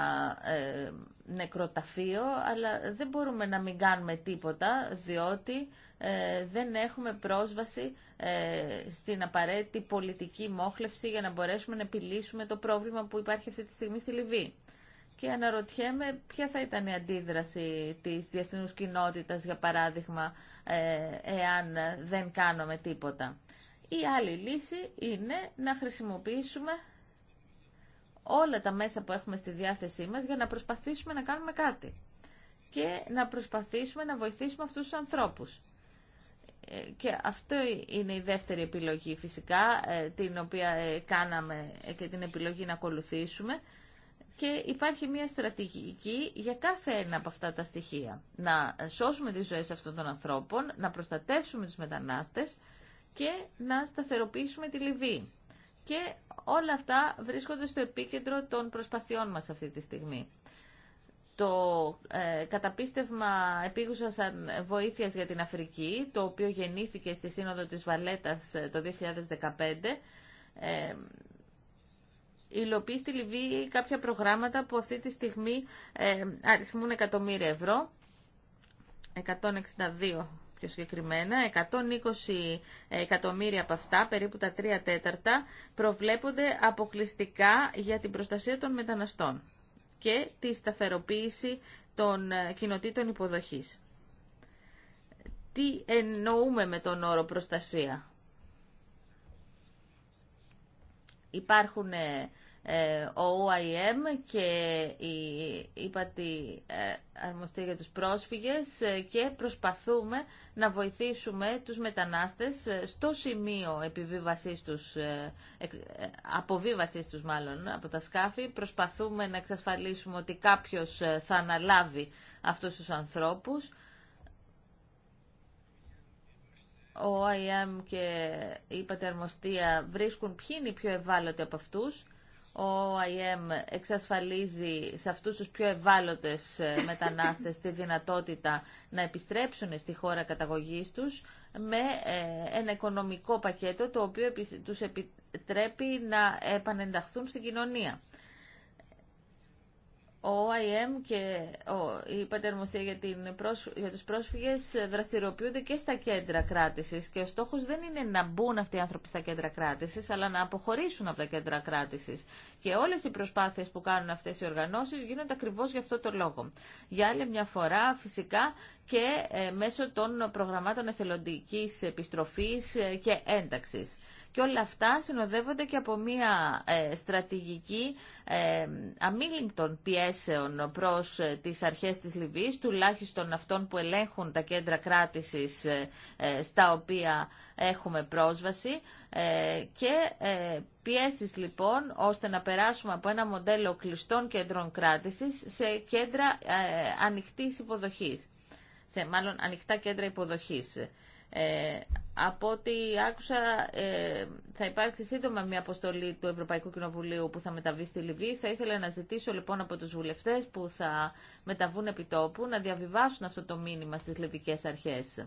νεκροταφείο, αλλά δεν μπορούμε να μην κάνουμε τίποτα, διότι ε, δεν έχουμε πρόσβαση ε, στην απαραίτητη πολιτική μόχλευση για να μπορέσουμε να επιλύσουμε το πρόβλημα που υπάρχει αυτή τη στιγμή στη Λιβύη. Και αναρωτιέμαι ποια θα ήταν η αντίδραση της διεθνούς κοινότητας, για παράδειγμα, ε, εάν δεν κάνουμε τίποτα. Η άλλη λύση είναι να χρησιμοποιήσουμε όλα τα μέσα που έχουμε στη διάθεσή μας για να προσπαθήσουμε να κάνουμε κάτι και να προσπαθήσουμε να βοηθήσουμε αυτούς τους ανθρώπους. Και αυτό είναι η δεύτερη επιλογή φυσικά, ε, την οποία ε, κάναμε ε, και την επιλογή να ακολουθήσουμε. Και υπάρχει μια στρατηγική για κάθε ένα από αυτά τα στοιχεία. Να σώσουμε τις ζωές αυτών των ανθρώπων, να προστατεύσουμε τους μετανάστες και να σταθεροποιήσουμε τη Λιβύη. Και όλα αυτά βρίσκονται στο επίκεντρο των προσπαθειών μας αυτή τη στιγμή το ε, καταπίστευμα επίγουσας βοήθειας για την Αφρική, το οποίο γεννήθηκε στη Σύνοδο της Βαλέτας ε, το 2015, ε, υλοποιεί στη Λιβύη κάποια προγράμματα που αυτή τη στιγμή ε, αριθμούν εκατομμύρια ευρώ, 162 πιο συγκεκριμένα, 120 εκατομμύρια από αυτά, περίπου τα 3 τέταρτα, προβλέπονται αποκλειστικά για την προστασία των μεταναστών και τη σταθεροποίηση των ε, κοινοτήτων υποδοχής. Τι εννοούμε με τον όρο προστασία. Υπάρχουν ε, ε, ο OIM και η ύπατη ε, αρμοστή για τους πρόσφυγες ε, και προσπαθούμε να βοηθήσουμε τους μετανάστες στο σημείο επιβίβασής τους, αποβίβασής τους μάλλον από τα σκάφη. Προσπαθούμε να εξασφαλίσουμε ότι κάποιος θα αναλάβει αυτούς τους ανθρώπους. Ο ΟΑΙΑΜ και η αρμοστία βρίσκουν ποιοι είναι οι πιο ευάλωτοι από αυτούς ο ΑΙΕΜ εξασφαλίζει σε αυτούς τους πιο ευάλωτες ε, μετανάστες τη δυνατότητα να επιστρέψουν στη χώρα καταγωγής τους με ε, ένα οικονομικό πακέτο το οποίο τους επιτρέπει να επανενταχθούν στην κοινωνία. Ο ΑΙΕΜ και ο, η Πατερμοστία για, την, για τους πρόσφυγες δραστηριοποιούνται και στα κέντρα κράτησης και ο στόχος δεν είναι να μπουν αυτοί οι άνθρωποι στα κέντρα κράτησης αλλά να αποχωρήσουν από τα κέντρα κράτησης και όλες οι προσπάθειες που κάνουν αυτές οι οργανώσεις γίνονται ακριβώς για αυτό το λόγο. Για άλλη μια φορά φυσικά και ε, μέσω των προγραμμάτων εθελοντικής επιστροφής ε, και ένταξης. Και όλα αυτά συνοδεύονται και από μια ε, στρατηγική ε, αμήλικτων πιέσεων προς ε, τις αρχές της Λιβύης, τουλάχιστον αυτών που ελέγχουν τα κέντρα κράτησης ε, στα οποία έχουμε πρόσβαση και πιέσεις λοιπόν ώστε να περάσουμε από ένα μοντέλο κλειστών κέντρων κράτησης σε κέντρα ανοιχτής υποδοχής, σε μάλλον ανοιχτά κέντρα υποδοχής. Ε, από ό,τι άκουσα, ε, θα υπάρξει σύντομα μια αποστολή του Ευρωπαϊκού Κοινοβουλίου που θα μεταβεί στη Λιβύη. Θα ήθελα να ζητήσω λοιπόν από τους βουλευτές που θα μεταβούν επί τόπου να διαβιβάσουν αυτό το μήνυμα στις λιβικές αρχές.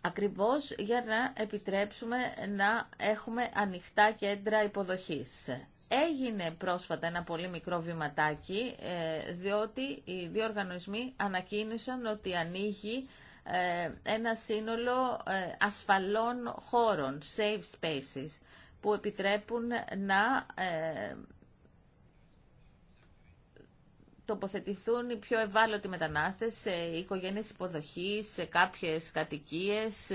Ακριβώς για να επιτρέψουμε να έχουμε ανοιχτά κέντρα υποδοχής. Έγινε πρόσφατα ένα πολύ μικρό βηματάκι, ε, διότι οι δύο οργανισμοί ανακοίνωσαν ότι ανοίγει ε, ένα σύνολο ε, ασφαλών χώρων, safe spaces, που επιτρέπουν να ε, τοποθετηθούν οι πιο ευάλωτοι μετανάστες σε οικογένειες υποδοχής, σε κάποιες κατοικίες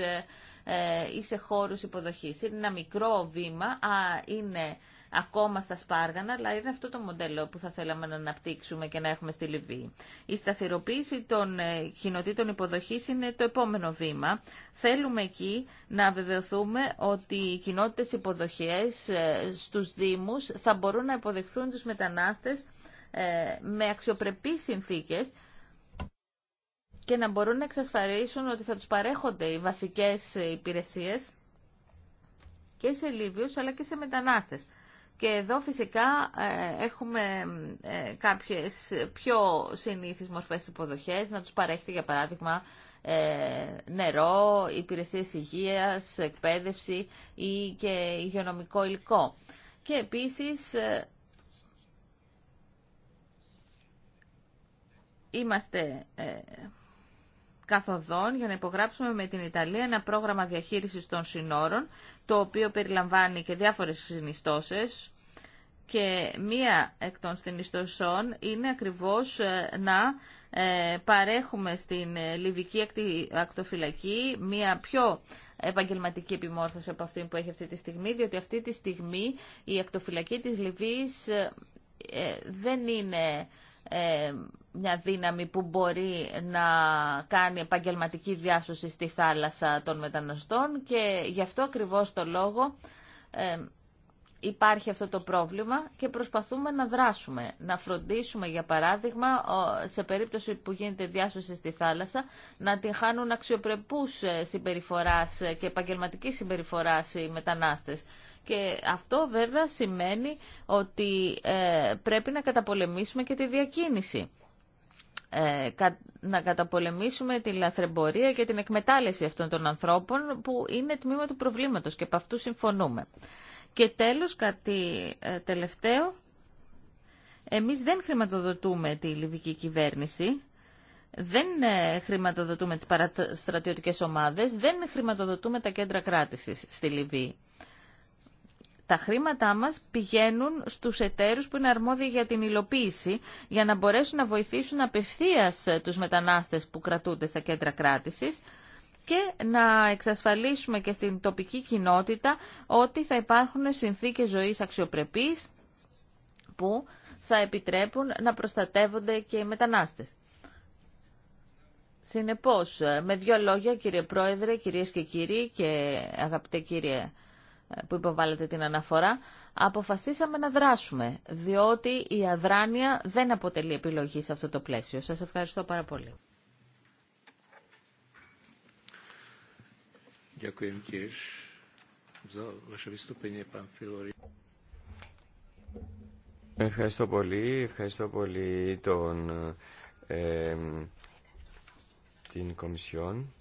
ή σε χώρους υποδοχής. Είναι ένα μικρό βήμα, α, είναι ακόμα στα σπάργανα, αλλά είναι αυτό το μοντέλο που θα θέλαμε να αναπτύξουμε και να έχουμε στη Λιβύη. Η σταθεροποίηση των ε, κοινοτήτων υποδοχή είναι το επόμενο βήμα. Θέλουμε εκεί να βεβαιωθούμε ότι οι κοινότητε υποδοχέ ε, στους Δήμους θα μπορούν να υποδεχθούν τους μετανάστες ε, με αξιοπρεπείς συνθήκες και να μπορούν να εξασφαλίσουν ότι θα τους παρέχονται οι βασικές υπηρεσίες και σε Λίβιους αλλά και σε μετανάστες. Και εδώ φυσικά ε, έχουμε ε, κάποιες πιο συνήθεις μορφές υποδοχές, να τους παρέχετε για παράδειγμα ε, νερό, υπηρεσίες υγείας, εκπαίδευση ή και υγειονομικό υλικό. Και επίσης είμαστε καθοδόν για να υπογράψουμε με την Ιταλία ένα πρόγραμμα διαχείρισης των συνόρων, το οποίο περιλαμβάνει και διάφορες συνιστώσεις και μία εκ των συνιστωσών είναι ακριβώς ε, να ε, παρέχουμε στην ε, Λιβική Ακτοφυλακή μία πιο επαγγελματική επιμόρφωση από αυτή που έχει αυτή τη στιγμή, διότι αυτή τη στιγμή η Ακτοφυλακή της Λιβύης δεν είναι μια δύναμη που μπορεί να κάνει επαγγελματική διάσωση στη θάλασσα των μεταναστών και γι' αυτό ακριβώς το λόγο ε, υπάρχει αυτό το πρόβλημα και προσπαθούμε να δράσουμε. Να φροντίσουμε, για παράδειγμα, σε περίπτωση που γίνεται διάσωση στη θάλασσα, να την χάνουν αξιοπρεπούς ε, συμπεριφοράς ε, και επαγγελματική συμπεριφοράς οι μετανάστες. Και αυτό βέβαια σημαίνει ότι ε, πρέπει να καταπολεμήσουμε και τη διακίνηση. Ε, να καταπολεμήσουμε τη λαθρεμπορία και την εκμετάλλευση αυτών των ανθρώπων που είναι τμήμα του προβλήματος και από αυτού συμφωνούμε. Και τέλος κάτι ε, τελευταίο. Εμείς δεν χρηματοδοτούμε τη Λιβική κυβέρνηση, δεν ε, χρηματοδοτούμε τις παραστρατιωτικές ομάδες, δεν χρηματοδοτούμε τα κέντρα κράτησης στη Λιβύη. Τα χρήματά μας πηγαίνουν στους εταίρους που είναι αρμόδιοι για την υλοποίηση, για να μπορέσουν να βοηθήσουν απευθείας τους μετανάστες που κρατούνται στα κέντρα κράτησης και να εξασφαλίσουμε και στην τοπική κοινότητα ότι θα υπάρχουν συνθήκες ζωής αξιοπρεπής που θα επιτρέπουν να προστατεύονται και οι μετανάστες. Συνεπώς, με δύο λόγια κύριε Πρόεδρε, κυρίες και κύριοι και αγαπητέ κύριε ε, που υποβάλλεται την αναφορά, αποφασίσαμε να δράσουμε, διότι η αδράνεια δεν αποτελεί επιλογή σε αυτό το πλαίσιο. Σας ευχαριστώ πάρα πολύ. Ευχαριστώ πολύ, ευχαριστώ πολύ τον, την Κομισιόν.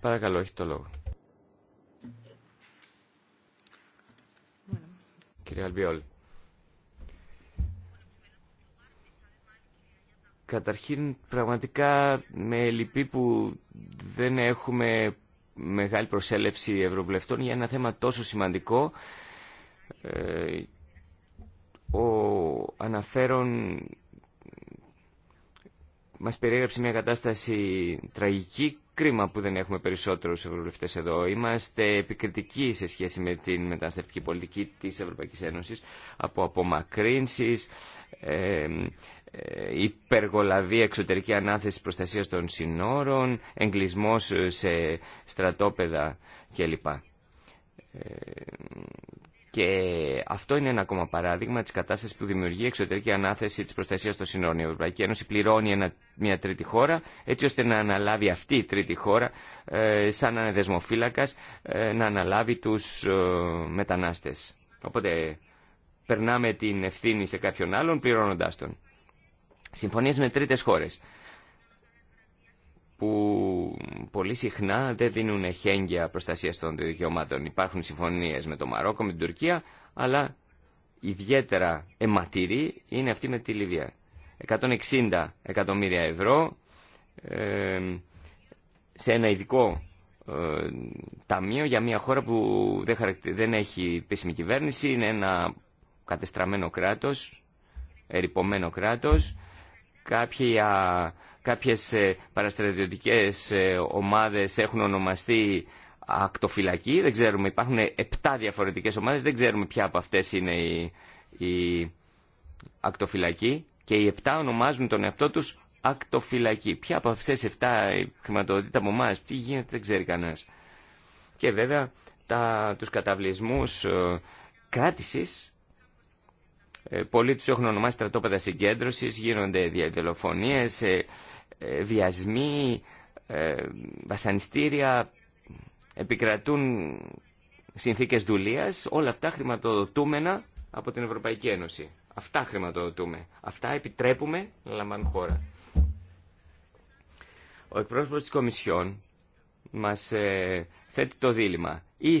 Παρακαλώ, έχει το λόγο. Κύριε Αλμπιόλ. Καταρχήν πραγματικά με λυπή που δεν έχουμε μεγάλη προσέλευση ευρωβουλευτών για ένα θέμα τόσο σημαντικό. Ε, ο αναφέρον μας περιέγραψε μια κατάσταση τραγική Κρίμα που δεν έχουμε περισσότερους ευρωβουλευτές εδώ. Είμαστε επικριτικοί σε σχέση με την μεταναστευτική πολιτική της Ευρωπαϊκής Ένωσης από απομακρύνσεις, ε, υπεργολαβή εξωτερική ανάθεση προστασίας των συνόρων, εγκλισμός σε στρατόπεδα κλπ. Ε, και αυτό είναι ένα ακόμα παράδειγμα τη κατάσταση που δημιουργεί η εξωτερική ανάθεση τη προστασία των συνόρων. Η Ευρωπαϊκή Ένωση πληρώνει μια τρίτη χώρα έτσι ώστε να αναλάβει αυτή η τρίτη χώρα, ε, σαν ανεδεσμοφύλακα, ε, να αναλάβει του ε, μετανάστε. Οπότε περνάμε την ευθύνη σε κάποιον άλλον πληρώνοντά τον. Συμφωνίε με τρίτε χώρε που πολύ συχνά δεν δίνουν εχέγγυα προστασία των δικαιωμάτων. Υπάρχουν συμφωνίες με το Μαρόκο, με την Τουρκία, αλλά ιδιαίτερα αιματηρή είναι αυτή με τη Λιβύα. 160 εκατομμύρια ευρώ ε, σε ένα ειδικό ε, ταμείο για μια χώρα που δεν, χαρακτη... δεν έχει επίσημη κυβέρνηση, είναι ένα κατεστραμμένο κράτος, ερυπωμένο κράτος. Κάποια Κάποιες ε, παραστρατιωτικές ε, ομάδες έχουν ονομαστεί ακτοφυλακή, δεν ξέρουμε, υπάρχουν 7 διαφορετικές ομάδες, δεν ξέρουμε ποια από αυτές είναι οι η ακτοφυλακή και οι 7 ονομάζουν τον εαυτό τους ακτοφυλακή. Ποια από αυτές οι 7 χρηματοδοτείται από εμάς, τι γίνεται δεν ξέρει κανένας. Και βέβαια τα, τους καταβλισμούς ε, κράτησης, ε, πολλοί τους έχουν ονομάσει στρατόπεδα συγκέντρωσης, γίνονται διαδελοφονίες βιασμοί, ε, βασανιστήρια, επικρατούν συνθήκες δουλείας, όλα αυτά χρηματοδοτούμενα από την Ευρωπαϊκή Ένωση. Αυτά χρηματοδοτούμε. Αυτά επιτρέπουμε να λαμβάνουν χώρα. Ο εκπρόσωπος της Κομισιόν μας ε, θέτει το δίλημα. Ή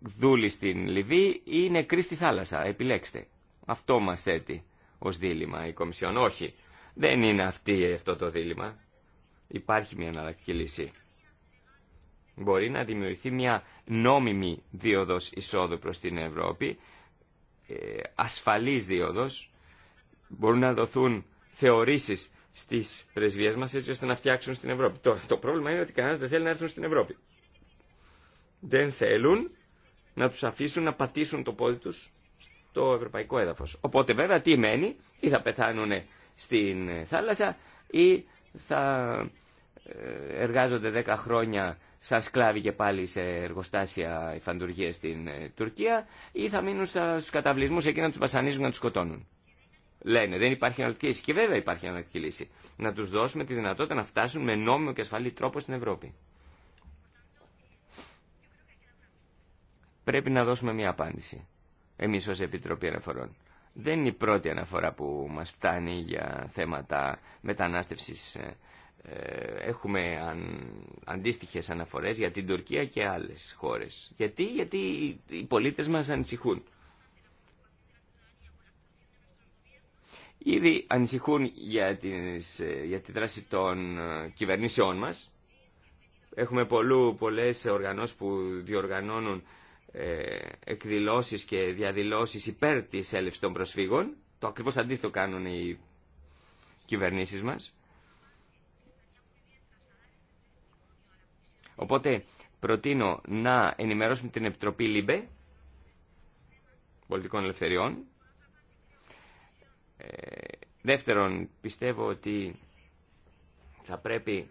δούλη στην Λιβύη ή νεκρή στη θάλασσα. Επιλέξτε. Αυτό μας θέτει ως δίλημα η Κομισιόν. Όχι. Δεν είναι αυτή, αυτό το δίλημα. Υπάρχει μια εναλλακτική λύση. Μπορεί να δημιουργηθεί μια νόμιμη δίωδος εισόδου προς την Ευρώπη, ε, ασφαλής δίωδος. Μπορούν να δοθούν θεωρήσεις στις πρεσβείες μας έτσι ώστε να φτιάξουν στην Ευρώπη. Το, το πρόβλημα είναι ότι κανένας δεν θέλει να έρθουν στην Ευρώπη. Δεν θέλουν να τους αφήσουν να πατήσουν το πόδι τους στο ευρωπαϊκό έδαφος. Οπότε βέβαια τι μένει, ή θα πεθάνουν στην ε, θάλασσα ή θα ε, εργάζονται 10 χρόνια σαν σκλάβοι και πάλι σε εργοστάσια υφαντουργία στην ε, Τουρκία ή θα μείνουν στους καταβλισμούς εκεί να τους βασανίζουν να τους σκοτώνουν. Λένε, δεν υπάρχει αναλυτική λύση. Και βέβαια υπάρχει αναλυτική λύση. Να τους δώσουμε τη δυνατότητα να φτάσουν με νόμιμο και ασφαλή τρόπο στην Ευρώπη. Πρέπει να δώσουμε μια απάντηση. Εμείς ως Επιτροπή Αναφορών. Δεν είναι η πρώτη αναφορά που μας φτάνει για θέματα μετανάστευσης. Ε, ε, έχουμε αντίστοιχες αναφορές για την Τουρκία και άλλες χώρες. Γιατί, γιατί οι πολίτες μας ανησυχούν. Ήδη ανησυχούν για, τις, ε, τη δράση των κυβερνήσεών μας. Έχουμε πολλού, πολλές οργανώσεις που διοργανώνουν ε, εκδηλώσεις και διαδηλώσεις υπέρ της έλευσης των προσφύγων. Το ακριβώς αντίθετο κάνουν οι κυβερνήσεις μας. Οπότε προτείνω να ενημερώσουμε την Επιτροπή ΛΥΜΠΕ Πολιτικών Ελευθεριών. Ε, δεύτερον, πιστεύω ότι θα πρέπει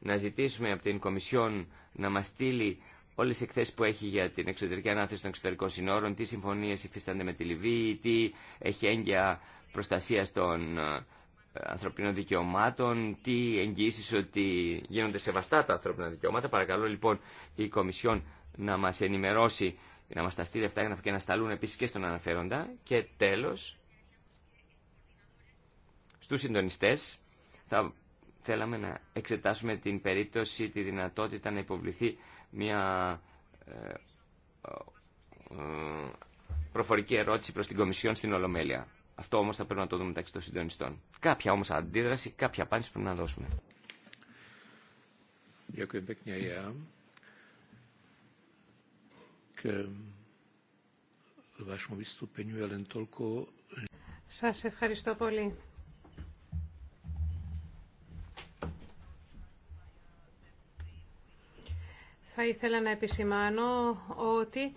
να ζητήσουμε από την Κομισιόν να μας στείλει όλες οι εκθέσεις που έχει για την εξωτερική ανάθεση των εξωτερικών συνόρων, τι συμφωνίες υφίστανται με τη Λιβύη, τι έχει έγκαια προστασία των ε, ανθρωπίνων δικαιωμάτων, τι εγγυήσεις ότι γίνονται σεβαστά τα ανθρώπινα δικαιώματα. Παρακαλώ λοιπόν η Κομισιόν να μας ενημερώσει, να μας τα στείλει αυτά και να σταλούν επίσης και στον αναφέροντα. Και τέλος, στους συντονιστές θα θέλαμε να εξετάσουμε την περίπτωση, τη δυνατότητα να υποβληθεί μια ε, ε, προφορική ερώτηση προς την Κομισιόν στην Ολομέλεια. Αυτό όμως θα πρέπει να το δούμε μεταξύ των συντονιστών. Κάποια όμως αντίδραση, κάποια απάντηση πρέπει να δώσουμε. Ε, Σας ευχαριστώ πολύ. Θα ήθελα να επισημάνω ότι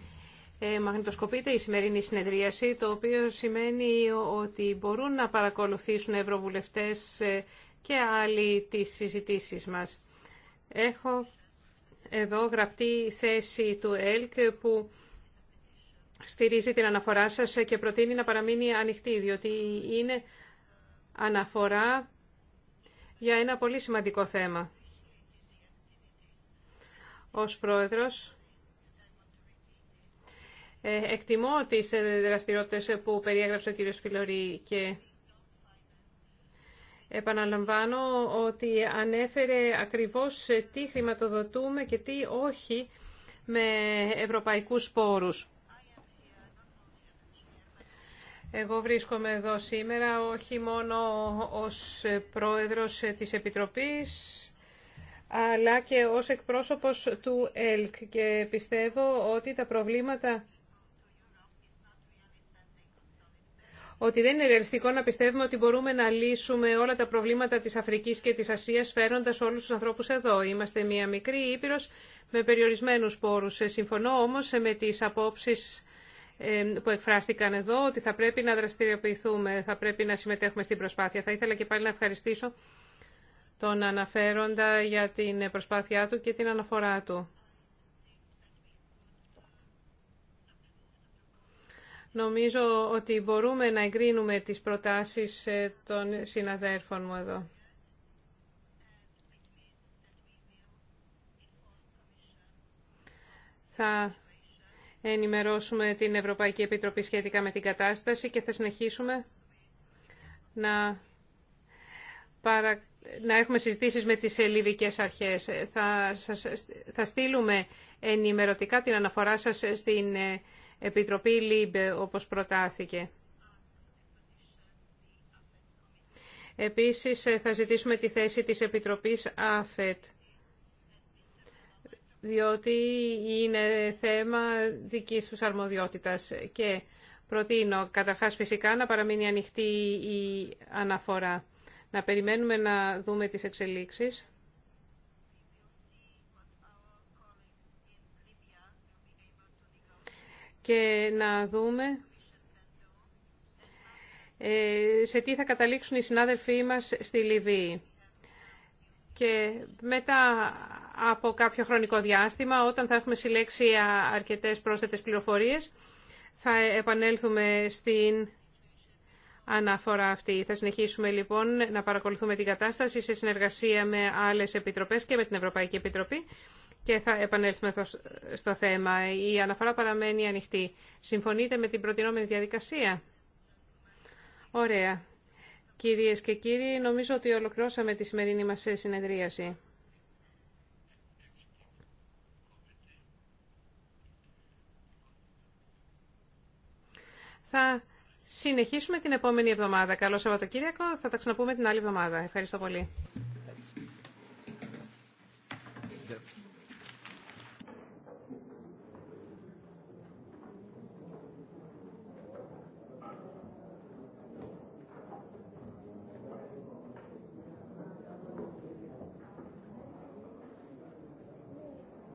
ε, μαγνητοσκοπείται η σημερινή συνεδρίαση, το οποίο σημαίνει ότι μπορούν να παρακολουθήσουν ευρωβουλευτές ε, και άλλοι τις συζητήσεις μας. Έχω εδώ γραπτή θέση του ΕΛΚ που στηρίζει την αναφορά σας και προτείνει να παραμείνει ανοιχτή, διότι είναι αναφορά για ένα πολύ σημαντικό θέμα ως πρόεδρος. Ε, εκτιμώ τις ε, δραστηριότητες που περιέγραψε ο κύριος Φιλωρή και επαναλαμβάνω ότι ανέφερε ακριβώς τι χρηματοδοτούμε και τι όχι με ευρωπαϊκούς πόρους. Εγώ βρίσκομαι εδώ σήμερα όχι μόνο ως πρόεδρος της Επιτροπής αλλά και ως εκπρόσωπος του ΕΛΚ και πιστεύω ότι τα προβλήματα ότι δεν είναι ρεαλιστικό να πιστεύουμε ότι μπορούμε να λύσουμε όλα τα προβλήματα της Αφρικής και της Ασίας φέροντας όλους τους ανθρώπους εδώ. Είμαστε μια μικρή ήπειρος με περιορισμένους πόρους. Ε, συμφωνώ όμως με τις απόψεις ε, που εκφράστηκαν εδώ ότι θα πρέπει να δραστηριοποιηθούμε, θα πρέπει να συμμετέχουμε στην προσπάθεια. Θα ήθελα και πάλι να ευχαριστήσω τον αναφέροντα για την προσπάθειά του και την αναφορά του. Νομίζω ότι μπορούμε να εγκρίνουμε τις προτάσεις ε, των συναδέρφων μου εδώ. Θα ενημερώσουμε την Ευρωπαϊκή Επιτροπή σχετικά με την κατάσταση και θα συνεχίσουμε να παρακολουθούμε να έχουμε συζητήσεις με τις ε, λιβικές αρχές. Ε, θα, ε, θα στείλουμε ενημερωτικά την αναφορά σας στην Επιτροπή ΛΥΜΠΕ, όπως προτάθηκε. Επίσης, θα ζητήσουμε τη θέση της Επιτροπής ΑΦΕΤ, διότι είναι θέμα δικής τους αρμοδιότητας. Και προτείνω, καταρχάς φυσικά, να παραμείνει ανοιχτή η αναφορά να περιμένουμε να δούμε τις εξελίξεις. και να δούμε ε, σε τι θα καταλήξουν οι συνάδελφοί μας στη Λιβύη. Και μετά από κάποιο χρονικό διάστημα, όταν θα έχουμε συλλέξει αρκετές πρόσθετες πληροφορίες, θα επανέλθουμε στην αναφορά αυτή. Θα συνεχίσουμε λοιπόν να παρακολουθούμε την κατάσταση σε συνεργασία με άλλες επιτροπές και με την Ευρωπαϊκή Επιτροπή και θα επανέλθουμε στο θέμα. Η αναφορά παραμένει ανοιχτή. Συμφωνείτε με την προτινόμενη διαδικασία? Ωραία. Κυρίες και κύριοι, νομίζω ότι ολοκληρώσαμε τη σημερινή μας συνεδρίαση. Θα Συνεχίσουμε την επόμενη εβδομάδα. Καλό Σαββατοκύριακο. Θα τα ξαναπούμε την άλλη εβδομάδα. Ευχαριστώ πολύ.